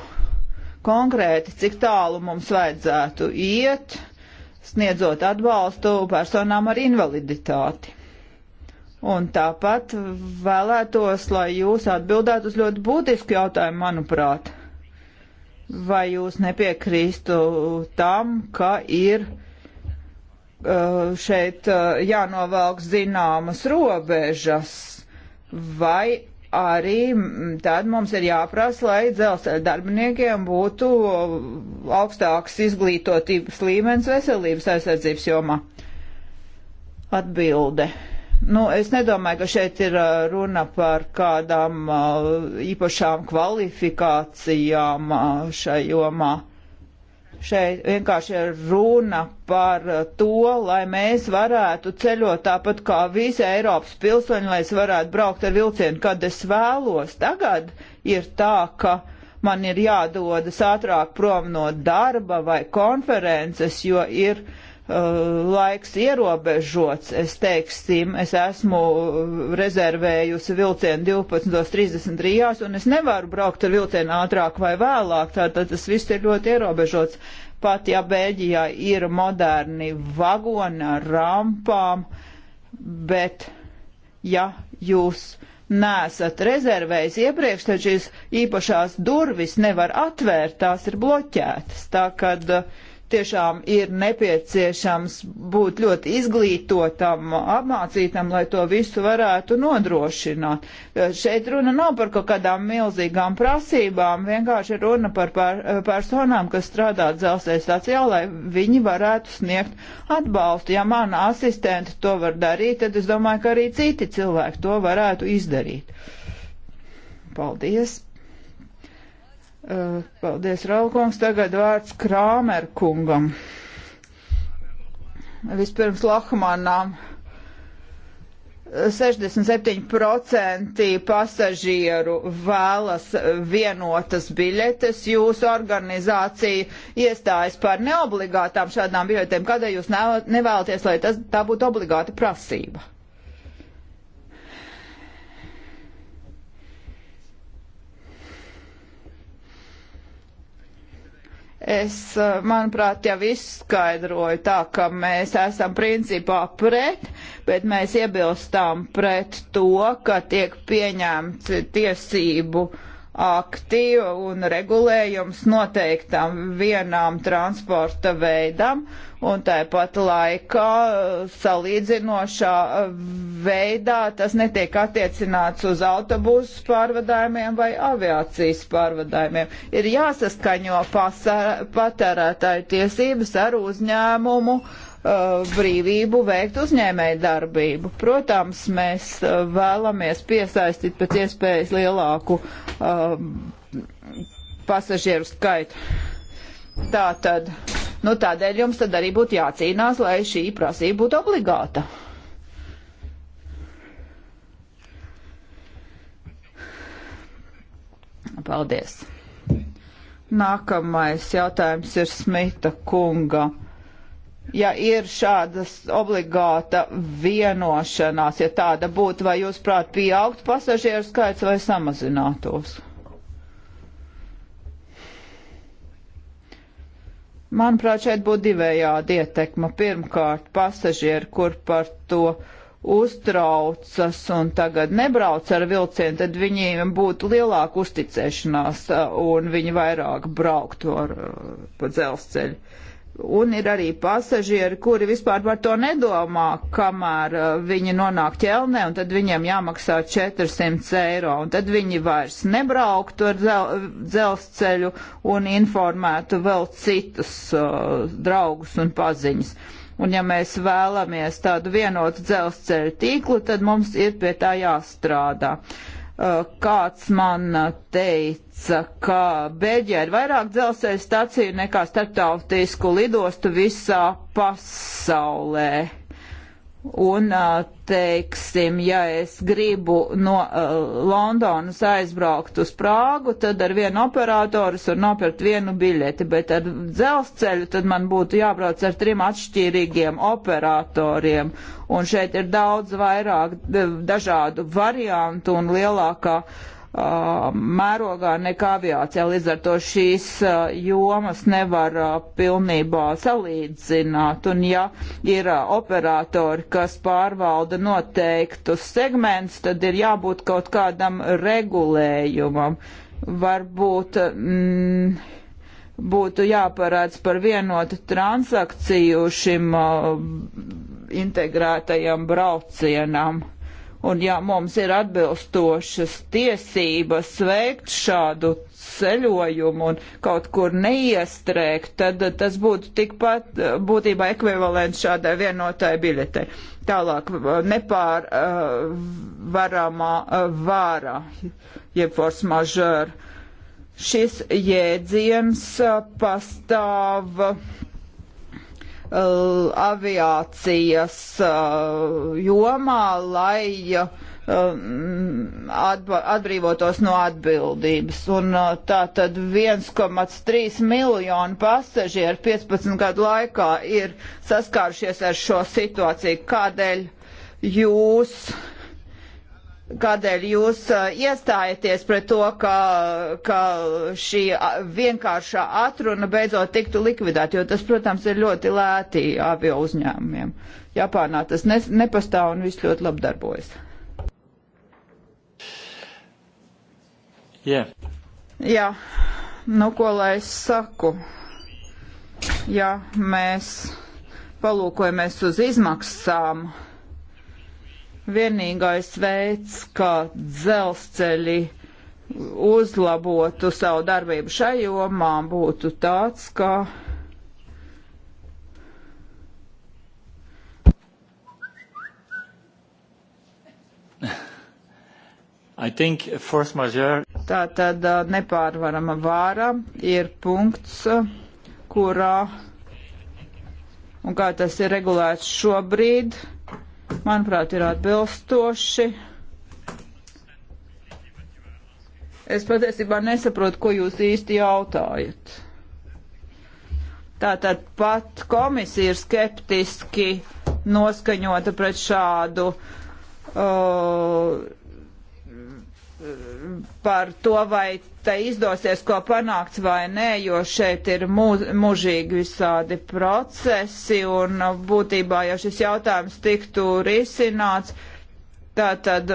konkrēti, cik tālu mums vajadzētu iet, sniedzot atbalstu personām ar invaliditāti. Un tāpat vēlētos, lai jūs atbildētu uz ļoti būtisku jautājumu, manuprāt vai jūs nepiekrīstu tam, ka ir uh, šeit uh, jānovelk zināmas robežas, vai arī tad mums ir jāprasa, lai dzelzceļa darbiniekiem būtu uh, augstāks izglītotības līmenis veselības aizsardzības jomā. Atbilde. Nu, es nedomāju, ka šeit ir uh, runa par kādām uh, īpašām kvalifikācijām uh, šai jomā. Šeit vienkārši ir runa par to, lai mēs varētu ceļot tāpat kā visi Eiropas pilsoņi, lai es varētu braukt ar vilcienu, kad es vēlos. Tagad ir tā, ka man ir jādodas ātrāk prom no darba vai konferences, jo ir uh, Uh, laiks ierobežots, es teiksim, es esmu uh, rezervējusi vilcienu 12.30 Rījās, un es nevaru braukt ar vilcienu ātrāk vai vēlāk, tātad tas viss ir ļoti ierobežots. Pat ja Bēļģijā ir moderni vagoni ar rampām, bet ja jūs nesat rezervējis iepriekš, tad šīs īpašās durvis nevar atvērt, tās ir bloķētas. Tā, kad, uh, tiešām ir nepieciešams būt ļoti izglītotam, apmācītam, lai to visu varētu nodrošināt. Šeit runa nav par kaut kādām milzīgām prasībām, vienkārši runa par personām, kas strādā dzelzceļa stācijā, lai viņi varētu sniegt atbalstu. Ja mana asistente to var darīt, tad es domāju, ka arī citi cilvēki to varētu izdarīt. Paldies! Eh, paldies, Raulkungs. Tagad vārds Krāmerkungam. Vispirms Lahmanām. 67% pasažieru vēlas vienotas biļetes. Jūsu organizācija iestājas par neobligātām šādām biļetēm. Kādēļ jūs nevēlaties, lai tas, tā būtu obligāta prasība? Es, eh, manuprāt, jau izskaidroju tā, ka mēs esam principā pret, bet mēs iebilstām pret to, ka tiek pieņemts tiesību uh, akti un regulējums noteiktam vienām transporta veidam, un tāpat laikā eh, salīdzinošā eh, veidā tas netiek attiecināts uz autobusu pārvadājumiem vai aviācijas pārvadājumiem. Ir jāsaskaņo patērētāju tiesības ar uzņēmumu uh, Uh, brīvību veikt uzņēmēju darbību. Protams, mēs uh, vēlamies piesaistīt pēc iespējas lielāku uh, pasažieru skaitu. Tā tad, nu tādēļ jums tad arī būtu jācīnās, lai šī prasība būtu obligāta. Paldies. Nākamais jautājums ir Smita kunga ja ir šādas obligāta vienošanās, ja tāda būtu, vai jūs prāt pieaugtu pasažieru skaits vai samazinātos? Manuprāt, šeit būtu divējādi ietekma. Pirmkārt, pasažieri, kur par to uztraucas un tagad nebrauc ar vilcienu, tad viņiem būtu lielāka uzticēšanās uh, un viņi vairāk brauktu ar, uh, pa dzelzceļu. Un ir arī pasažieri, kuri vispār par to nedomā, kamēr uh, viņi nonāk ķelnē, un tad viņiem jāmaksā 400 eiro, un tad viņi vairs nebrauktu ar dzel dzelzceļu un informētu vēl citus uh, draugus un paziņas. Un ja mēs vēlamies tādu vienotu dzelzceļa tīklu, tad mums ir pie tā jāstrādā. Uh, Eh, kāds man teica, ka Beļģijā ir vairāk dzelzceļa staciju nekā starptautisku lidostu visā pasaulē. Un, teiksim, ja es gribu no uh, Londonas aizbraukt uz Prāgu, tad ar vienu operatoru es varu nopirkt vienu biļeti, bet ar dzelzceļu tad man būtu jābrauc ar trim atšķirīgiem operatoriem. Un šeit ir daudz vairāk dažādu variantu un lielākā uh, Uh, mērogā nekā aviācijā. Līdz ar to šīs uh, jomas nevar uh, pilnībā salīdzināt. Un ja ir operatori, kas pārvalda noteiktus segments, tad ir jābūt kaut kādam regulējumam. Varbūt. Mm, būtu jāparāds par vienotu transakciju šim uh, integrētajam braucienam. Un ja mums ir atbilstošas tiesības veikt šādu ceļojumu un kaut kur neiestrēgt, tad tas būtu tikpat būtībā ekvivalents šādai vienotai biļetei. Tālāk nepārvaramā eh, eh, vāra, jeb force majeure. Šis jēdziens eh, pastāv Uh, aviācijas uh, jomā, lai um, atba, atbrīvotos no atbildības. Un uh, tā tad 1,3 miljonu pasažieru 15 gadu laikā ir saskārušies ar šo situāciju. Kādēļ jūs uh, kādēļ jūs iestājaties pret to, ka, ka šī vienkāršā atruna beidzot tiktu likvidēta, jo tas, protams, ir ļoti lēti avio uzņēmumiem. Japānā tas ne, nepastāv un viss ļoti labi darbojas. Yeah. Jā, nu ko lai es saku? Ja mēs palūkojamies uz izmaksām, uh, vienīgais veids, kā dzelzceļi uzlabotu savu darbību šai jomā, būtu tāds, ka Tā tad nepārvarama vāra ir punkts, kurā, un kā tas ir regulēts šobrīd, uh, manuprāt, ir atbilstoši. Es patiesībā nesaprotu, ko jūs īsti jautājat. Tātad pat komisija ir skeptiski noskaņota pret šādu uh, par to, vai tai izdosies ko panākt vai nē, jo šeit ir mūž, mužīgi visādi procesi un būtībā, ja šis jautājums tiktu risināts, tā tad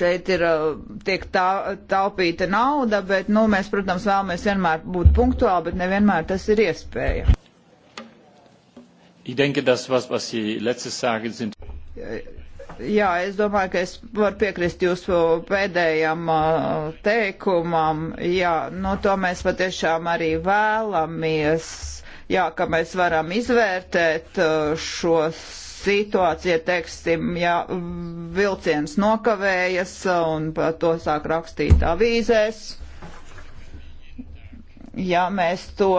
šeit ir, tiek tā, taupīta nauda, bet, nu, mēs, protams, vēlamies vienmēr būt punktuāli, bet nevienmēr tas ir iespēja. Ich denke, das, was, was Sie letztes sagen, sind Jā, es domāju, ka es varu piekrist jūsu pēdējam uh, teikumam. Jā, nu to mēs patiešām arī vēlamies. Jā, ka mēs varam izvērtēt uh, šo situāciju, teiksim, ja vilciens nokavējas un par to sāk rakstīt avīzēs. Ja mēs to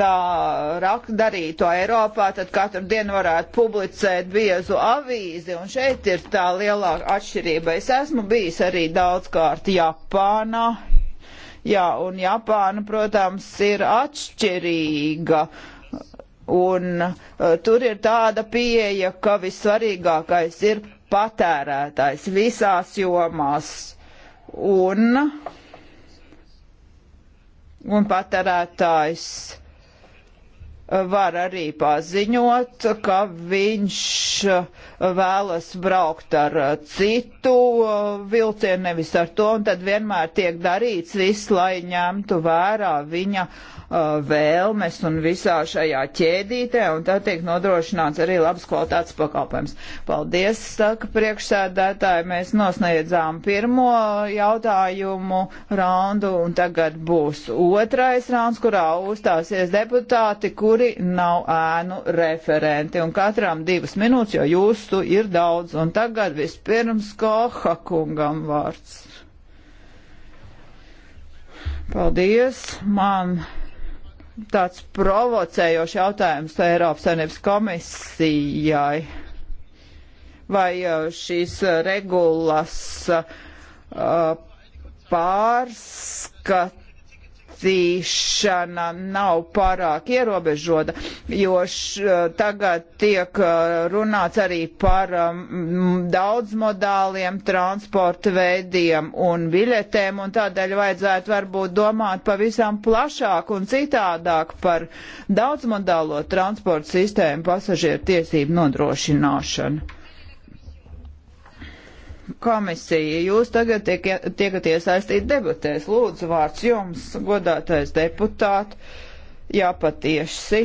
tā rak, darītu Eiropā, tad katru dienu varētu publicēt biezu avīzi, un šeit ir tā lielāka atšķirība. Es esmu bijis arī daudzkārt Japānā, jā, un Japāna, protams, ir atšķirīga. Un uh, tur ir tāda pieeja, ka vissvarīgākais ir patērētājs visās jomās. Un, un patērētājs var arī paziņot, ka viņš uh, vēlas braukt ar uh, citu uh, vilcienu, nevis ar to, un tad vienmēr tiek darīts viss, lai ņemtu vērā viņa vēlmes un visā šajā ķēdītē, un tā tiek nodrošināts arī labs kvalitātes pakalpojums. Paldies, saka priekšsēdētāji, mēs nosniedzām pirmo jautājumu raundu, un tagad būs otrais rauns, kurā uzstāsies deputāti, kuri kuri nav ēnu referenti. Un katram divas minūtes, jo jūsu ir daudz. Un tagad vispirms Koha kungam vārds. Paldies! Man tāds provocējošs jautājums Eiropas Savienības komisijai. Vai uh, šīs uh, regulas uh, pārskat atzīšana nav pārāk ierobežota, jo š, eh, tagad tiek eh, runāts arī par um, eh, daudzmodāliem transporta veidiem un biļetēm, un tādēļ vajadzētu varbūt domāt pavisam plašāk un citādāk par daudzmodālo transporta sistēmu pasažieru tiesību nodrošināšanu komisija, jūs tagad tiek, tiekat iesaistīti debatēs. Lūdzu, vārds jums, godātais deputāti, jāpatieši.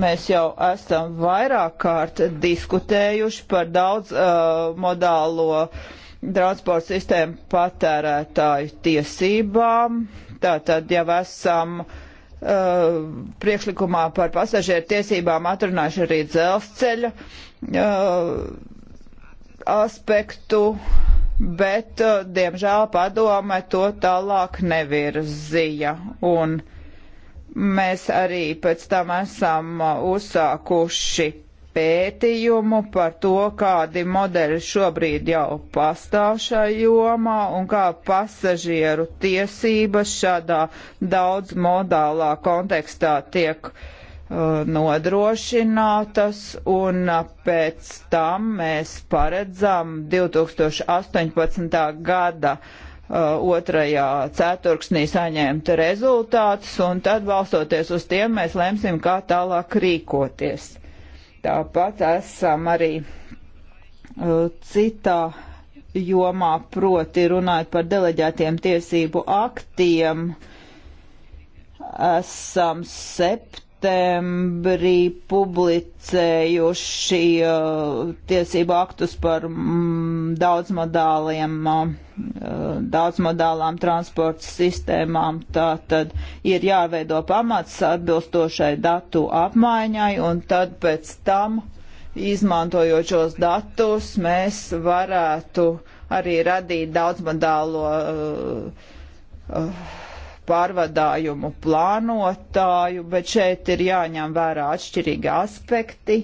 Mēs jau esam vairāk kārt diskutējuši par daudz uh, modālo transporta sistēmu patērētāju tiesībām. Tātad jau esam uh, priekšlikumā par pasažieru tiesībām atrunājuši arī dzelzceļa uh, aspektu, bet, uh, diemžēl, padome to tālāk nevirzīja. Un mēs arī pēc tam esam uh, uzsākuši pētījumu par to, kādi modeļi šobrīd jau pastāv šajā jomā un kā pasažieru tiesības šādā daudz modālā kontekstā tiek uh, Uh, nodrošinātas, un pēc tam mēs paredzam 2018. gada uh, otrajā ceturksnī saņemt rezultātus, un tad balstoties uz tiem mēs lemsim, kā tālāk rīkoties. Tāpat esam arī uh, citā jomā, proti runājot par deleģētiem tiesību aktiem, esam sept septembrī publicējuši uh, tiesību aktus par mm, daudzmodāliem, uh, daudzmodālām transporta sistēmām. Tā tad ir jāveido pamats atbilstošai datu apmaiņai, un tad pēc tam, izmantojot šos datus, mēs varētu arī radīt daudzmodālo. Uh, uh, pārvadājumu plānotāju, bet šeit ir jāņem vērā atšķirīgi aspekti,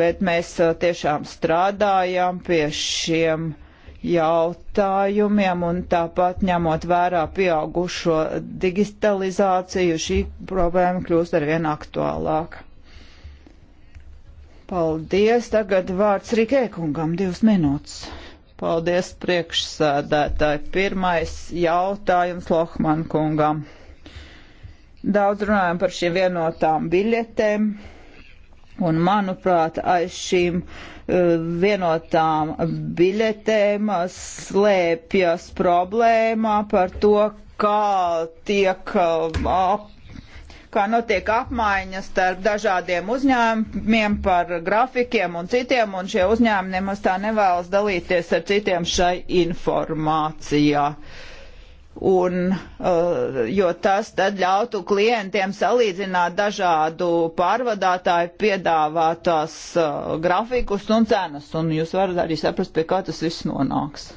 bet mēs uh, tiešām strādājam pie šiem jautājumiem un tāpat ņemot vērā pieaugušo digitalizāciju, šī problēma kļūst arvien aktuālāka. Paldies, tagad vārds Rikēkungam divas minūtes. Paldies priekšsēdētāji. Pirmais jautājums Lohman kungam. Daudz runājam par šiem vienotām biļetēm. Un, manuprāt, aiz šīm uh, vienotām biļetēm slēpjas problēma par to, kā tiek uh, ap kā notiek apmaiņas starp dažādiem uzņēmumiem par grafikiem un citiem, un šie uzņēmumi nemaz tā nevēlas dalīties ar citiem šai informācijā. Un, uh, jo tas tad ļautu klientiem salīdzināt dažādu pārvadātāju piedāvātās uh, grafikus un cenas, un jūs varat arī saprast, pie kā tas viss nonāks.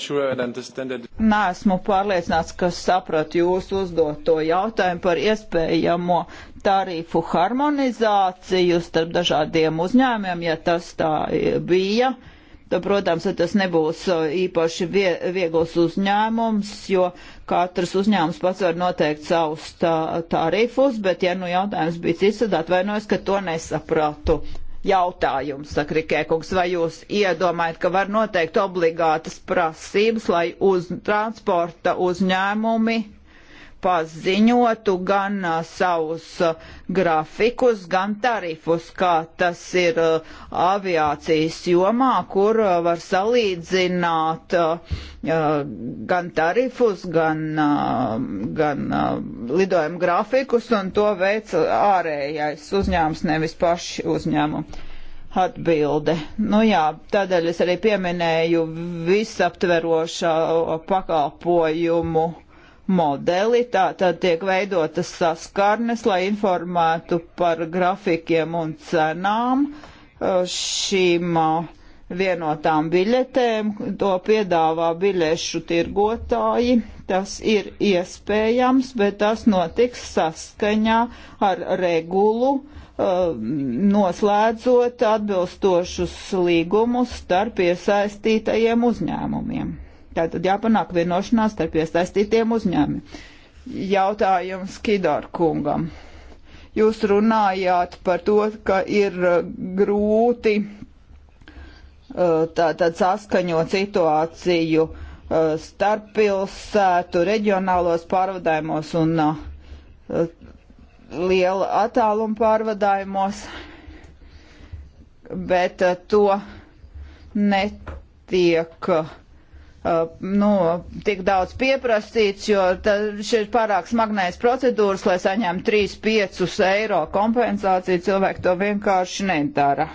Sure Nē, esmu pārliecināts, ka sapratu jūsu uzdoto jautājumu par iespējamo tarifu harmonizāciju starp dažādiem uzņēmiem, ja tas tā bija. Tad, protams, tas nebūs uh, īpaši vie, viegls uzņēmums, jo katrs uzņēmums pats var noteikt savus tā, tarifus, bet, ja nu jautājums bija cits, tad atvainojos, ka to nesapratu jautājums, saka Rikēkungs, vai jūs iedomājat, ka var noteikt obligātas prasības, lai uz transporta uzņēmumi paziņotu gan savus grafikus, gan tarifus, kā tas ir aviācijas jomā, kur var salīdzināt gan tarifus, gan, gan lidojumu grafikus, un to veic ārējais uzņēmums, nevis paši uzņēmumi atbilde. Nu jā, tādēļ es arī pieminēju visaptverošā pakalpojumu modeli. Tātad tiek veidotas saskarnes, lai informētu par grafikiem un cenām uh, šīm uh, vienotām biļetēm. To piedāvā biļešu tirgotāji. Tas ir iespējams, bet tas notiks saskaņā ar regulu uh, noslēdzot atbilstošus līgumus starp iesaistītajiem uzņēmumiem. Tātad jāpanāk vienošanās starp iesaistītiem uzņēmumiem. Jautājums Kidārkungam. Jūs runājāt par to, ka ir uh, grūti uh, tātad saskaņot situāciju uh, starp pilsētu, reģionālos pārvadājumos un liela attāluma pārvadājumos, bet to netiek uh, Uh, nu, tik daudz pieprasīts, jo šeit ir pārāk smagnējas procedūras, lai saņemtu 3-5 eiro kompensāciju. Cilvēki to vienkārši nedara.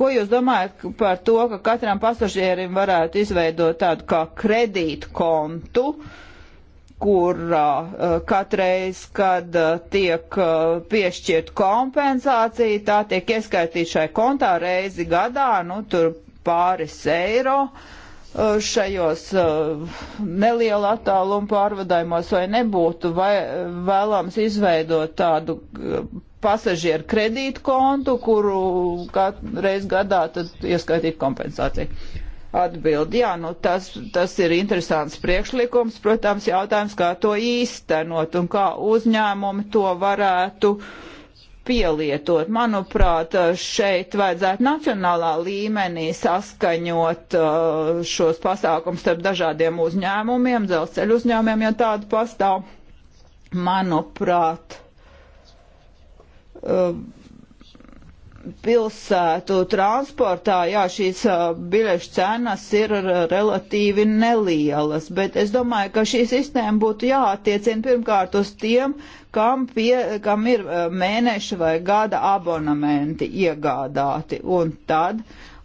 Ko jūs domājat par to, ka katram pasažierim varētu izveidot tādu kā kredītkontu, kur uh, katreiz, kad uh, tiek uh, piešķirt kompensācija, tā tiek ieskaitīta šai kontā reizi gadā, nu tur pāris eiro uh, šajos uh, nelielu attālumu pārvadājumos, vai nebūtu vai vēlams izveidot tādu uh, pasažieru kredītu kontu, kuru reiz gadā tad ieskaitīt kompensāciju. Atbildi, jā, nu tas, tas ir interesants priekšlikums, protams, jautājums, kā to īstenot un kā uzņēmumi to varētu uh, pielietot. Manuprāt, šeit vajadzētu nacionālā līmenī saskaņot uh, šos pasākums starp dažādiem uzņēmumiem, dzelzceļu uzņēmumiem, ja tādu pastāv. Manuprāt, uh, pilsētu transportā, jā, šīs uh, biļešu cenas ir relatīvi nelielas, bet es domāju, ka šī sistēma būtu jāattiecina pirmkārt uz tiem, uh, kam, pie, kam ir eh, mēneša vai gada abonamenti iegādāti. Un tad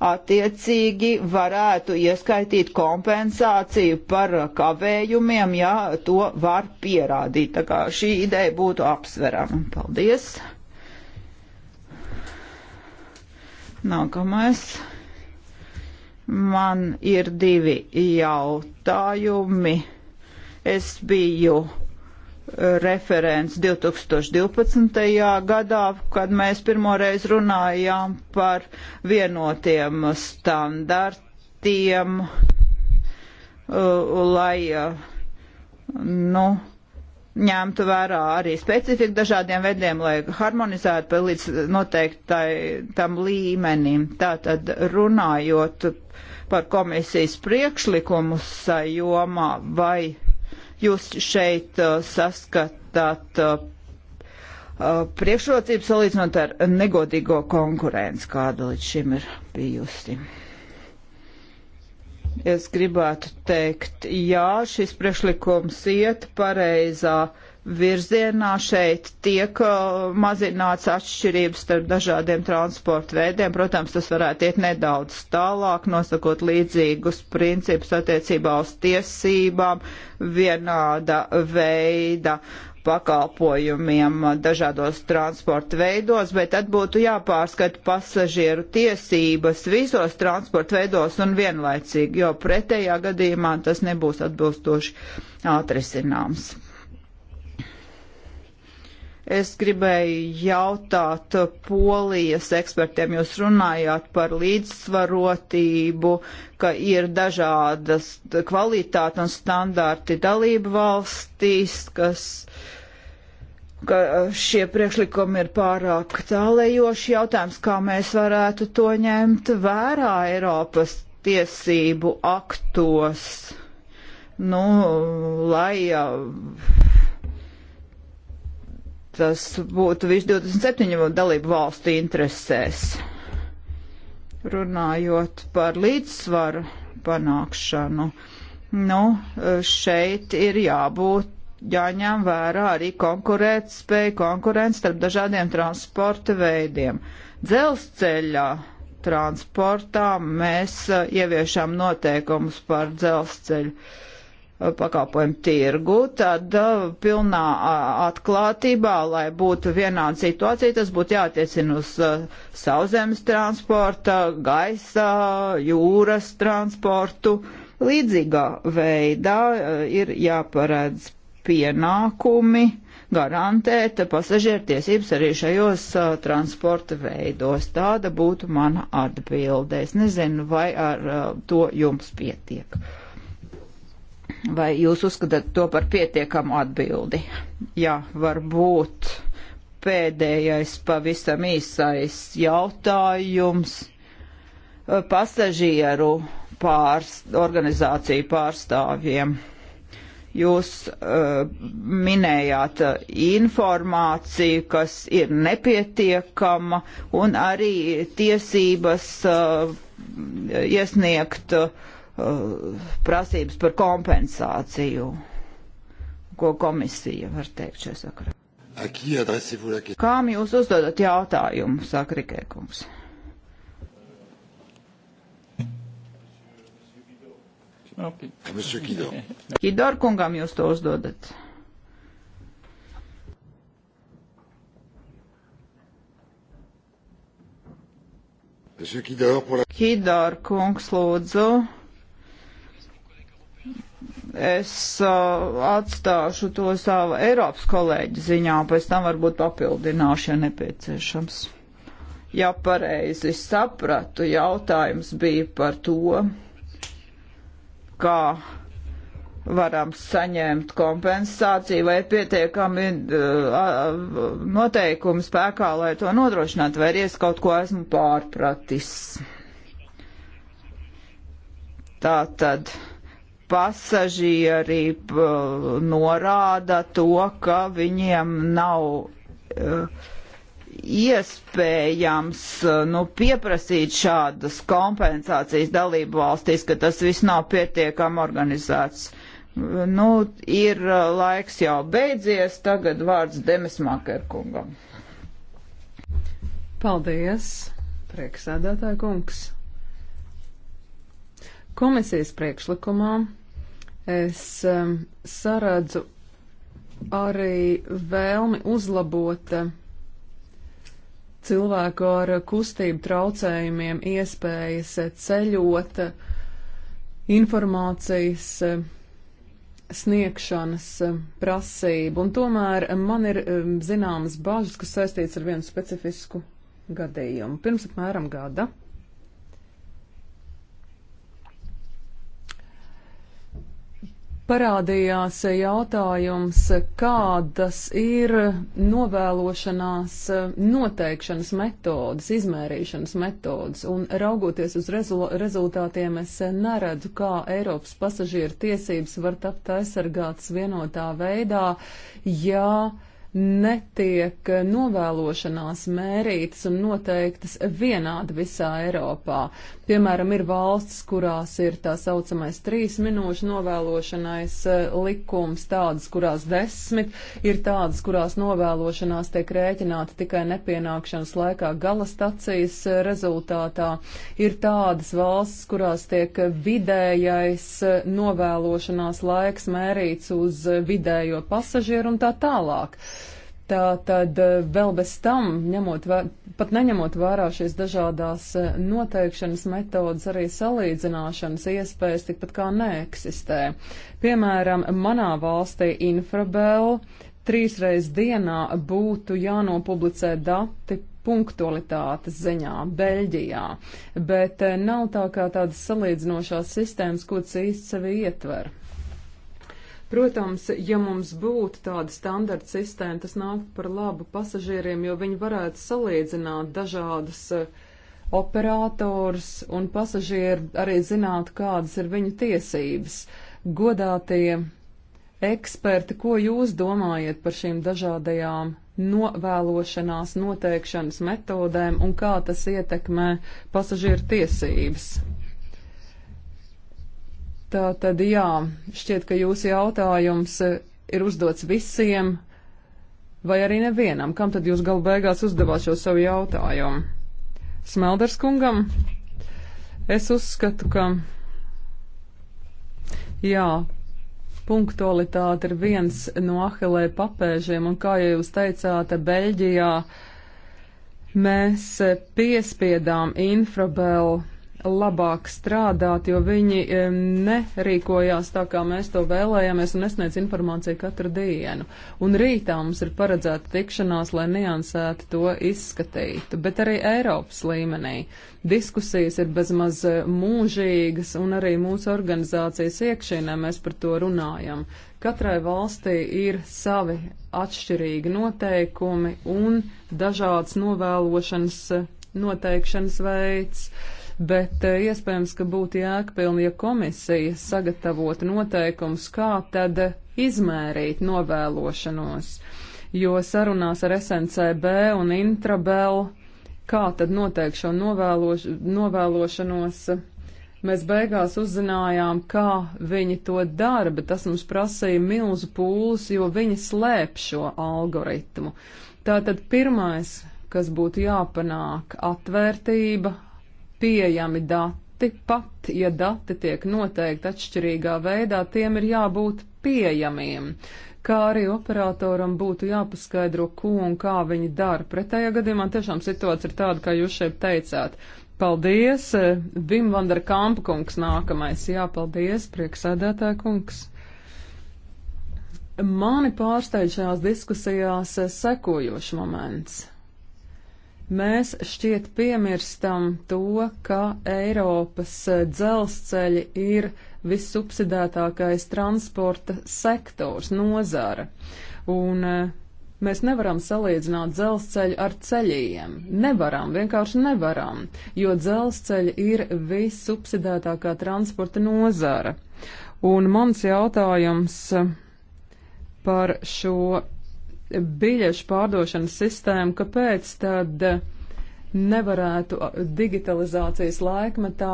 attiecīgi varētu ieskaitīt kompensāciju par kavējumiem, ja to var pierādīt. Tā kā šī ideja būtu apsverama. Paldies! Nākamais. Man ir divi jautājumi. Es biju referents 2012. gadā, kad mēs pirmoreiz runājām par vienotiem standartiem, uh, lai uh, nu, ņemtu vērā arī specifiku dažādiem veidiem, lai harmonizētu līdz noteiktai tam līmenim. Tātad runājot par komisijas priekšlikumu sajomā vai Jūs šeit uh, saskatāt uh, uh, priekšrocības salīdzinot ar negodīgo konkurenci, kāda līdz šim ir bijusi es gribētu teikt, jā, šis priekšlikums iet pareizā virzienā. Šeit tiek uh, mazināts atšķirības starp dažādiem transporta veidiem. Protams, tas varētu iet nedaudz tālāk, nosakot līdzīgus principus attiecībā uz tiesībām, vienāda veida pakalpojumiem dažādos transporta veidos, bet tad būtu jāpārskata pasažieru tiesības visos transporta veidos un vienlaicīgi, jo pretējā gadījumā tas nebūs atbilstoši atrisināms. Es gribēju jautāt polijas ekspertiem, jūs runājāt par līdzsvarotību, ka ir dažādas kvalitāte un standarti dalību valstīs, kas, ka šie priekšlikumi ir pārāk tālējoši jautājums, kā mēs varētu to ņemt vērā Eiropas tiesību aktos, nu, lai. Uh, tas būtu visu 27 dalību valstu interesēs. Runājot par līdzsvaru panākšanu, nu, šeit ir jābūt, jāņem vērā arī konkurētspēja, konkurence starp dažādiem transporta veidiem. Dzelzceļā transportā mēs uh, ieviešam noteikumus par dzelzceļu Eh, pakalpojumu tirgu, tad eh, pilnā eh, atklātībā, lai būtu vienāda situācija, tas būtu jātiecina uz sauszemes transporta, gaisa, jūras transportu. Līdzīgā veidā ir jāparedz pienākumi garantēt pasažieru tiesības arī šajos uh, transporta veidos. Tāda būtu mana atbilde. Es nezinu, vai ar uh, to jums pietiek. Vai jūs uzskatāt to par pietiekamu atbildi? Jā, varbūt pēdējais pavisam īsais jautājums. Pasažieru pārst, organizāciju pārstāvjiem. Jūs uh, minējāt informāciju, kas ir nepietiekama, un arī tiesības uh, iesniegt uh, Uh, prasības par kompensāciju, ko komisija var teikt šajā sakarā. Kām jūs uzdodat jautājumu, saka Rikēkungs? Okay. Kidor. Kidor kungam jūs to uzdodat. Kidor kungs lūdzu es uh, atstāšu to savu Eiropas kolēģi ziņā, pēc tam varbūt papildināšu, ja nepieciešams. Ja pareizi sapratu, jautājums bija par to, kā varam saņemt kompensāciju vai pietiekami uh, uh, noteikumi spēkā, lai to nodrošinātu, vai arī es kaut ko esmu pārpratis. Tā tad pasažieri norāda to, ka viņiem nav e, iespējams e, nu, pieprasīt šādas kompensācijas dalību valstīs, ka tas viss nav pietiekami organizēts. Nu, ir e, laiks jau beidzies, tagad vārds Demis Makerkungam. Paldies, prieksēdētāja kungs. Komisijas priekšlikumā Es um, saredzu arī vēlmi uzlabot uh, cilvēku ar kustību traucējumiem iespējas uh, ceļot, uh, informācijas sniegšanas prasību, un tomēr um, man ir um, zināmas bažas, kas saistīts ar vienu specifisku gadījumu. Pirms apmēram gada parādījās jautājums, kādas ir novēlošanās noteikšanas metodas, izmērīšanas metodas, un raugoties uz rezultātiem, es neredzu, kā Eiropas pasažieru tiesības var tapt aizsargātas vienotā veidā, ja uh, netiek novēlošanās mērītas un noteiktas vienādi visā Eiropā. Piemēram, ir valsts, kurās ir tā saucamais trīs minūšu novēlošanais eh, likums, tādas, kurās desmit, ir tādas, kurās novēlošanās tiek rēķināta tikai nepienākšanas laikā gala stacijas eh, rezultātā. Ir tādas valsts, kurās tiek vidējais eh, novēlošanās laiks mērīts uz vidējo pasažieru un tā tālāk. Tā tad eh, vēl bez tam, ņemot vēr, pat neņemot vērā šīs dažādās eh, noteikšanas metodas, arī salīdzināšanas iespējas tikpat kā neeksistē. Piemēram, manā valstī Infrabel trīsreiz dienā būtu jānopublicē dati punktualitātes ziņā Beļģijā, bet eh, nav tā kā tādas salīdzinošās sistēmas, ko cīsts sevi ietver. Protams, ja mums būtu tāda standarta sistēma, tas nāktu par labu pasažieriem, jo viņi varētu salīdzināt dažādas eh, operators un pasažieri arī zinātu, kādas ir viņu tiesības. Godātie eksperti, ko jūs domājat par šīm dažādajām novēlošanās noteikšanas metodēm un kā tas ietekmē pasažieru tiesības? Tā tad jā, šķiet, ka jūsu jautājums eh, ir uzdots visiem, vai arī nevienam. Kam tad jūs galu beigās uzdevāt šo savu jautājumu? Smelders kungam? Es uzskatu, ka jā, punktualitāte ir viens no ahilē papēžiem, un kā jau jūs teicāt, Beļģijā mēs eh, piespiedām infrabelu labāk strādāt, jo viņi nerīkojās tā, kā mēs to vēlējāmies un nesniedz informāciju katru dienu. Un rītā mums ir paredzēta tikšanās, lai niansētu to izskatītu, bet arī Eiropas līmenī. Diskusijas ir bezmaz eh, mūžīgas un arī mūsu organizācijas iekšienē mēs par to runājam. Katrai valstī ir savi atšķirīgi noteikumi un dažāds novēlošanas noteikšanas veids. Uh, bet eh, iespējams, ka būtu jēgpilni, ja komisija sagatavotu noteikumus, kā tad izmērīt novēlošanos, jo sarunās ar SNCB un Intrabel, kā tad noteikt šo novēloš novēlošanos mēs beigās uzzinājām, kā viņi to dara, bet tas mums prasīja milzu pūles, jo viņi slēp šo algoritmu. Tātad pirmais, kas būtu jāpanāk, atvērtība, pieejami dati, pat ja dati tiek noteikti atšķirīgā veidā, tiem ir jābūt pieejamiem, kā arī operatoram būtu jāpaskaidro, ko un kā viņi dara. Pretējā gadījumā tiešām situācija ir tāda, kā jūs šeit teicāt. Paldies, Vim Vandara Kampa kungs nākamais. Jā, paldies, prieksēdētāja kungs. Mani pārsteidz šajās diskusijās sekojošs moments. Mēs šķiet piemirstam to, ka Eiropas eh, dzelzceļi ir vissubsidētākais transporta sektors, nozara. Un eh, mēs nevaram salīdzināt dzelzceļu ar ceļiem. Nevaram, vienkārši nevaram, jo dzelzceļi ir vissubsidētākā transporta nozara. Un mans jautājums eh, par šo biļešu pārdošanas sistēmu, kāpēc tad nevarētu digitalizācijas laikmetā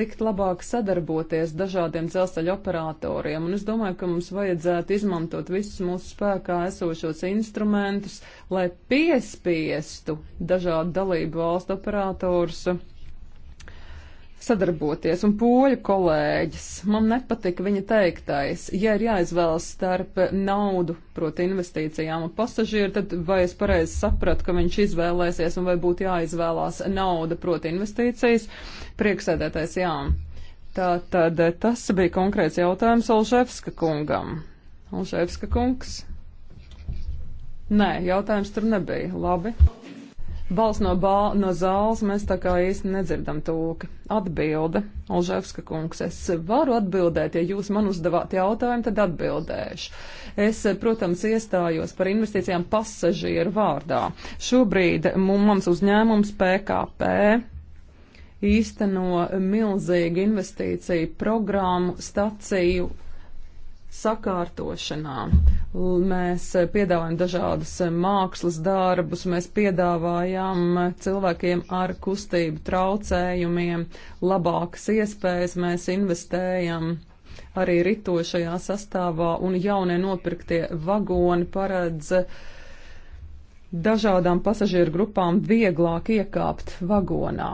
likt labāk sadarboties dažādiem dzelzceļa operatoriem, un es domāju, ka mums vajadzētu izmantot visus mūsu spēkā esošos instrumentus, lai piespiestu dažādu dalību valstu operators sadarboties. Un poļu kolēģis, man nepatika viņa teiktais, ja ir jāizvēlas starp naudu, proti investīcijām un pasažieru, tad vai es pareizi sapratu, ka viņš izvēlēsies un vai būtu jāizvēlās nauda, proti investīcijas, prieksēdētais jā. Tā tad tas bija konkrēts jautājums Olševska kungam. Olševska kungs? Nē, jautājums tur nebija. Labi. Balsts no, bā, no zāles mēs tā kā īsti nedzirdam tūki. Atbilde, Olževska kungs, es varu atbildēt, ja jūs man uzdevāt jautājumu, tad atbildēšu. Es, protams, iestājos par investīcijām pasažieru vārdā. Šobrīd mums uzņēmums PKP īsteno milzīgu investīciju programmu staciju sakārtošanā. Mēs piedāvājam dažādas mākslas darbus, mēs piedāvājam cilvēkiem ar kustību traucējumiem labākas iespējas, mēs investējam arī ritošajā sastāvā un jaunie nopirktie vagoni paredz dažādām pasažieru grupām vieglāk iekāpt vagonā.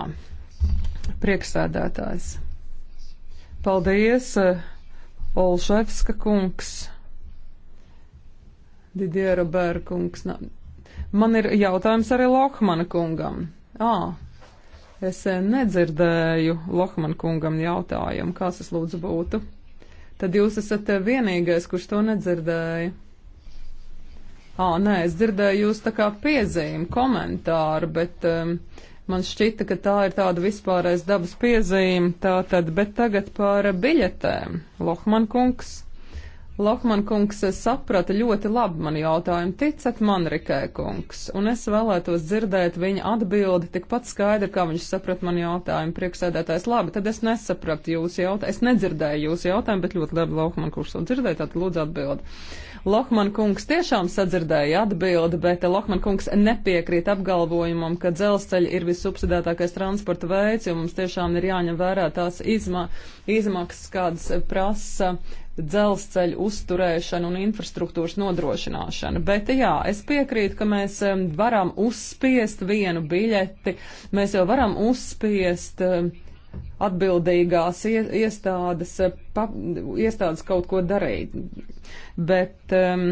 Prieksēdētājs. Paldies! Olševska kungs, Didiera Bērkungs. Man ir jautājums arī Lohmana kungam. Ā, es eh, nedzirdēju Lohmana kungam jautājumu, kāds tas lūdzu būtu. Tad jūs esat eh, vienīgais, kurš to nedzirdēja. Ā, nē, es dzirdēju jūs tā kā piezīmi, komentāru, bet um, Man šķita, ka tā ir tāda vispārreiz dabas piezīme, tā tad, bet tagad par biļetēm. Lohman kungs. Lohman kungs saprata ļoti labi manu jautājumu, ticat man, Rikē kungs, un es vēlētos dzirdēt viņa atbildi tikpat skaidri, kā viņš saprata manu jautājumu. Prieksēdētājs, labi, tad es nesapratu jūsu jautājumu, es nedzirdēju jūsu jautājumu, bet ļoti labi Lohman kungs to dzirdēja, tātad lūdzu atbildi. Lohman kungs tiešām sadzirdēja atbildi, bet Lohman kungs nepiekrīt apgalvojumam, ka dzelzceļa ir vissubsidētākais transporta veids, jo mums tiešām ir jāņem vērā tās izma, izmaksas, kādas prasa dzelzceļa uzturēšana un infrastruktūras nodrošināšana. Bet jā, es piekrītu, ka mēs um, varam uzspiest vienu biļeti, mēs jau varam uzspiest uh, atbildīgās iestādes, eh, pa, iestādes kaut ko darīt. Bet, um,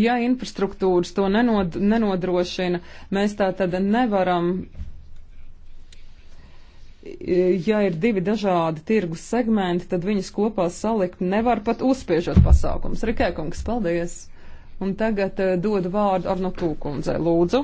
ja infrastruktūras to nenod, nenodrošina, mēs tā tad nevaram ja ir divi dažādi tirgus segmenti, tad viņas kopā salikt nevar pat uzspiežot pasākums. Rikēkungs, paldies! Un tagad uh, dodu vārdu Arno Tūkundzei. Lūdzu.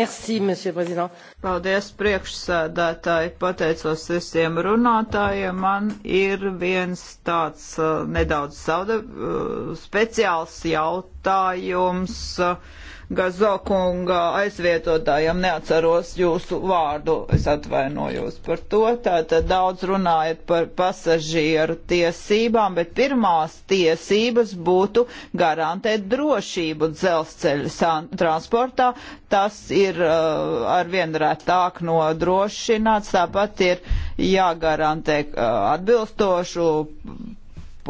Merci, monsieur prezident. Paldies, priekšsēdētāji. Pateicos visiem runātājiem. Man ir viens tāds uh, nedaudz sauda, uh, speciāls jautājums. Uh, Gazokunga aizvietotājam neatceros jūsu vārdu, es atvainojos par to. Tātad daudz runājat par pasažieru tiesībām, bet pirmās tiesības būtu garantēt drošību dzelzceļa transportā. Tas ir uh, arvien retāk nodrošināts, tāpat ir jāgarantē uh, atbilstošu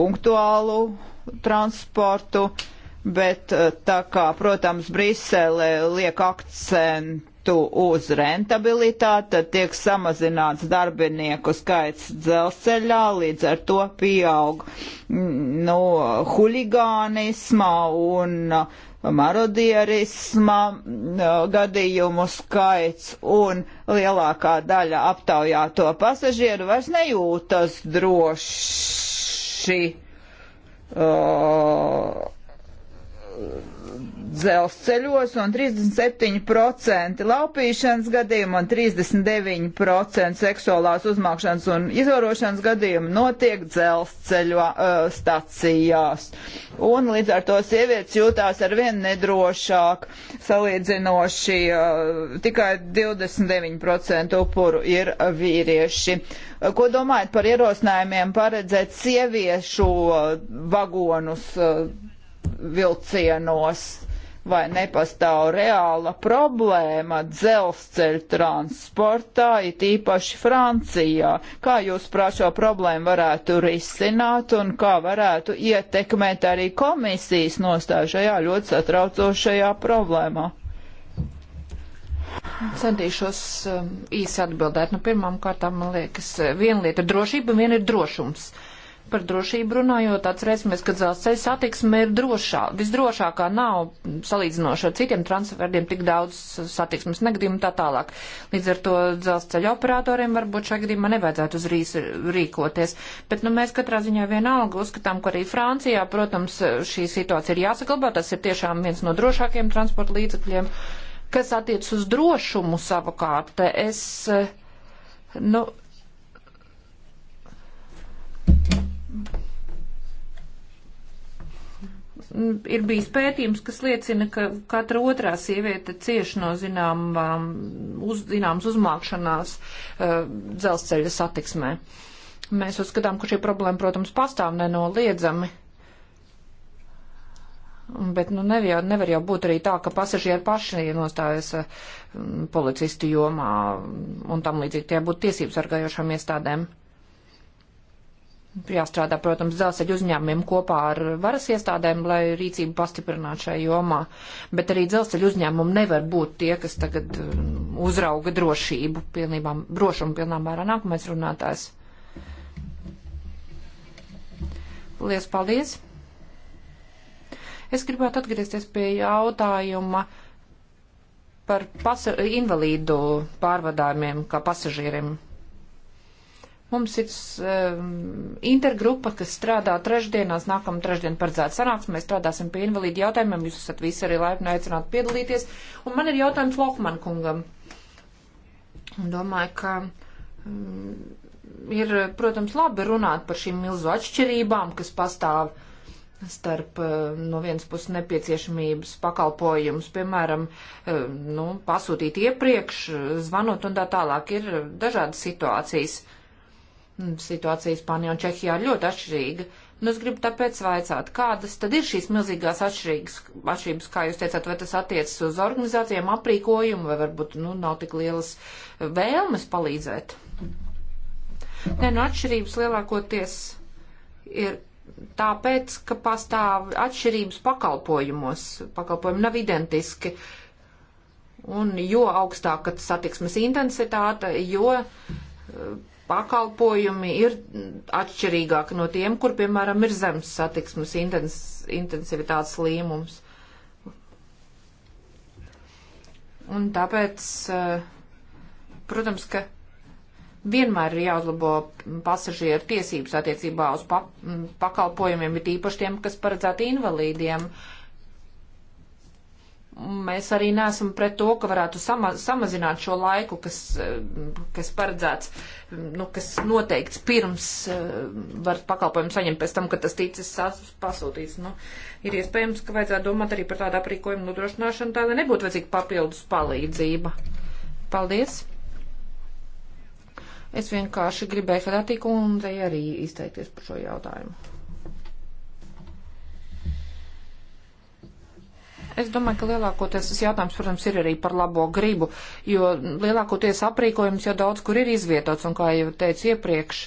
punktuālu transportu. Uh, bet eh, tā kā, protams, Brisele liek akcentu uz rentabilitāti, tad tiek samazināts darbinieku skaits dzelzceļā, līdz ar to pieaug mm, nu, huligānisma un marodierisma mm, gadījumu skaits un lielākā daļa aptaujāto pasažieru vairs nejūtas droši. Uh, dzelzceļos un 37% laupīšanas gadījumu un 39% seksuālās uzmākšanas un izvarošanas gadījumu notiek dzelzceļu uh, stacijās. Un līdz ar to sievietes jūtās ar vien nedrošāk, salīdzinoši uh, tikai 29% upuru ir vīrieši. Uh, ko domājat par ierosinājumiem paredzēt sieviešu uh, vagonus? Uh, vilcienos, vai nepastāv reāla problēma dzelzceļa transportā, it īpaši Francijā. Kā jūs prāšo problēmu varētu risināt un kā varētu ietekmēt arī komisijas nostāju šajā ļoti satraucošajā problēmā? Centīšos um, īsi atbildēt. Nu, pirmām kārtām, man liekas, viena lieta ir drošība, viena ir drošums. Par drošību runājot, atcerēsimies, ka dzelzceļa satiksme ir drošā, visdrošākā nav salīdzinoši ar citiem transferdiem tik daudz satiksmes negadījumu tā tālāk. Līdz ar to dzelzceļa operatoriem varbūt šajā gadījumā nevajadzētu uzrīs rīkoties. Bet, nu, mēs katrā ziņā vienalga uzskatām, ka arī Francijā, protams, šī situācija ir jāsaglabā. Tas ir tiešām viens no drošākiem transporta līdzekļiem. Kas attiec uz drošumu savukārt, es, eh, nu, ir bijis pētījums, kas liecina, ka katra otrā sieviete cieš no zināmām, uz, zināmas uzmākšanās uh, dzelzceļa satiksmē. Mēs uzskatām, ka šī problēma, protams, pastāv nenoliedzami. Bet nu, nev jau, nevar jau būt arī tā, ka pasažieri paši nostājas uh, policistu jomā un tam līdzīgi tie būtu tiesības argājošām iestādēm. Uh, jāstrādā, protams, dzelzceļa uzņēmumiem kopā ar varas iestādēm, lai rīcību pastiprinātu šajā jomā. Bet arī dzelzceļa uzņēmumi nevar būt tie, kas tagad um, uzrauga drošību, pilnībā, drošumu pilnā mērā nākamais runātājs. Lielas paldies! Es gribētu atgriezties pie jautājuma par invalīdu pārvadājumiem kā pasažierim. Mums ir um, intergrupa, kas strādā trešdienās, nākamā trešdiena paredzēta sanāksme. Mēs strādāsim pie invalīdu jautājumiem. Jūs esat visi arī laipni aicināti piedalīties. Un man ir jautājums Lokman kungam. Domāju, ka um, ir, protams, labi runāt par šīm milzu atšķirībām, kas pastāv starp eh, no vienas puses nepieciešamības pakalpojumus, piemēram, eh, nu, pasūtīt iepriekš, zvanot un tā tālāk. Ir dažādas situācijas. Mm, situācija Spānijā un Čehijā ir ļoti atšķirīga. Un nu, es gribu tāpēc vaicāt, kādas tad ir šīs milzīgās atšķirīgas, atšķirības, kā jūs teicāt, vai tas attiecas uz organizācijām, aprīkojumu, vai varbūt, nu, nav tik lielas vēlmes palīdzēt? Nē, nu, atšķirības lielākoties ir tāpēc, ka pastāv atšķirības pakalpojumos. Pakalpojumi nav identiski. Un jo augstāka satiksmes intensitāte, jo pakalpojumi ir atšķirīgāki no tiem, kur, piemēram, ir zemes satiksmes intens, intensivitātes līmums. Un tāpēc, eh, protams, ka vienmēr ir jāuzlabo pasažieru tiesības attiecībā uz pa pakalpojumiem, bet īpaši tiem, kas paredzēti invalīdiem. Uh, Mēs arī neesam pret to, ka varētu sama, samazināt šo laiku, kas, eh, kas paredzēts, nu, kas noteikts pirms eh, var pakalpojumu saņemt pēc tam, kad tas ticis pasūtīts. Nu, ir iespējams, ka vajadzētu domāt arī par tādu aprīkojumu nodrošināšanu, tā lai nebūtu vajadzīga papildus palīdzība. Paldies! Es vienkārši gribēju Hadatī kundzei arī izteikties par šo jautājumu. Es domāju, ka lielākoties tas jautājums, protams, ir arī par labo gribu, jo lielākoties aprīkojums jau daudz kur ir izvietots, un kā jau teicu iepriekš,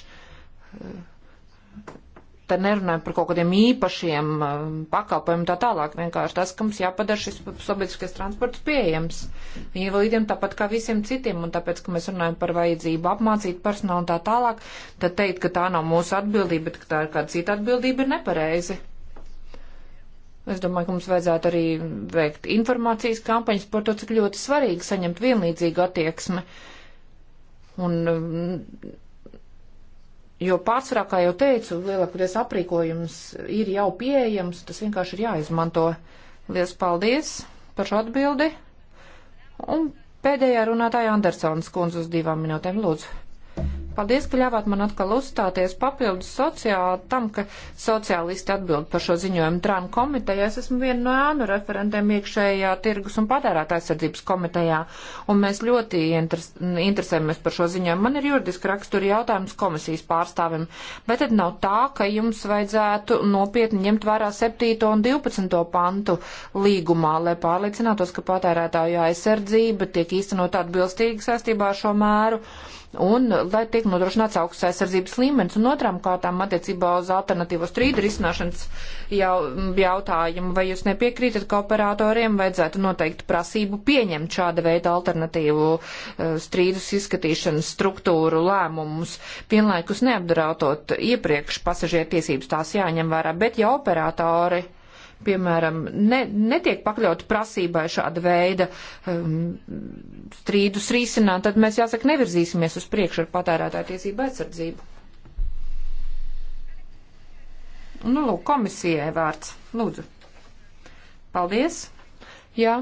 te nerunājam par kaut kādiem īpašiem um, pakalpojumiem tā tālāk, vienkārši tas, ka mums jāpadara šis sabiedriskais transports pieejams invalīdiem tāpat kā visiem citiem, un tāpēc, ka mēs runājam par vajadzību apmācīt personālu un tā tālāk, tad teikt, ka tā nav mūsu atbildība, bet ka tā ir kāda cita atbildība, ir nepareizi. Es domāju, ka mums vajadzētu arī veikt informācijas kampaņas par to, cik ļoti svarīgi saņemt vienlīdzīgu attieksmi. Un, mm, jo pārsvarā, kā jau teicu, lielākoties aprīkojums ir jau pieejams, tas vienkārši ir jāizmanto. Lielas paldies par šo atbildi. Un pēdējā runātāja Andersons kundze uz divām minūtēm lūdzu paldies, ka ļāvāt man atkal uzstāties papildus sociāli tam, ka sociālisti atbild par šo ziņojumu Trānu komitejā. Es esmu viena no ēnu referentiem iekšējā tirgus un patērētā aizsardzības komitejā, un mēs ļoti interes, interesējamies par šo ziņojumu. Man ir juridiski raksturi jautājums komisijas pārstāvim, bet tad nav tā, ka jums vajadzētu nopietni ņemt vērā 7. un 12. pantu līgumā, lai pārliecinātos, ka patērētāju aizsardzība tiek īstenot atbilstīgi saistībā ar šo mēru. Uh, un lai tiek nodrošināts augsts aizsardzības līmenis. Un otrām kārtām attiecībā uz alternatīvo strīdu risināšanas jau, jautājumu, vai jūs nepiekrītat, ka operatoriem vajadzētu noteikti prasību pieņemt šāda veida alternatīvu e, strīdus izskatīšanas struktūru lēmumus, vienlaikus neapdrautot iepriekš pasažieru tiesības tās jāņem vērā, bet ja operatori piemēram, ne, netiek pakļauti prasībai šāda veida um, strīdus risināt, tad mēs jāsaka nevirzīsimies uz priekšu ar patērētāju tiesību aizsardzību. Nu, lūk, komisijai vārds. Lūdzu. Paldies. Jā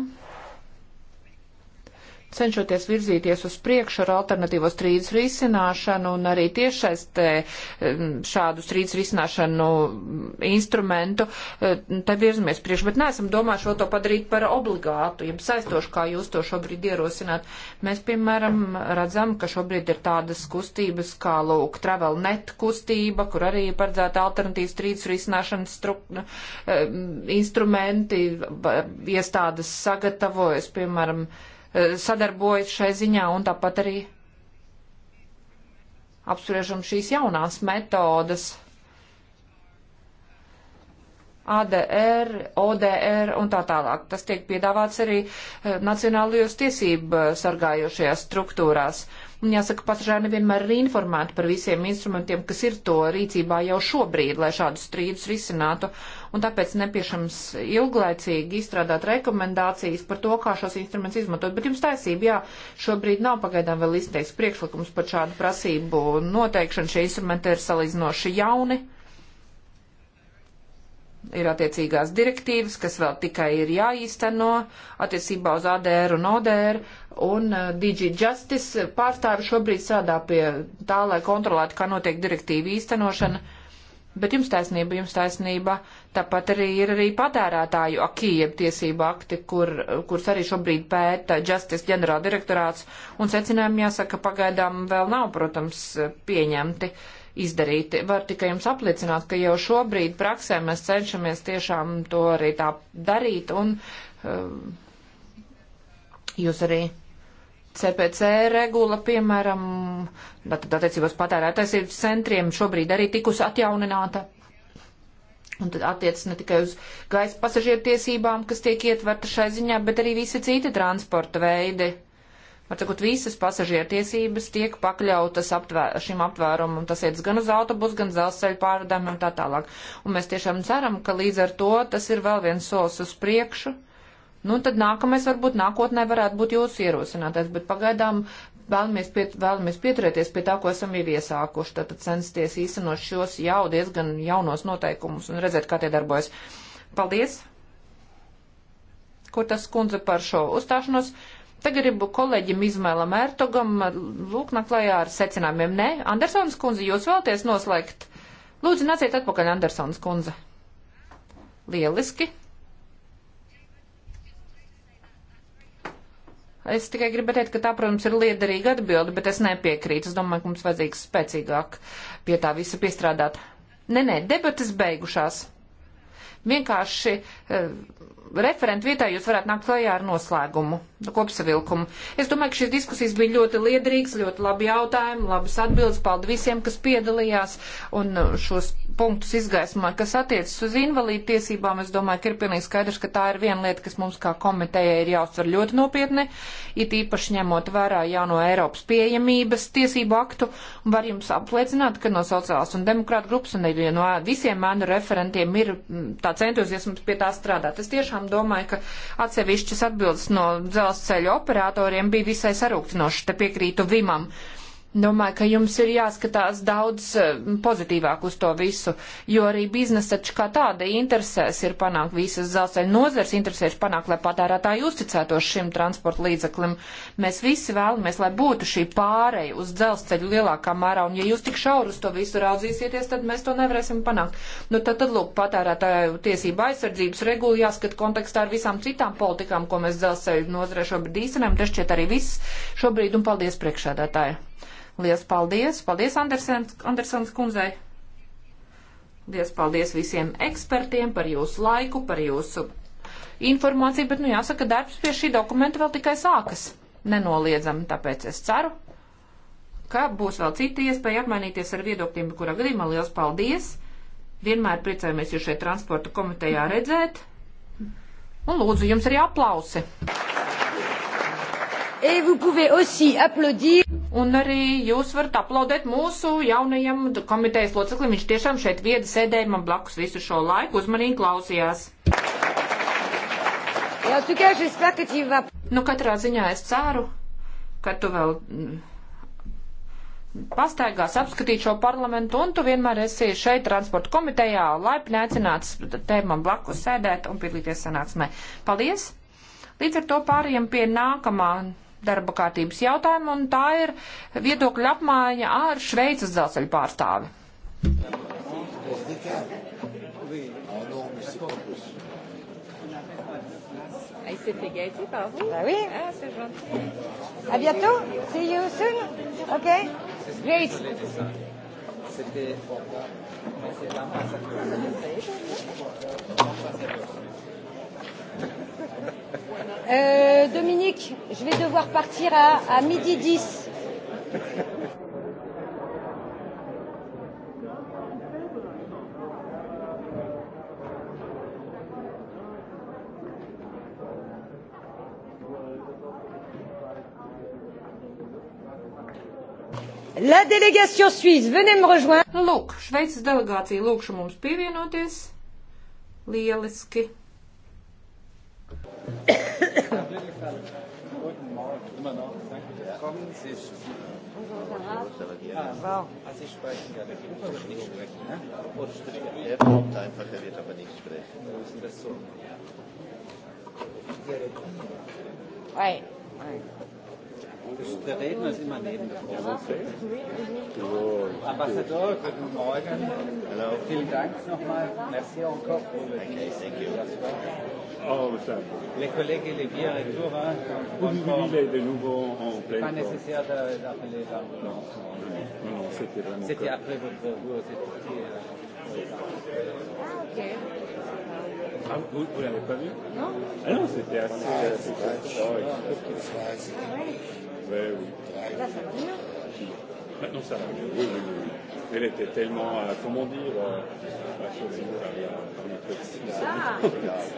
cenšoties virzīties uz priekšu ar alternatīvo strīdus risināšanu un arī tiešais te um, šādu strīdus risināšanu instrumentu, um, te virzamies priekš, bet neesam domājuši vēl to padarīt par obligātu, ja saistošu, kā jūs to šobrīd ierosināt. Mēs, piemēram, redzam, ka šobrīd ir tādas kustības kā, lūk, travel net kustība, kur arī paredzēta alternatīva strīdus risināšanas stru, um, instrumenti, iestādes sagatavojas, piemēram, E, sadarbojas šai ziņā un tāpat arī apspriežam šīs jaunās metodas. ADR, ODR un tā tālāk. Tas tiek piedāvāts arī e, Nacionālajos tiesību sargājošajās struktūrās. Uh, Un jāsaka, pasažēri nevienmēr ir informēti par visiem instrumentiem, kas ir to rīcībā jau šobrīd, lai šādus strīdus risinātu. Un tāpēc nepiešams ilglaicīgi izstrādāt rekomendācijas par to, kā šos instrumentus izmantot. Bet jums taisība, jā, šobrīd nav pagaidām vēl izteikts priekšlikums par šādu prasību noteikšanu. Šie instrumenti ir salīdzinoši jauni ir attiecīgās direktīvas, kas vēl tikai ir jāīsteno attiecībā uz ADR un ODR, un uh, DG Justice pārstāvi šobrīd strādā pie tā, lai kontrolētu, kā notiek direktīva īstenošana. Bet jums taisnība, jums taisnība, tāpat arī ir arī patērētāju akīja tiesību akti, kur, kurus arī šobrīd pēta Justice ģenerāldirektorāts, un secinājumi jāsaka pagaidām vēl nav, protams, pieņemti. Uh, izdarīti. Var tikai jums apliecināt, ka jau šobrīd praksē mēs cenšamies tiešām to arī tā darīt, un eh, jūs arī CPC regula, piemēram, nu, tad attiecībos patērētaisības centriem šobrīd arī tikusi atjaunināta. Un tad attiec ne tikai uz gaisa pasažieru tiesībām, kas tiek ietverta šai ziņā, bet arī visi citi transporta veidi. Varbūt visas pasažieru tiesības tiek pakļautas aptvēr, šim aptvērumam. Tas iet gan uz autobusu, gan dzelzceļu pārvadājumiem un tā tālāk. Un mēs tiešām ceram, ka līdz ar to tas ir vēl viens solis uz priekšu. Nu, tad nākamais varbūt nākotnē varētu būt jūsu ierosinātais, bet pagaidām vēlamies, piet, vēlamies pieturēties pie tā, ko esam jau iesākuši. Tad censties īstenot šos jau diezgan jaunos noteikumus un redzēt, kā tie darbojas. Paldies! Kur tas kundze par šo uzstāšanos? Tagad gribu kolēģim Izmēlam Ertogam lūk naklajā ar secinājumiem. Nē, Andersons kundze, jūs vēlties noslēgt. Lūdzu, nāciet atpakaļ, Andersons kundze. Lieliski. Es tikai gribu teikt, ka tā, protams, ir liederīga atbilde, bet es nepiekrītu. Es domāju, ka mums vajadzīgs spēcīgāk pie tā visa piestrādāt. Nē, nē, debatas beigušās. Vienkārši uh, referentu vietā jūs varētu nākt klajā ar noslēgumu. Nu, kopsavilkumu. Es domāju, ka šīs diskusijas bija ļoti liederīgas, ļoti labi jautājumi, labas atbildes. Paldies visiem, kas piedalījās un uh, šos punktus izgaismā, kas attiecas uz invalīdu tiesībām. Es domāju, ka ir pilnīgi skaidrs, ka tā ir viena lieta, kas mums kā komitejai ir jāuztver ļoti nopietni, it īpaši ņemot vērā jauno Eiropas pieejamības tiesību aktu. Un var jums apliecināt, ka no sociālās un demokrāta grupas un no visiem mēnu referentiem ir mm, tāds entuziasms pie tā strādāt. Es tiešām domāju, ka atsevišķas atbildes no dzelzceļa dzelzceļu operatoriem bija visai sarūktinoši, te piekrītu Vimam. Uh, Domāju, ka jums ir jāskatās daudz eh, pozitīvāk uz to visu, jo arī biznesa taču kā tāda interesēs ir panākt visas dzelzceļa nozars, interesēs panākt, lai patērētāji uzticētos šim transporta līdzeklim. Mēs visi vēlamies, lai būtu šī pāreja uz dzelzceļu lielākā mērā, un ja jūs tik šauri uz to visu raudzīsieties, tad mēs to nevarēsim panākt. Nu, tad, tad lūk, patērētāju tiesība aizsardzības regula jāskat kontekstā ar visām citām politikām, ko mēs dzelzceļu nozarē šobrīd īstenam, tas šķiet arī viss šobrīd, un paldies priekšādātāji. Lielas paldies! Paldies Andersens, Andersens kundzei! Lielas paldies visiem ekspertiem par jūsu laiku, par jūsu informāciju, bet, nu, jāsaka, darbs pie šī dokumenta vēl tikai sākas. Nenoliedzami, tāpēc es ceru, ka būs vēl citi iespēja apmainīties ar viedokļiem, kurā gadījumā liels paldies! Vienmēr priecājamies jūs šeit transporta komitejā redzēt. Un lūdzu, jums arī aplausi! Et vous pouvez aussi applaudir. Un arī jūs varat aplaudēt mūsu jaunajam komitejas loceklim. Viņš tiešām šeit viedi sēdēja man blakus visu šo laiku, uzmanīgi klausījās. Jā, tu kēši spēkatī vēl. Nu, katrā ziņā es ceru, ka tu vēl mm, pastaigās apskatīt šo parlamentu, un tu vienmēr esi šeit transporta komitejā laipni aicināts te man blakus sēdēt un piedalīties sanāksmē. Paldies! Līdz ar to pārējiem pie nākamā darba kārtības jautājumu, un tā ir viedokļa apmaiņa ar Šveices dzelzceļu pārstāvi. Il s'était gâté par vous. Bah oui. Ah, c'est gentil. À bientôt. See you soon. OK. Great. C'était l'ambassadeur. Euh, Dominique, je vais devoir partir à, à midi 10. La délégation suisse, venez me rejoindre. Lūk, Šveices delegācija lūkšu mums pievienoties. Lieliski. Guten Morgen, immer noch. Danke, kommen Sie. Wow. Also Sie sprechen ja, der Gruppe wird nicht sprechen. Ne? Oder spricht er? Er kommt einfach, er wird aber nicht sprechen. Wir müssen das so. Right. Right. Das, der Redner ist immer neben der Frau. So, Ambassador, guten Morgen. Hello. Vielen Dank nochmal. Merci encore. Okay, thank you. Oh, ça. Les collègues, e il est bien à retour. Hein, oui, oui, oui, il est de nouveau en pleine pas forme. nécsaire d'appeler la... Non, non, non, non c'était vraiment... C'était après votre... C'était, euh, ah, ok. Ah, vous ne l'avez pas vu Non. Ah non, c'était assez... Ah, assez ah, ouais. Ah, ouais. Ouais, oui. Là, ça va mieux Maintenant, ça va mieux. Oui, oui, oui. Elle était tellement, euh, comment dire, euh, euh ah,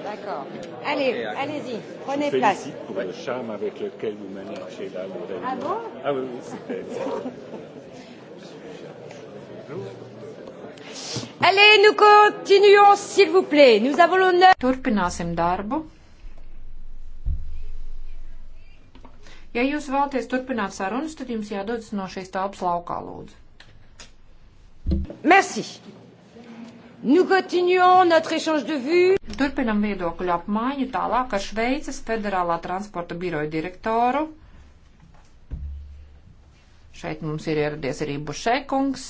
d'accord. Allez, okay, allez-y, prenez place. Félicite pour ouais. le charme avec lequel vous managez là le réunion. Ah bon Ah oui, oui, c'était. Allez, nous continuons, s'il vous plaît. Nous avons l'honneur. Turpināsim darbu. Ja jūs vēlaties turpināt sarunas, tad jums jādodas no šīs telpas laukā, lūdzu. Merci! Turpinam viedokļu apmaiņu tālāk ar Šveices Federālā transporta biroja direktoru. Šeit mums ir ieradies arī Bušekungs.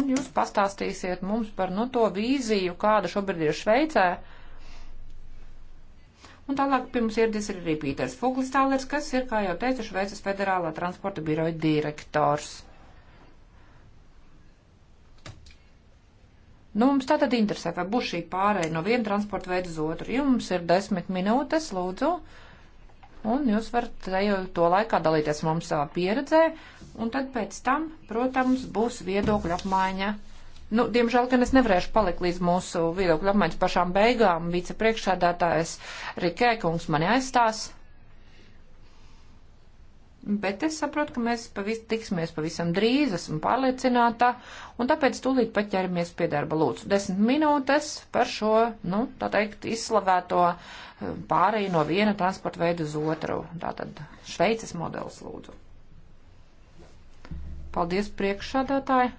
Un jūs pastāstīsiet mums par no nu, to vīziju, kāda šobrīd ir Šveicē Un tālāk pirms ieradies ir arī Pīters Fuglistālers, kas ir, kā jau teicu, Šveices federālā transporta biroja direktors. Nu, mums tā tad interesē, vai būs šī pārēja no viena transporta veida uz otru. Jums ir desmit minūtes, lūdzu, un jūs varat jau to laikā dalīties mums savā pieredzē, un tad pēc tam, protams, būs viedokļa apmaiņa Nu, diemžēl, gan es nevarēšu palikt līdz mūsu viedokļu apmaiņas pašām beigām. Vicepriekšādātājs Rikē kungs mani aizstās. Bet es saprotu, ka mēs pavis, tiksimies pavisam drīz, esmu pārliecināta, un tāpēc tūlīt pat ķeramies pie darba. Lūdzu, desmit minūtes par šo, nu, tā teikt, izslavēto eh, pārēju no viena transporta veida uz otru. Tātad Šveices modelis, lūdzu. Paldies priekšādātāji!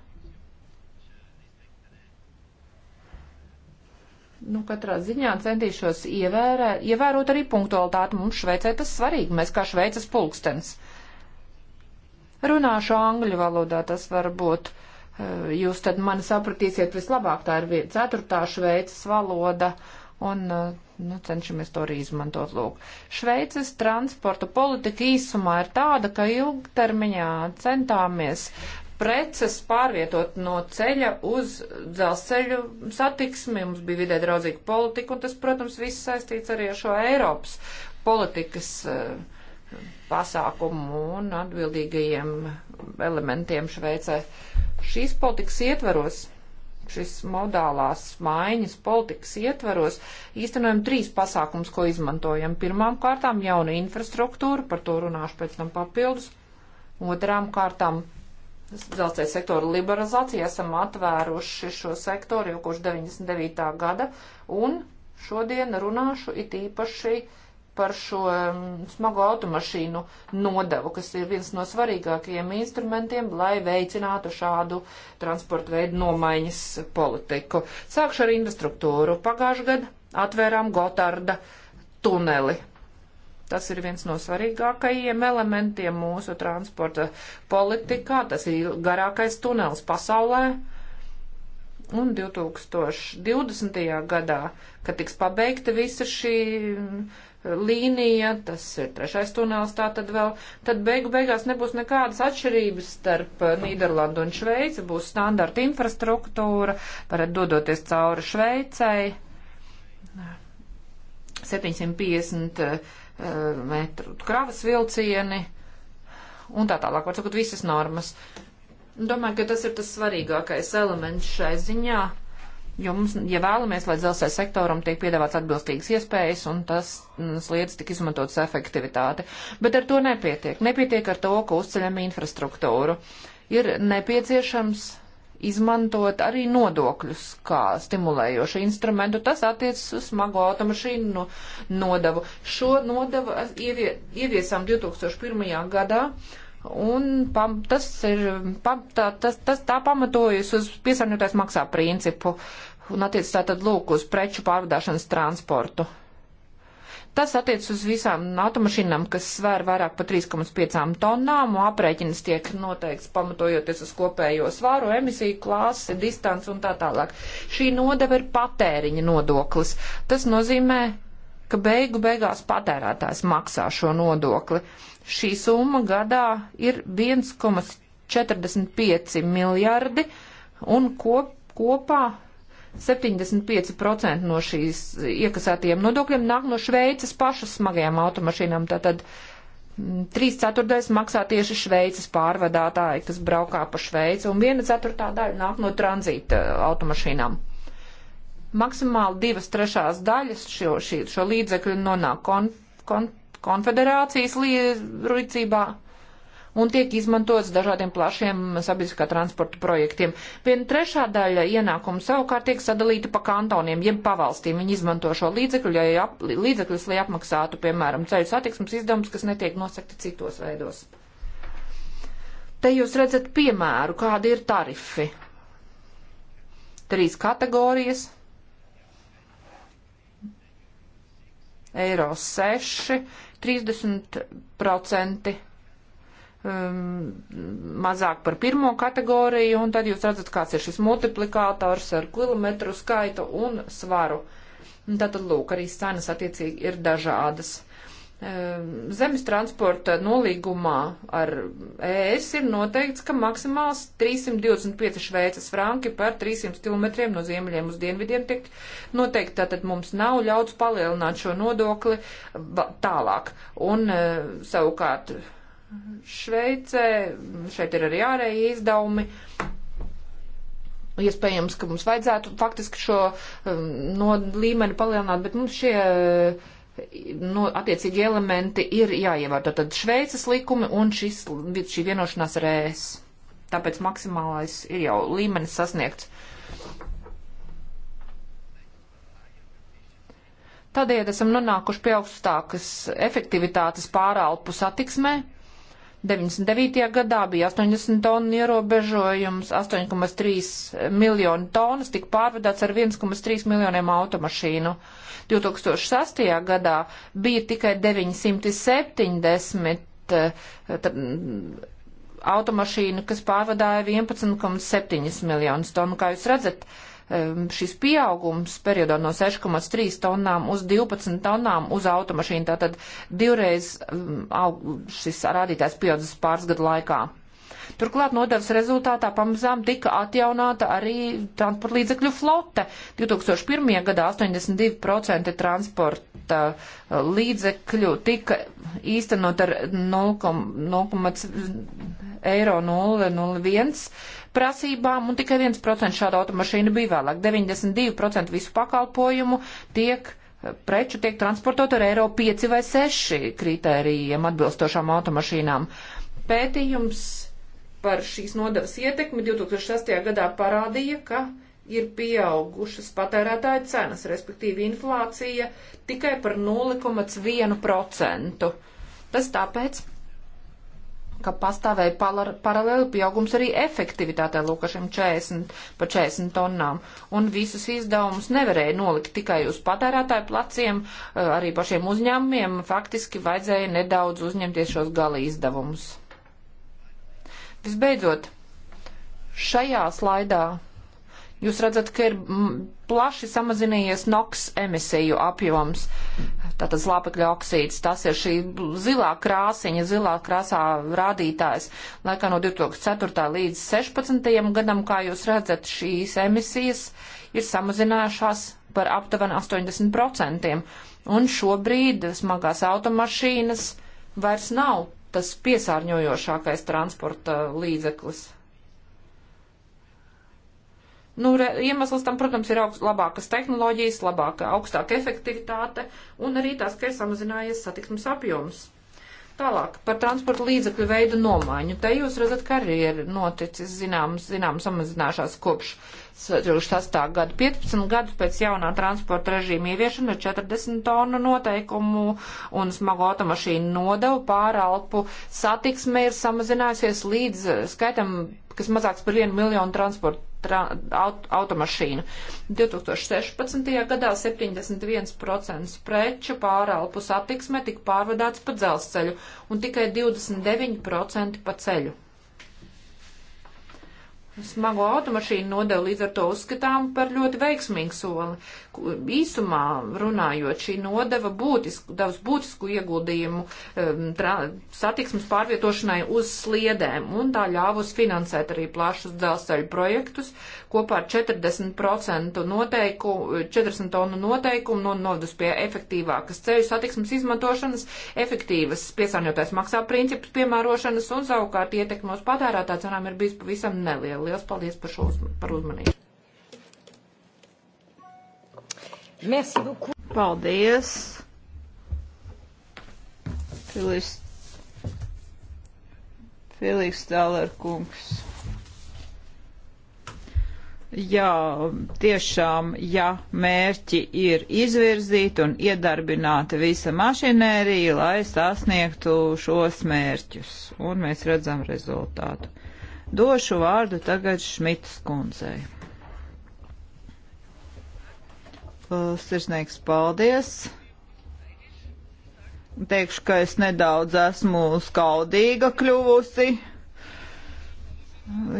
Nu, katrā ziņā centīšos ievērē, ievērot arī punktualitāti. Mums Šveicē tas svarīgi, mēs kā Šveices pulkstens. Runāšu angļu valodā, tas varbūt eh, jūs tad mani sapratīsiet vislabāk. Tā ir ceturtā Šveices valoda un eh, nu, cenšamies to arī izmantot. Lūk. Šveices transporta politika īsumā ir tāda, ka ilgtermiņā centāmies preces pārvietot no ceļa uz dzelzceļu satiksmi. Mums bija vidē draudzīga politika, un tas, protams, viss saistīts arī ar šo Eiropas politikas eh, pasākumu un atbildīgajiem elementiem Šveicē. Šīs politikas ietvaros šis modālās maiņas politikas ietvaros īstenojam trīs pasākums, ko izmantojam. Pirmām kārtām jauna infrastruktūra, par to runāšu pēc tam papildus. Otrām kārtām dzelzceļa sektora liberalizāciju, esam atvēruši šo sektoru jau kopš 99. gada, un šodien runāšu it īpaši par šo mm, smago automašīnu nodevu, kas ir viens no svarīgākajiem instrumentiem, lai veicinātu šādu transporta veidu nomaiņas politiku. Sākšu ar infrastruktūru. Pagājušajā gadā atvērām Gotarda tuneli Tas ir viens no svarīgākajiem elementiem mūsu transporta politikā. Tas ir garākais tunels pasaulē. Un 2020. gadā, kad tiks pabeigta visa šī līnija, tas ir trešais tunels, tā tad vēl, tad beigu beigās nebūs nekādas atšķirības starp Nīderlandu un Šveici, būs standarta infrastruktūra, varat dodoties cauri Šveicai. 750 Eh, metru kravas vilcieni un tā tālāk, var sakot, visas normas. Domāju, ka tas ir tas svarīgākais elements šai ziņā, jo mums, ja vēlamies, lai dzelzceļa sektoram tiek piedāvāts atbilstīgas iespējas un tas mm, sliedz tik izmantotas efektivitāte, bet ar to nepietiek. Nepietiek ar to, ka uzceļam infrastruktūru. Ir nepieciešams izmantot arī nodokļus kā stimulējošu instrumentu. Tas attiecas uz smago automašīnu nodevu. Šo nodevu ievie, ieviesām 2001. gadā. Un pam, tas ir, pam, tā, tas, tas tā pamatojas uz piesārņotājs maksā principu un attiec tātad lūk uz preču pārvadāšanas transportu. Uh, Tas attiec uz visām automašīnām, kas svēr vairāk par 3,5 tonnām, un aprēķins tiek noteikts pamatojoties uz kopējo svāru, emisiju klasi, distanci un tā tālāk. Šī nodeva ir patēriņa nodoklis. Tas nozīmē, ka beigu beigās patērētājs maksā šo nodokli. Šī summa gadā ir 1,45 miljardi, un kop, kopā 75% no šīs iekasētajiem nodokļiem nāk no Šveices pašas smagajām automašīnām. Tātad 3 mm, ceturtais maksā tieši Šveices pārvadātāji, kas braukā pa Šveici, un 1 ceturtā daļa nāk no tranzīta eh, automašīnām. Maksimāli divas trešās daļas šo, šo, šo līdzekļu nonāk kon, kon, konfederācijas rīcībā. Li, un tiek izmantots dažādiem plašiem sabiedriskā transporta projektiem. Viena trešā daļa ienākumu savukārt tiek sadalīta pa kantoniem, jeb pavalstīm. Viņi izmanto šo līdzekļu, lai ap, līdzekļus, lai apmaksātu, piemēram, ceļu satiksmes izdevumus, kas netiek nosakti citos veidos. Te jūs redzat piemēru, kādi ir tarifi. Trīs kategorijas. Eiro 6, 30 procenti um, mazāk par pirmo kategoriju, un tad jūs redzat, kāds ir šis multiplikātors ar kilometru skaitu un svaru. Tātad, lūk, arī cenas attiecīgi ir dažādas. Um, zemes transporta nolīgumā ar ES ir noteikts, ka maksimāls 325 šveicas franki par 300 km no ziemeļiem uz dienvidiem tiek noteikti. Tātad mums nav ļauts palielināt šo nodokli tālāk. Un uh, savukārt Šveicē, šeit ir arī ārēji izdevumi. Iespējams, ka mums vajadzētu faktiski šo um, no līmeni palielināt, bet mums šie nu, attiecīgi elementi ir jāievērto. Tad Šveices likumi un šis, šī vienošanās ar ES. Tāpēc maksimālais ir jau līmenis sasniegts. Tādējādi esam nonākuši pie augstākas efektivitātes pāralpu satiksmē 99. gadā bija 80 tonu ierobežojums, 8,3 miljonu tonas tika pārvadāts ar 1,3 miljoniem automašīnu. 2006. gadā bija tikai 970 eh, mm, automašīnu, kas pārvadāja 11,7 miljonus tonu. Kā jūs redzat, uh, šis pieaugums periodā no 6,3 tonnām uz 12 tonnām uz automašīnu. Tātad divreiz šis rādītājs pieaudzis pāris gadu laikā. Turklāt nodevas rezultātā pamazām tika atjaunāta arī transporta līdzekļu eh, flote. 2001. gadā 82% transporta līdzekļu tika īstenot ar 0,01 eiro 001 prasībām, un tikai 1% šāda automašīna bija vēlāk. 92% visu pakalpojumu tiek eh, preču tiek transportot ar Eiro 5 vai 6 kritērijiem atbilstošām automašīnām. Pētījums par šīs nodevas ietekmi 2006. gadā parādīja, ka ir pieaugušas patērētāja cenas, respektīvi inflācija tikai par 0,1%. Tas tāpēc, ka pastāvēja palar, paralēli pieaugums arī efektivitātē, lūk, ar šiem 40 pa 40 tonnām. Un visus izdevumus nevarēja nolikt tikai uz patērētāju placiem, eh, arī pašiem uzņēmumiem faktiski vajadzēja nedaudz uzņemties šos gala izdevumus. Visbeidzot, šajā slaidā Jūs redzat, ka ir plaši samazinājies NOx emisiju apjoms. Tātad slāpekļa oksīds, tas ir šī zilā krāsiņa, zilā krāsā rādītājs. Laikā no 2004. līdz 2016. gadam, kā jūs redzat, šīs emisijas ir samazinājušās par aptuveni 80%. Un šobrīd smagās automašīnas vairs nav tas piesārņojošākais transporta līdzeklis. Nu, re, iemesls tam, protams, ir augst, labākas tehnoloģijas, labāka, augstāka efektivitāte un arī tas, ka ir samazinājies satiksmes apjoms. Tālāk par transporta līdzekļu veidu nomaiņu. Te jūs redzat, ka arī ir noticis zināms, zināms samazināšās kopš 2008. gada. 15 gadus pēc jaunā transporta režīma ieviešana ir 40 tonu noteikumu un smago automašīnu nodevu pāralpu satiksme ir samazinājusies līdz skaitam, kas mazāks par 1 miljonu transporta aut, automašīnu. 2016. gadā 71% preču pāralpu satiksme tika pārvadāts pa dzelzceļu un tikai 29% pa ceļu smago automašīnu nodevu līdz ar to uzskatām par ļoti veiksmīgu soli. Īsumā runājot, šī nodeva būtisku, daudz būtisku ieguldījumu um, tra, satiksmes pārvietošanai uz sliedēm un tā ļāvus finansēt arī plašus dzelzceļu projektus. Uh, kopā ar 40% noteikumu, 40 tonu noteikumu no novadus pie efektīvākas ceļu satiksmes izmantošanas, efektīvas piesārņotājs maksā principus piemērošanas un savukārt ietekme uz patērētā cenām ir bijis pavisam neliela. Lielas paldies par, šo, par uzmanību. Merci beaucoup. Paldies. Filips Filips Tālerkungs jā, tiešām, ja mērķi ir izvirzīt un iedarbināt visa mašinērija, lai sasniegtu šos mērķus. Un mēs redzam rezultātu. Došu vārdu tagad Šmitas kundzei. Sirsnieks, paldies! Teikšu, ka es nedaudz esmu skaudīga kļuvusi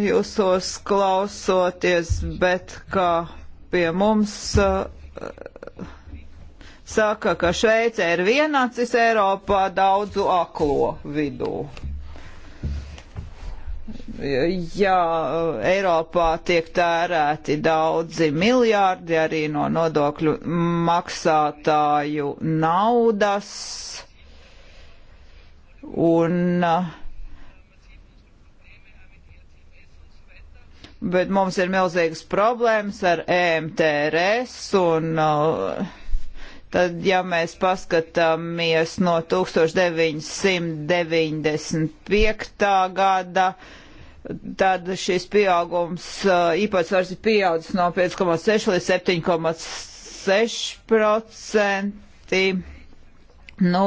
jūsos klausoties, bet kā pie mums uh, saka, ka Šveice ir vienācis Eiropā daudzu aklo vidū. Jā, Eiropā tiek tērēti daudzi miljārdi arī no nodokļu maksātāju naudas. Un uh, bet mums ir milzīgas problēmas ar EMTRS un uh, tad, ja mēs paskatāmies no 1995. gada, tad šis pieaugums uh, īpatsvars ir pieaudzis no 5,6 līdz 7,6 procenti. Nu,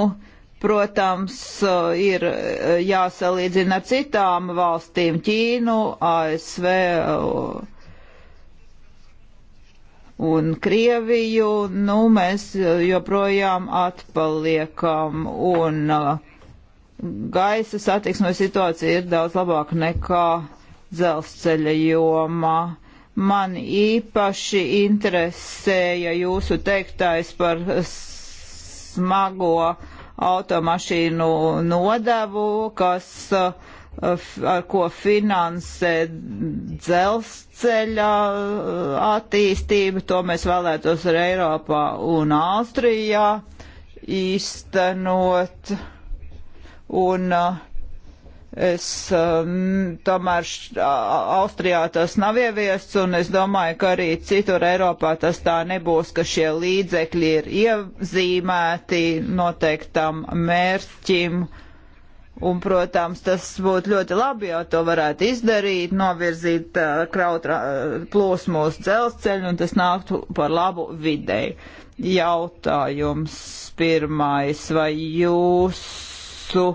protams, eh, ir eh, jāsalīdzina ar citām valstīm - Ķīnu, ASV eh, un Krieviju. Nu, mēs joprojām atpaliekam un gaisa satiksmes situācija ir daudz labāka nekā dzelzceļa jomā. Man īpaši interesēja jūsu teiktais par smago uh, automašīnu nodevu, kas, eh, ar ko finansē dzelzceļa eh, attīstību. To mēs vēlētos ar Eiropā un Austrijā īstenot. Un uh, Es um, tomēr š, Austrijā tas nav ieviests, un es domāju, ka arī citur Eiropā tas tā nebūs, ka šie līdzekļi ir iezīmēti noteiktam mērķim. Un, protams, tas būtu ļoti labi, ja to varētu izdarīt, novirzīt uh, kraut uh, plūsmu uz dzelzceļu, un tas nāktu par labu videi. Jautājums pirmais, vai jūsu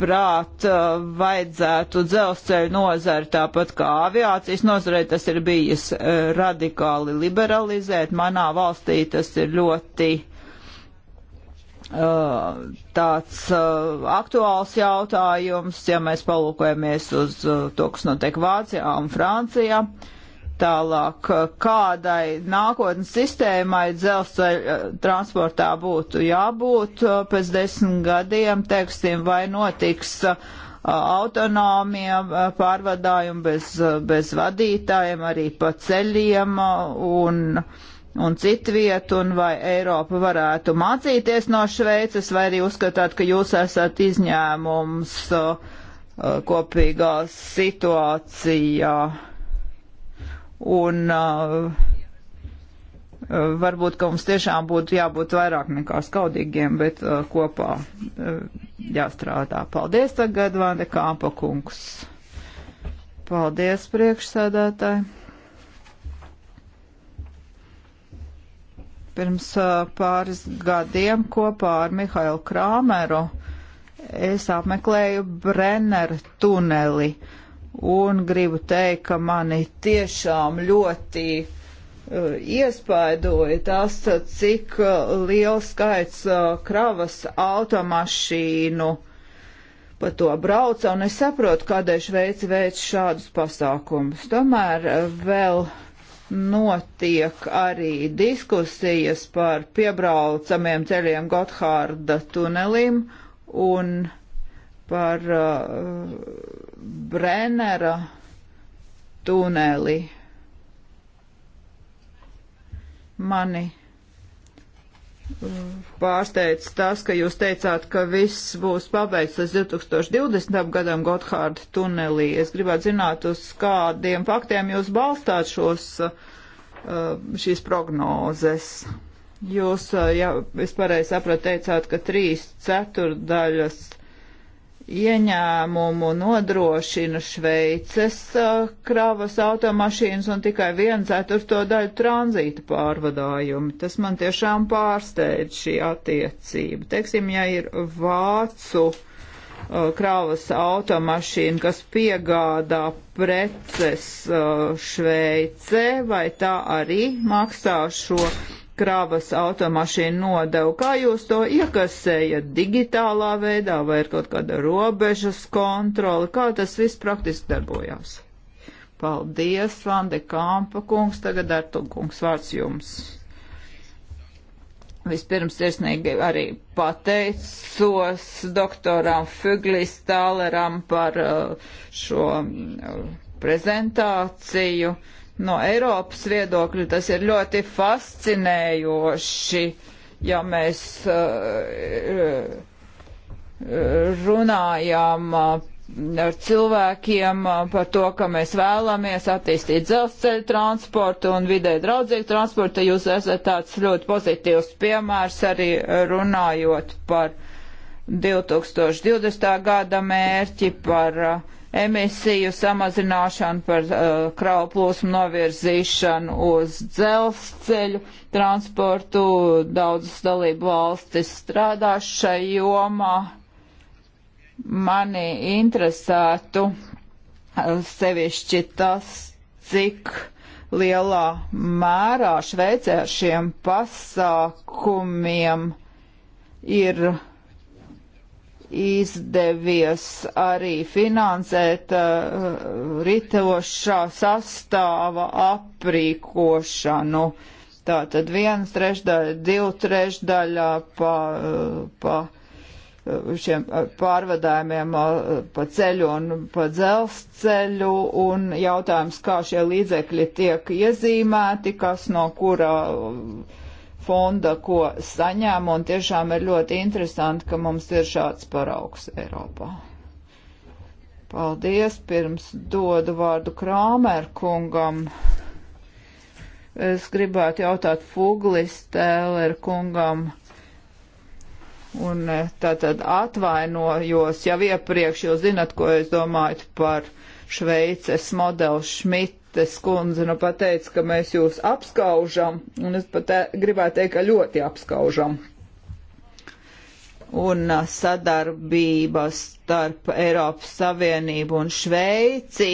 prāt, eh, vajadzētu dzelzceļu nozari tāpat kā aviācijas nozarei, tas ir bijis eh, radikāli liberalizēt. Manā valstī tas ir ļoti uh, tāds uh, aktuāls jautājums, ja mēs palūkojamies uz uh, to, kas notiek Vācijā un Francijā. Uh, tālāk, kādai nākotnes sistēmai dzelzceļa eh, transportā būtu jābūt eh, pēc desmit gadiem, teiksim, vai notiks eh, autonomija pārvadājumi bez, bez vadītājiem, arī pa ceļiem un, un citvietu, un vai Eiropa varētu mācīties no Šveices, vai arī uzskatāt, ka jūs esat izņēmums kopīgā situācijā un uh, uh, varbūt, ka mums tiešām būtu jābūt vairāk nekā skaudīgiem, bet uh, kopā uh, jāstrādā. Paldies tagad, Vande Kāpa kungs. Paldies, priekšsēdētāji. Pirms uh, pāris gadiem kopā ar Mihailu Krāmeru es apmeklēju Brenner tuneli. Uh, un gribu teikt, ka mani tiešām ļoti e, iespaidoja tas, cik e, liels skaits e, kravas automašīnu pa to brauca, un es saprotu, kādēļ Šveici veic šādus pasākumus. Tomēr vēl notiek arī diskusijas par piebraucamiem ceļiem Gotthārda tunelim un par uh, Brennera tuneli. Mani uh, pārsteidz tas, ka jūs teicāt, ka viss būs pabeigts līdz 2020. gadam Gotthārda tunelī. Es gribētu zināt, uz kādiem faktiem jūs balstāt šos, uh, šīs prognozes. Jūs, uh, ja es pareizi sapratu, teicāt, ka trīs ceturdaļas ieņēmumu nodrošina Šveices kravas automašīnas un tikai viens ceturto daļu tranzīta pārvadājumi. Tas man tiešām pārsteidz šī attiecība. Teiksim, ja ir vācu kravas automašīna, kas piegādā preces Šveice, vai tā arī maksā šo kravas automašīnu nodevu. Kā jūs to iekasējat digitālā veidā vai ir kaut kāda robežas kontrole? Kā tas viss praktiski darbojās? Paldies, Vande Kampa kungs, tagad Artu kungs vārds jums. Vispirms tiesnīgi arī pateicos doktoram Fuglis Tāleram par uh, šo uh, prezentāciju. No Eiropas viedokļa tas ir ļoti fascinējoši, ja mēs uh, uh runājām uh, ar cilvēkiem uh, par to, ka mēs vēlamies attīstīt dzelzceļu transportu un vidē draudzīgu transportu. Jūs esat tāds ļoti pozitīvs piemērs arī runājot par uh, 2020. gada mērķi par uh, emisiju samazināšanu, par uh, kravu plūsmu novirzīšanu uz dzelzceļu transportu. Daudzas dalību valstis strādā šai jomā. Mani interesētu uh, sevišķi tas, cik lielā mērā Šveicē ar šiem pasākumiem ir uh, izdevies arī finansēt uh, ritošā sastāva aprīkošanu. Tātad viena trešdaļa, divu trešdaļā pa, uh, pa uh, šiem uh, pārvadājumiem pa ceļu un pa dzelzceļu un jautājums, kā šie līdzekļi tiek iezīmēti, kas no kura uh, fonda, ko saņēma, un tiešām ir ļoti interesanti, ka mums ir šāds paraugs Eiropā. Paldies, pirms dodu vārdu Krāmer kungam. Es gribētu jautāt Fuglis Tēler kungam, un e, tātad atvainojos jau iepriekš, jūs zinat, ko es domāju par Šveices modelu Šmit Šmites kundze nu pateica, ka mēs jūs apskaužam, un es pat eh, gribētu teikt, ka ļoti apskaužam. Un eh, sadarbības starp Eiropas Savienību un Šveici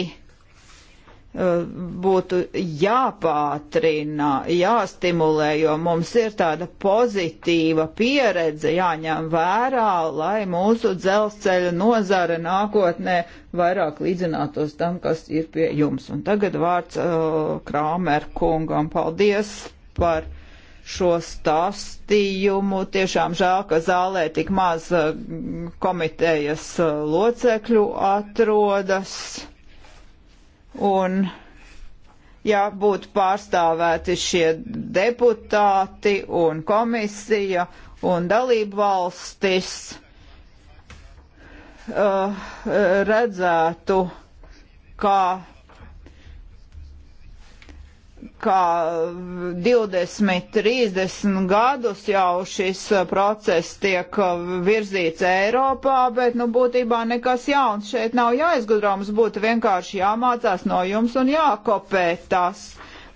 būtu jāpātrina, jāstimulē, jo mums ir tāda pozitīva pieredze jāņem vērā, lai mūsu dzelzceļa nozara nākotnē vairāk līdzinātos tam, kas ir pie jums. Un tagad vārds uh, Krāmer kungam. Paldies par šo stāstījumu. Tiešām žēl, ka zālē tik maz uh, komitejas uh, locekļu atrodas Un ja būtu pārstāvēti šie deputāti un komisija un dalību valstis, uh, redzētu, kā kā 20, 30 gadus jau šis uh, process tiek uh, virzīts Eiropā, bet nu būtībā nekas jauns šeit nav jāizgudro, mums būtu vienkārši jāmācās no jums un jākopē tas.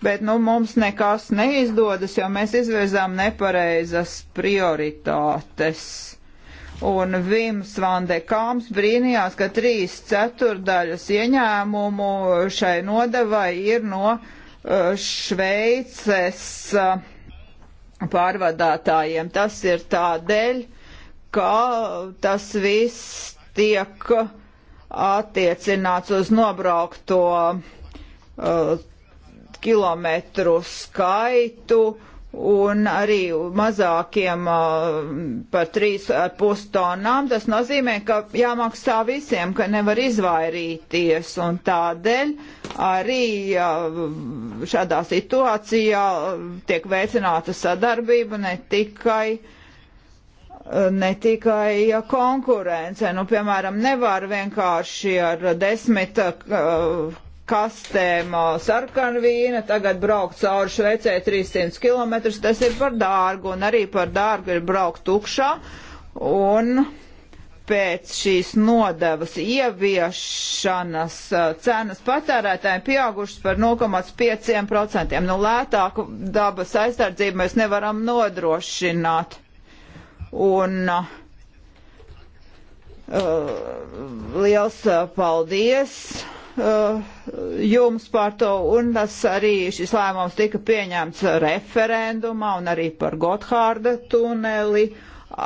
Bet nu mums nekas neizdodas, jo mēs izvirzām nepareizas prioritātes. Un Vims Vandekāms brīnījās, ka trīs ceturdaļas ieņēmumu šai nodevai ir no uh, Šveices uh, pārvadātājiem. Tas ir tādēļ, ka tas viss tiek attiecināts uz nobraukto uh, kilometru skaitu, un arī mazākiem uh, par 3,5 tonām. Tas nozīmē, ka jāmaksā visiem, ka nevar izvairīties, un tādēļ arī uh, šādā situācijā tiek veicināta sadarbība ne tikai uh, ne tikai konkurence. Nu, piemēram, nevar vienkārši ar desmit kastēm sarkanvīna, tagad braukt cauri Šveicē 300 km, tas ir par dārgu, un arī par dārgu ir braukt tukšā, un pēc šīs nodevas ieviešanas uh, cenas patērētājiem pieaugušas par 0,5%. Nu, lētāku dabas aizsardzību mēs nevaram nodrošināt. Un, uh, uh liels uh, paldies! Uh, jums par to, un tas arī šis lēmums tika pieņemts referendumā un arī par Gotthārda tuneli,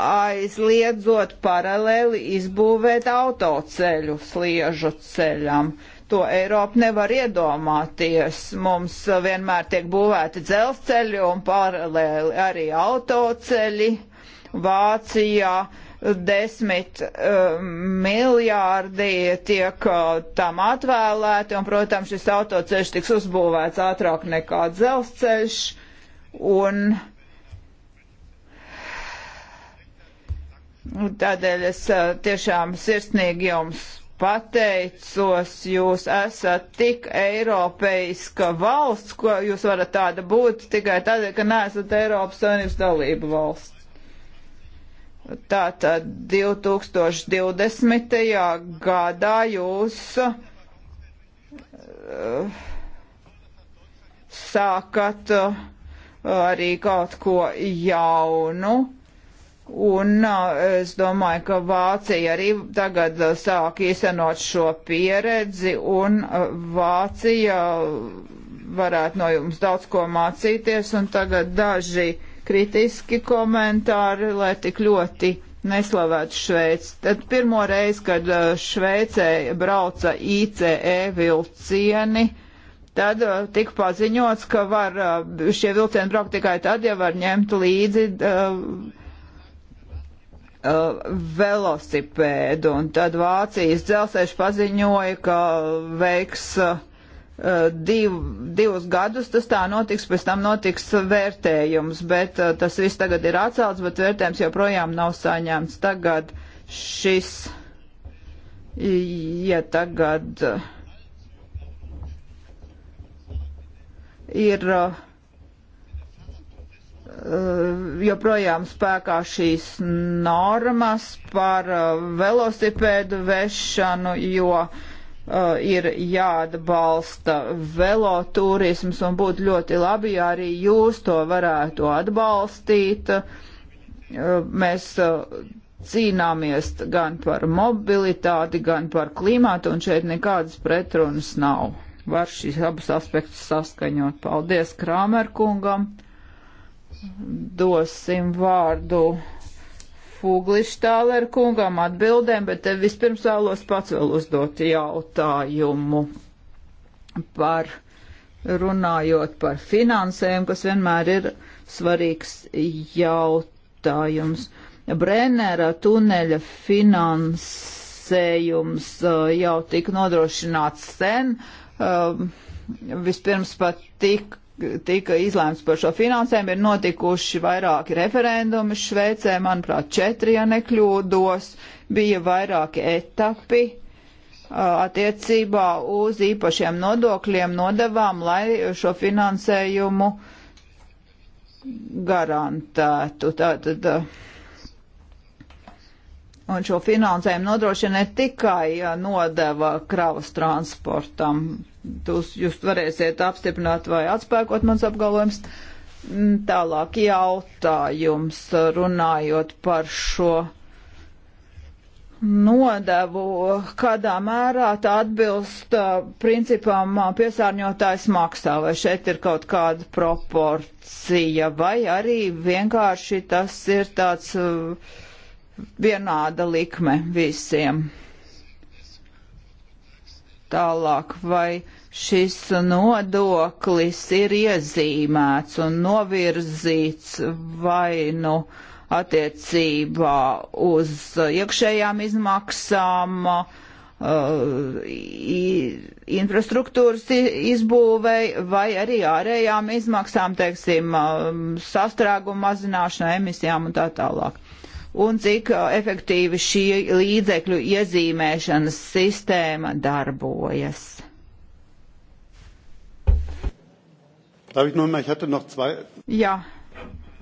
aizliedzot paralēli izbūvēt autoceļu sliežu ceļam. To Eiropa nevar iedomāties. Mums vienmēr tiek būvēti dzelzceļi un paralēli arī autoceļi Vācijā desmit uh, miljārdi tiek uh, tam atvēlēti, un, protams, šis autoceļš tiks uzbūvēts ātrāk nekā dzelzceļš, un tādēļ es uh, tiešām sirsnīgi jums pateicos, jūs esat tik eiropeiska valsts, ko jūs varat tāda būt tikai tādēļ, ka neesat Eiropas Savienības dalība valsts. Tātad 2020. gadā jūs uh, sākat uh, arī kaut ko jaunu. Un eh, es domāju, ka Vācija arī tagad sāk īstenot šo pieredzi, un Vācija varētu no jums daudz ko mācīties, un tagad daži uh, kritiski komentāri, lai tik ļoti neslavētu Šveici. Tad pirmo reizi, kad uh, Šveicē brauca ICE vilcieni, tad uh, tika paziņots, ka var uh, šie vilcieni braukt tikai tad, ja var ņemt līdzi uh, uh, velosipēdu. Un tad Vācijas dzelzceļš paziņoja, ka veiks uh, Eh, div, divus gadus tas tā notiks, pēc tam notiks vērtējums, bet eh, tas viss tagad ir atcelts, bet vērtējums joprojām nav saņemts. Tagad šis, ja tagad eh, ir joprojām spēkā šīs normas par velosipēdu vešanu, jo uh, Uh, ir jāatbalsta velotūrisms un būtu ļoti labi, ja arī jūs to varētu atbalstīt. Uh, mēs uh, cīnāmies gan par mobilitāti, gan par klimātu, un šeit nekādas pretrunas nav. Var šīs abas aspektus saskaņot. Paldies Krāmerkungam. Dosim vārdu Fuglištāler kungam atbildēm, bet vispirms vēlos pats vēl uzdot jautājumu par runājot par finansēm, kas vienmēr ir svarīgs jautājums. Brennera tuneļa finansējums eh, jau tika nodrošināts sen, eh, vispirms pat tik tika izlēmts par šo finansējumu, ir notikuši vairāki referendumi Šveicē, manuprāt, četri, ja nekļūdos, bija vairāki etapi attiecībā uz īpašiem nodokļiem, nodevām, lai šo finansējumu garantētu. Tātad, un šo finansējumu nodrošina ne tikai nodeva kravas transportam, Tūs, jūs varēsiet apstiprināt vai atspēkot mans apgalvojums. Mm, Tālāk jautājums runājot par šo nodevu, kādā mērā tā atbilst uh, principam uh, piesārņotājs maksā, vai šeit ir kaut kāda proporcija, vai arī vienkārši tas ir tāds uh, vienāda likme visiem tālāk, vai šis nodoklis ir iezīmēts un novirzīts vai nu attiecībā uz iekšējām izmaksām, uh, infrastruktūras izbūvei vai arī ārējām izmaksām, teiksim, um, sastrēgumu mazināšanai, emisijām un tā tālāk un cik uh, efektīvi šī līdzekļu iezīmēšanas sistēma darbojas. Jā,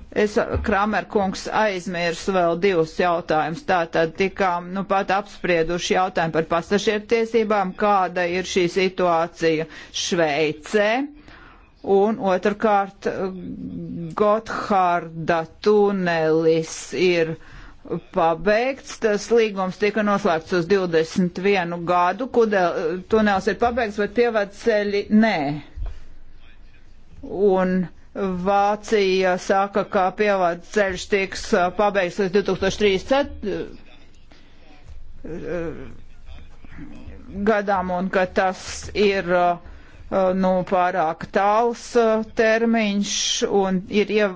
es, uh, Kramer kungs, aizmirsu vēl divus jautājumus. Tātad tikām nu pat apsprieduši jautājumu par pasažiertiesībām, kāda ir šī situācija Šveicē. Un otrkārt, uh, Gotthārda tunelis ir uh, pabeigts. Tas līgums tika noslēgts uz 21 gadu. Kudel, tunels ir pabeigts, bet pievadceļi nē. Un Vācija saka, ka pievadceļš tiks uh, pabeigts līdz 2034 uh, gadām un ka tas ir uh, Eh, nu, pārāk tāls eh, termiņš un ir ie,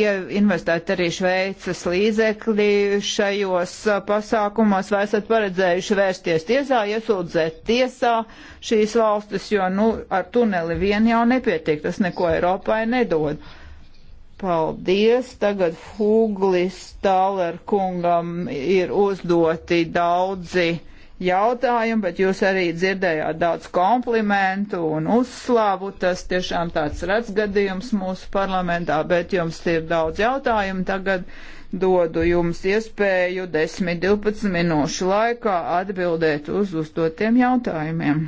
ie, investēti arī Šveices līdzekļi šajos eh, pasākumos, vai esat paredzējuši vērsties tiesā, iesūdzēt tiesā šīs valstis, jo nu, ar tuneli vien jau nepietiek, tas neko Eiropai nedod. Paldies! Tagad Fuglis Tāler kungam ir uzdoti daudzi jautājumu, bet jūs arī dzirdējāt daudz komplimentu un uzslavu. Tas tiešām tāds redz gadījums mūsu parlamentā, bet jums ir daudz jautājumu. Tagad dodu jums iespēju 10-12 minūšu laikā atbildēt uz uzdotiem jautājumiem.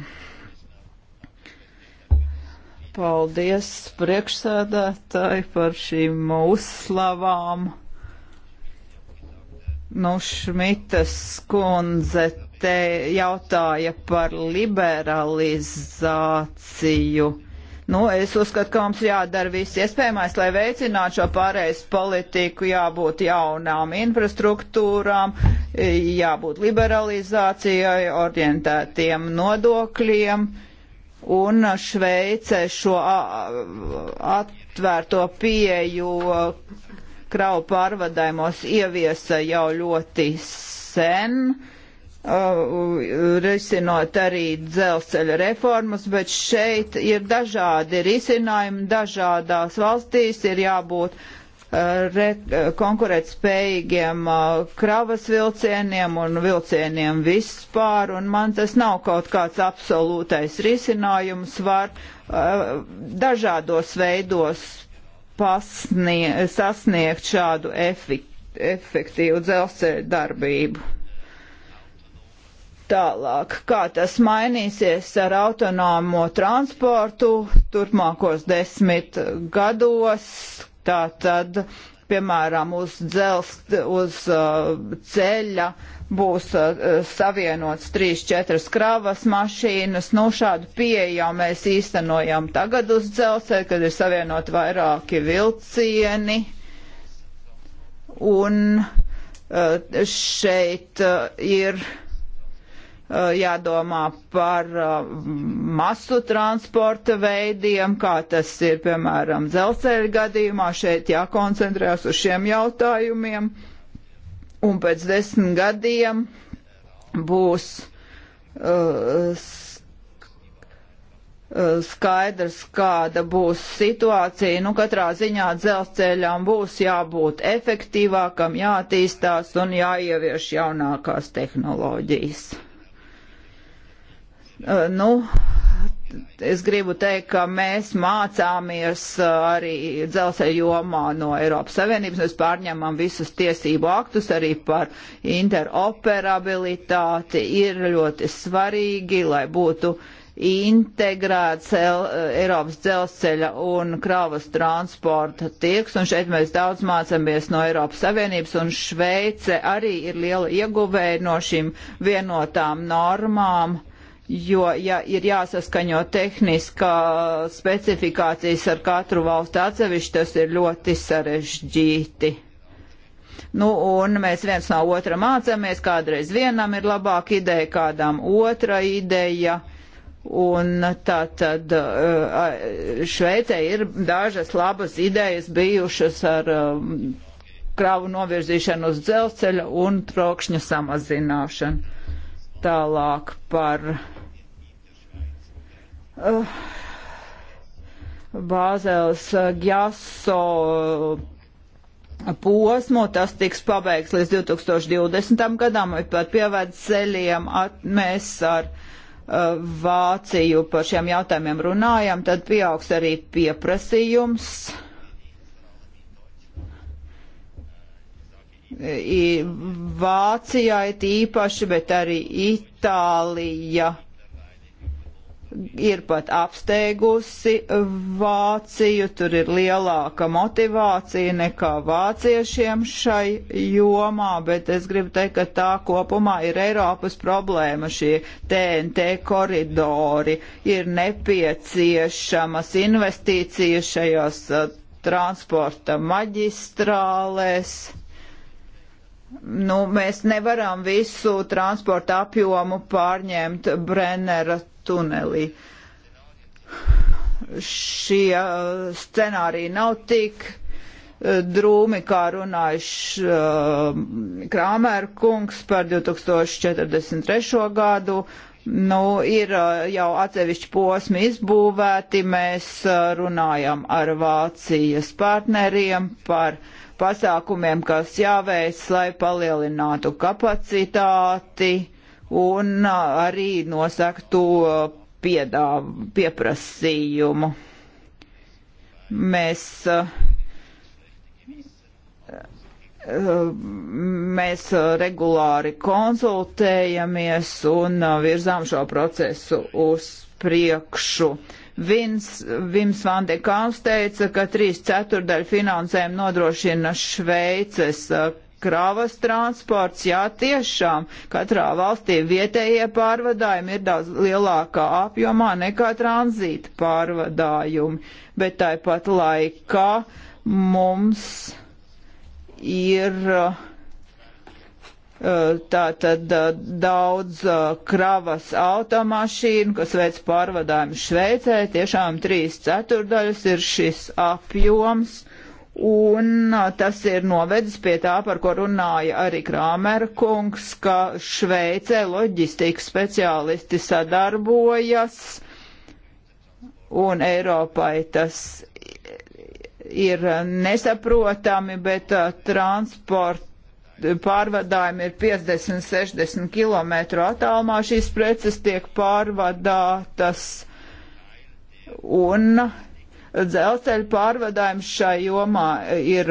Paldies priekšsēdētāji par šīm uzslavām. Nu, Šmitas kundze te jautāja par liberalizāciju. Nu, es uzskatu, ka mums jādara viss iespējamais, lai veicinātu šo pārējais politiku, jābūt jaunām infrastruktūrām, jābūt liberalizācijai, orientētiem nodokļiem. Un Šveice šo atvērto pieju kravu pārvadājumos ieviesa jau ļoti sen. Uh, Uh, risinot arī dzelzceļa reformas, bet šeit ir dažādi risinājumi, dažādās valstīs ir jābūt uh, uh, konkurētspējīgiem uh, kravas vilcieniem un vilcieniem vispār, un man tas nav kaut kāds absolūtais risinājums, var uh, dažādos veidos pasnie, sasniegt šādu efektīvu dzelzceļa darbību. Tālāk, kā tas mainīsies ar autonomo transportu turpmākos desmit gados, tā tad, piemēram, uz dzelst, uz uh, ceļa būs uh, savienots 3-4 kravas mašīnas. Nu, šādu pieeju jau mēs īstenojam tagad uz dzelzceļa, kad ir savienot vairāki vilcieni. Un uh, šeit uh, ir Eh, jādomā par eh, masu transporta veidiem, kā tas ir, piemēram, dzelzceļa gadījumā. Šeit jākoncentrējas uz šiem jautājumiem. Un pēc desmit gadiem būs uh, skaidrs, kāda būs situācija. Nu, katrā ziņā dzelzceļām būs jābūt efektīvākam, jātīstās un jāievieš jaunākās tehnoloģijas. Eh, nu, es gribu teikt, ka mēs mācāmies eh, arī dzelzceļa jomā no Eiropas Savienības. Mēs pārņemam visus tiesību aktus arī par interoperabilitāti. Ir ļoti svarīgi, lai būtu integrēts eh, Eiropas dzelzceļa un kravas transporta tirgs, un šeit mēs daudz mācāmies no Eiropas Savienības, un Šveice arī ir liela ieguvēja no šīm vienotām normām jo, ja ir jāsaskaņo tehniskā specifikācijas ar katru valstu atsevišķi, tas ir ļoti sarežģīti. Nu, un mēs viens no otra mācāmies, kādreiz vienam ir labāka ideja, kādam otra ideja. Un tā tad eh, Šveicē ir dažas labas idejas bijušas ar eh, kravu novirzīšanu uz dzelzceļa un trokšņa samazināšanu. Tālāk par Uh, Bāzēls uh, Gjaso uh, posmu, tas tiks pabeigts līdz 2020. gadam, bet pat pievērt ceļiem at, mēs ar uh, Vāciju par šiem jautājumiem runājam, tad pieaugs arī pieprasījums. I, Vācijai tīpaši, bet arī Itālija ir pat apsteigusi Vāciju, tur ir lielāka motivācija nekā vāciešiem šai jomā, bet es gribu teikt, ka tā kopumā ir Eiropas problēma šie TNT koridori, ir nepieciešamas investīcijas šajos uh, transporta maģistrālēs nu, mēs nevaram visu transporta apjomu pārņemt Brennera tunelī. Šie uh, scenāriji nav tik uh, drūmi, kā runājuši uh, Krāmēra kungs par 2043. gadu. Nu, ir jau atsevišķi posmi izbūvēti, mēs runājam ar Vācijas partneriem par uh, pasākumiem, kas jāveic, lai palielinātu kapacitāti un arī nosaktu piedā, pieprasījumu. Mēs mēs regulāri konsultējamies un virzām šo procesu uz priekšu. Vins, Vims van de Kāls teica, ka trīs ceturdaļu finansējumu nodrošina Šveices uh, kravas transports. Jā, tiešām katrā valstī vietējie pārvadājumi ir daudz lielākā apjomā nekā tranzīta pārvadājumi, bet tāpat laikā mums ir uh, tātad daudz kravas automašīnu, kas veic pārvadājumu Šveicē, tiešām trīs ceturdaļas ir šis apjoms, un tas ir novedis pie tā, par ko runāja arī Krāmera kungs, ka Šveicē loģistikas speciālisti sadarbojas, un Eiropai tas ir nesaprotami, bet uh, transporta pārvadājumi ir 50-60 km attālumā, šīs preces tiek pārvadātas un dzelzceļa pārvadājums šai jomā ir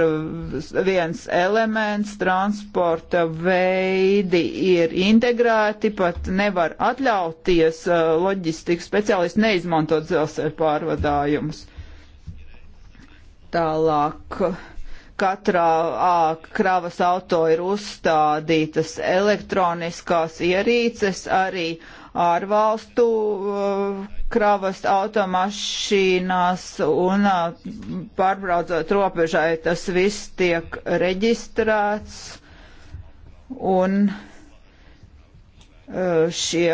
viens elements, transporta veidi ir integrēti, pat nevar atļauties uh, loģistikas speciālisti neizmantot dzelzceļa pārvadājumus. Tālāk katrā ā, kravas auto ir uzstādītas elektroniskās ierīces, arī ārvalstu uh, kravas automašīnās un uh, pārbraucot robežai tas viss tiek reģistrēts un uh, Šie,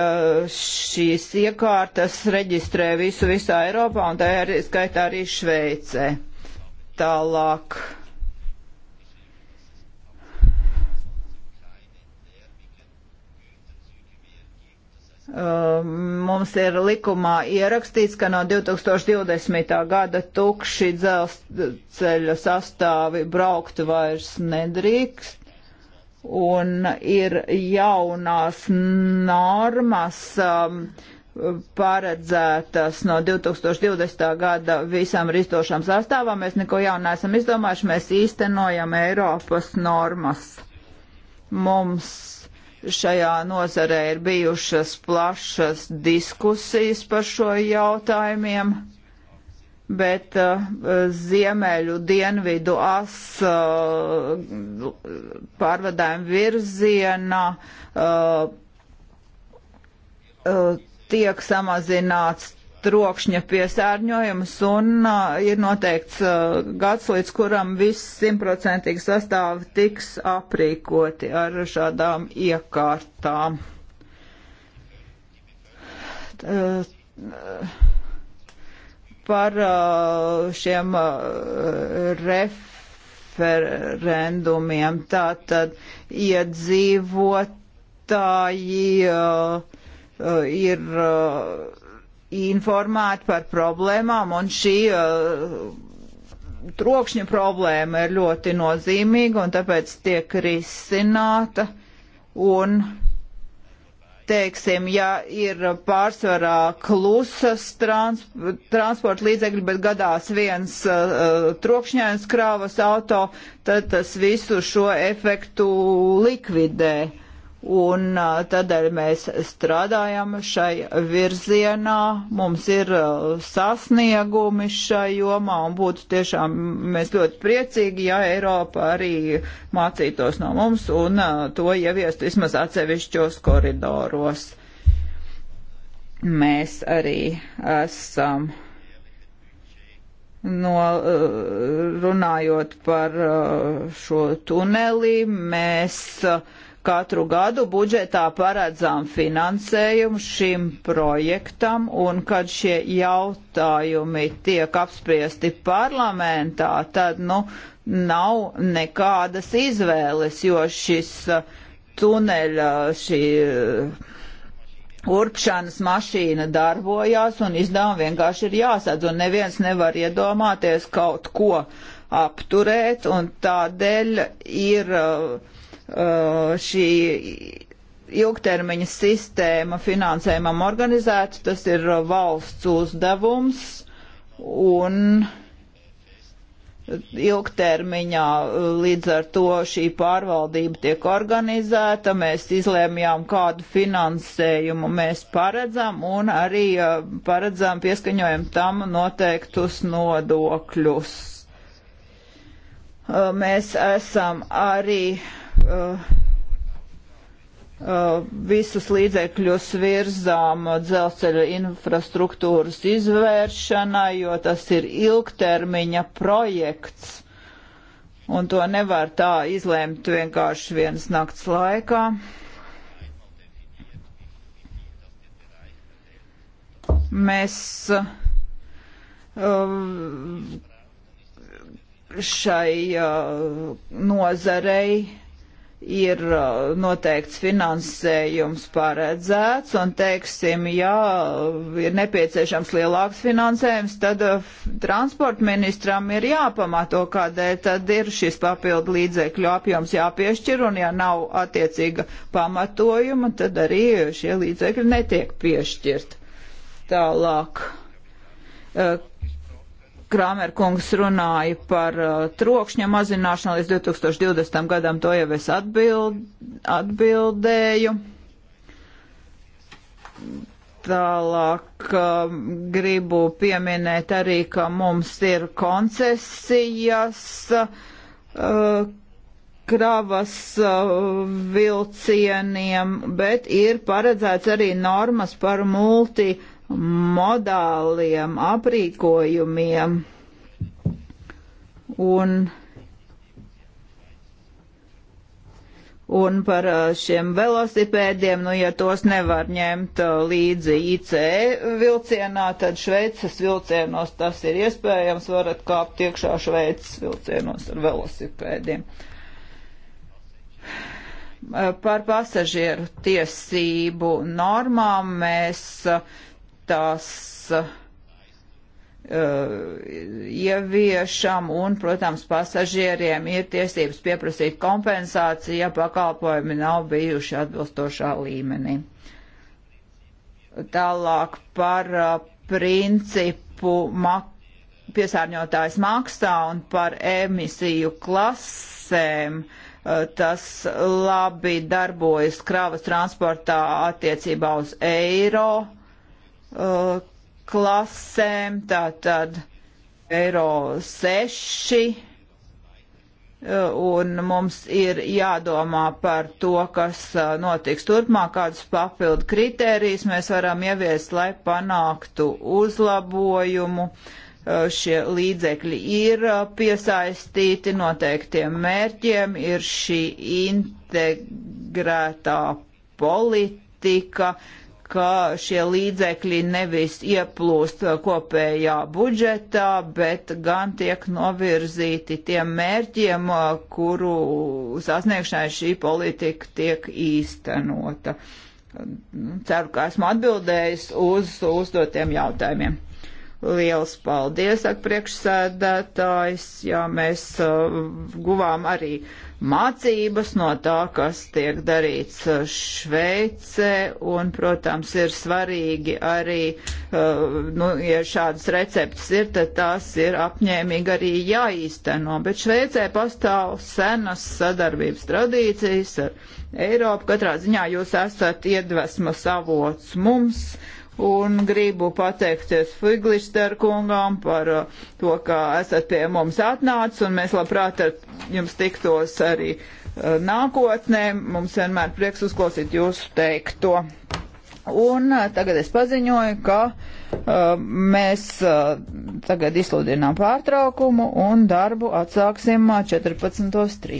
šīs iekārtas reģistrē visu visā Eiropā un tā ir skaitā arī Šveicē. Tālāk. Um, mums ir likumā ierakstīts, ka no 2020. gada tukši dzelzceļa sastāvi braukt vairs nedrīkst. Un ir jaunās normas um, paredzētas no 2020. gada visam ristošam sastāvam. Mēs neko jaunu neesam izdomājuši, mēs īstenojam Eiropas normas. Mums šajā nozarē ir bijušas plašas diskusijas par šo jautājumiem, bet uh, ziemeļu dienvidu as uh, pārvadājumu virzienā uh, uh, tiek samazināts trokšņa piesārņojums un uh, ir noteikts uh, gads, līdz kuram viss simtprocentīgi sastāvi tiks aprīkoti ar šādām iekārtām. Uh, par uh, šiem uh, referendumiem tātad iedzīvotāji uh, uh ir. Uh, informēti par problēmām, un šī uh, trokšņa problēma ir ļoti nozīmīga, un tāpēc tiek risināta. Un, teiksim, ja ir pārsvarā klusas trans, transporta līdzekļi, bet gadās viens uh, trokšņains krāvas auto, tad tas visu šo efektu likvidē. Uh, Un tādēļ mēs strādājam šai virzienā, mums ir sasniegumi šai jomā un būtu tiešām mēs ļoti priecīgi, ja Eiropa arī mācītos no mums un to ieviestu vismaz atsevišķos koridoros. Mēs arī esam no, runājot par šo tuneli, mēs katru gadu budžetā paredzām finansējumu šim projektam, un kad šie jautājumi tiek apspriesti parlamentā, tad nu, nav nekādas izvēles, jo šis uh, tuneļa, uh, šī uh, urpšanas mašīna darbojās un izdevumi vienkārši ir jāsadz, un neviens nevar iedomāties kaut ko apturēt, un tādēļ ir uh, Uh, šī ilgtermiņa sistēma finansējumam organizēta, tas ir valsts uzdevums un ilgtermiņā uh, līdz ar to šī pārvaldība tiek organizēta, mēs izlēmjām, kādu finansējumu mēs paredzam un arī uh, paredzam pieskaņojam tam noteiktus nodokļus. Mēs esam arī uh, uh, uh, visus līdzekļus virzām dzelzceļa infrastruktūras izvēršanai, jo tas ir ilgtermiņa projekts. Un to nevar tā izlēmt vienkārši vienas nakts laikā. Mēs uh, šai uh, nozarei ir uh, noteikts finansējums paredzēts, un, teiksim, ja ir nepieciešams lielāks finansējums, tad uh, transporta ministram ir jāpamato, kādēļ tad ir šis papildu līdzekļu apjoms jāpiešķir, un ja nav attiecīga pamatojuma, tad arī šie līdzekļi netiek piešķirt. Tālāk uh, Krāmer kungs runāja par uh, trokšņa mazināšanu līdz 2020. gadam, to jau es atbild, atbildēju. Tālāk uh, gribu pieminēt arī, ka mums ir koncesijas uh, kravas uh, vilcieniem, bet ir paredzēts arī normas par multi modāliem aprīkojumiem un, un par uh, šiem velosipēdiem, nu, ja tos nevar ņemt uh, līdzi ICE vilcienā, tad Šveices vilcienos tas ir iespējams, varat kāpt iekšā Šveices vilcienos ar velosipēdiem uh, par pasažieru tiesību normām mēs tās uh, ieviešam un, protams, pasažieriem ir tiesības pieprasīt kompensāciju, ja pakalpojumi nav bijuši atbilstošā līmenī. Tālāk par uh, principu mak piesārņotājs maksā un par emisiju klasēm. Uh, tas labi darbojas kravas transportā attiecībā uz eiro uh, klasēm, tātad eiro 6, un mums ir jādomā par to, kas notiks turpmāk, kādus papildu kritērijus mēs varam ieviest, lai panāktu uzlabojumu. Šie līdzekļi ir piesaistīti noteiktiem mērķiem, ir šī integrētā politika, uh, ka šie līdzekļi nevis ieplūst kopējā budžetā, bet gan tiek novirzīti tiem mērķiem, kuru sasniegšanai šī politika tiek īstenota. Ceru, ka esmu atbildējis uz uzdotiem jautājumiem. Liels paldies, ak, priekšsēdētājs, jā, mēs uh, guvām arī uh, mācības no tā, kas tiek darīts uh, Šveicē, un, protams, ir svarīgi arī, uh, nu, ja šādas receptes ir, tad tās ir apņēmīgi arī jāīsteno, bet Šveicē pastāv senas sadarbības tradīcijas ar Eiropu, katrā ziņā jūs esat iedvesmas avots mums, un gribu pateikties Figlister kungām par uh, to, ka esat pie mums atnācis, un mēs labprāt ar jums tiktos arī uh, nākotnē. Mums vienmēr prieks uzklausīt jūsu teikto. Un uh, tagad es paziņoju, ka uh, mēs uh, tagad izsludinām pārtraukumu un darbu atsāksim 14.30.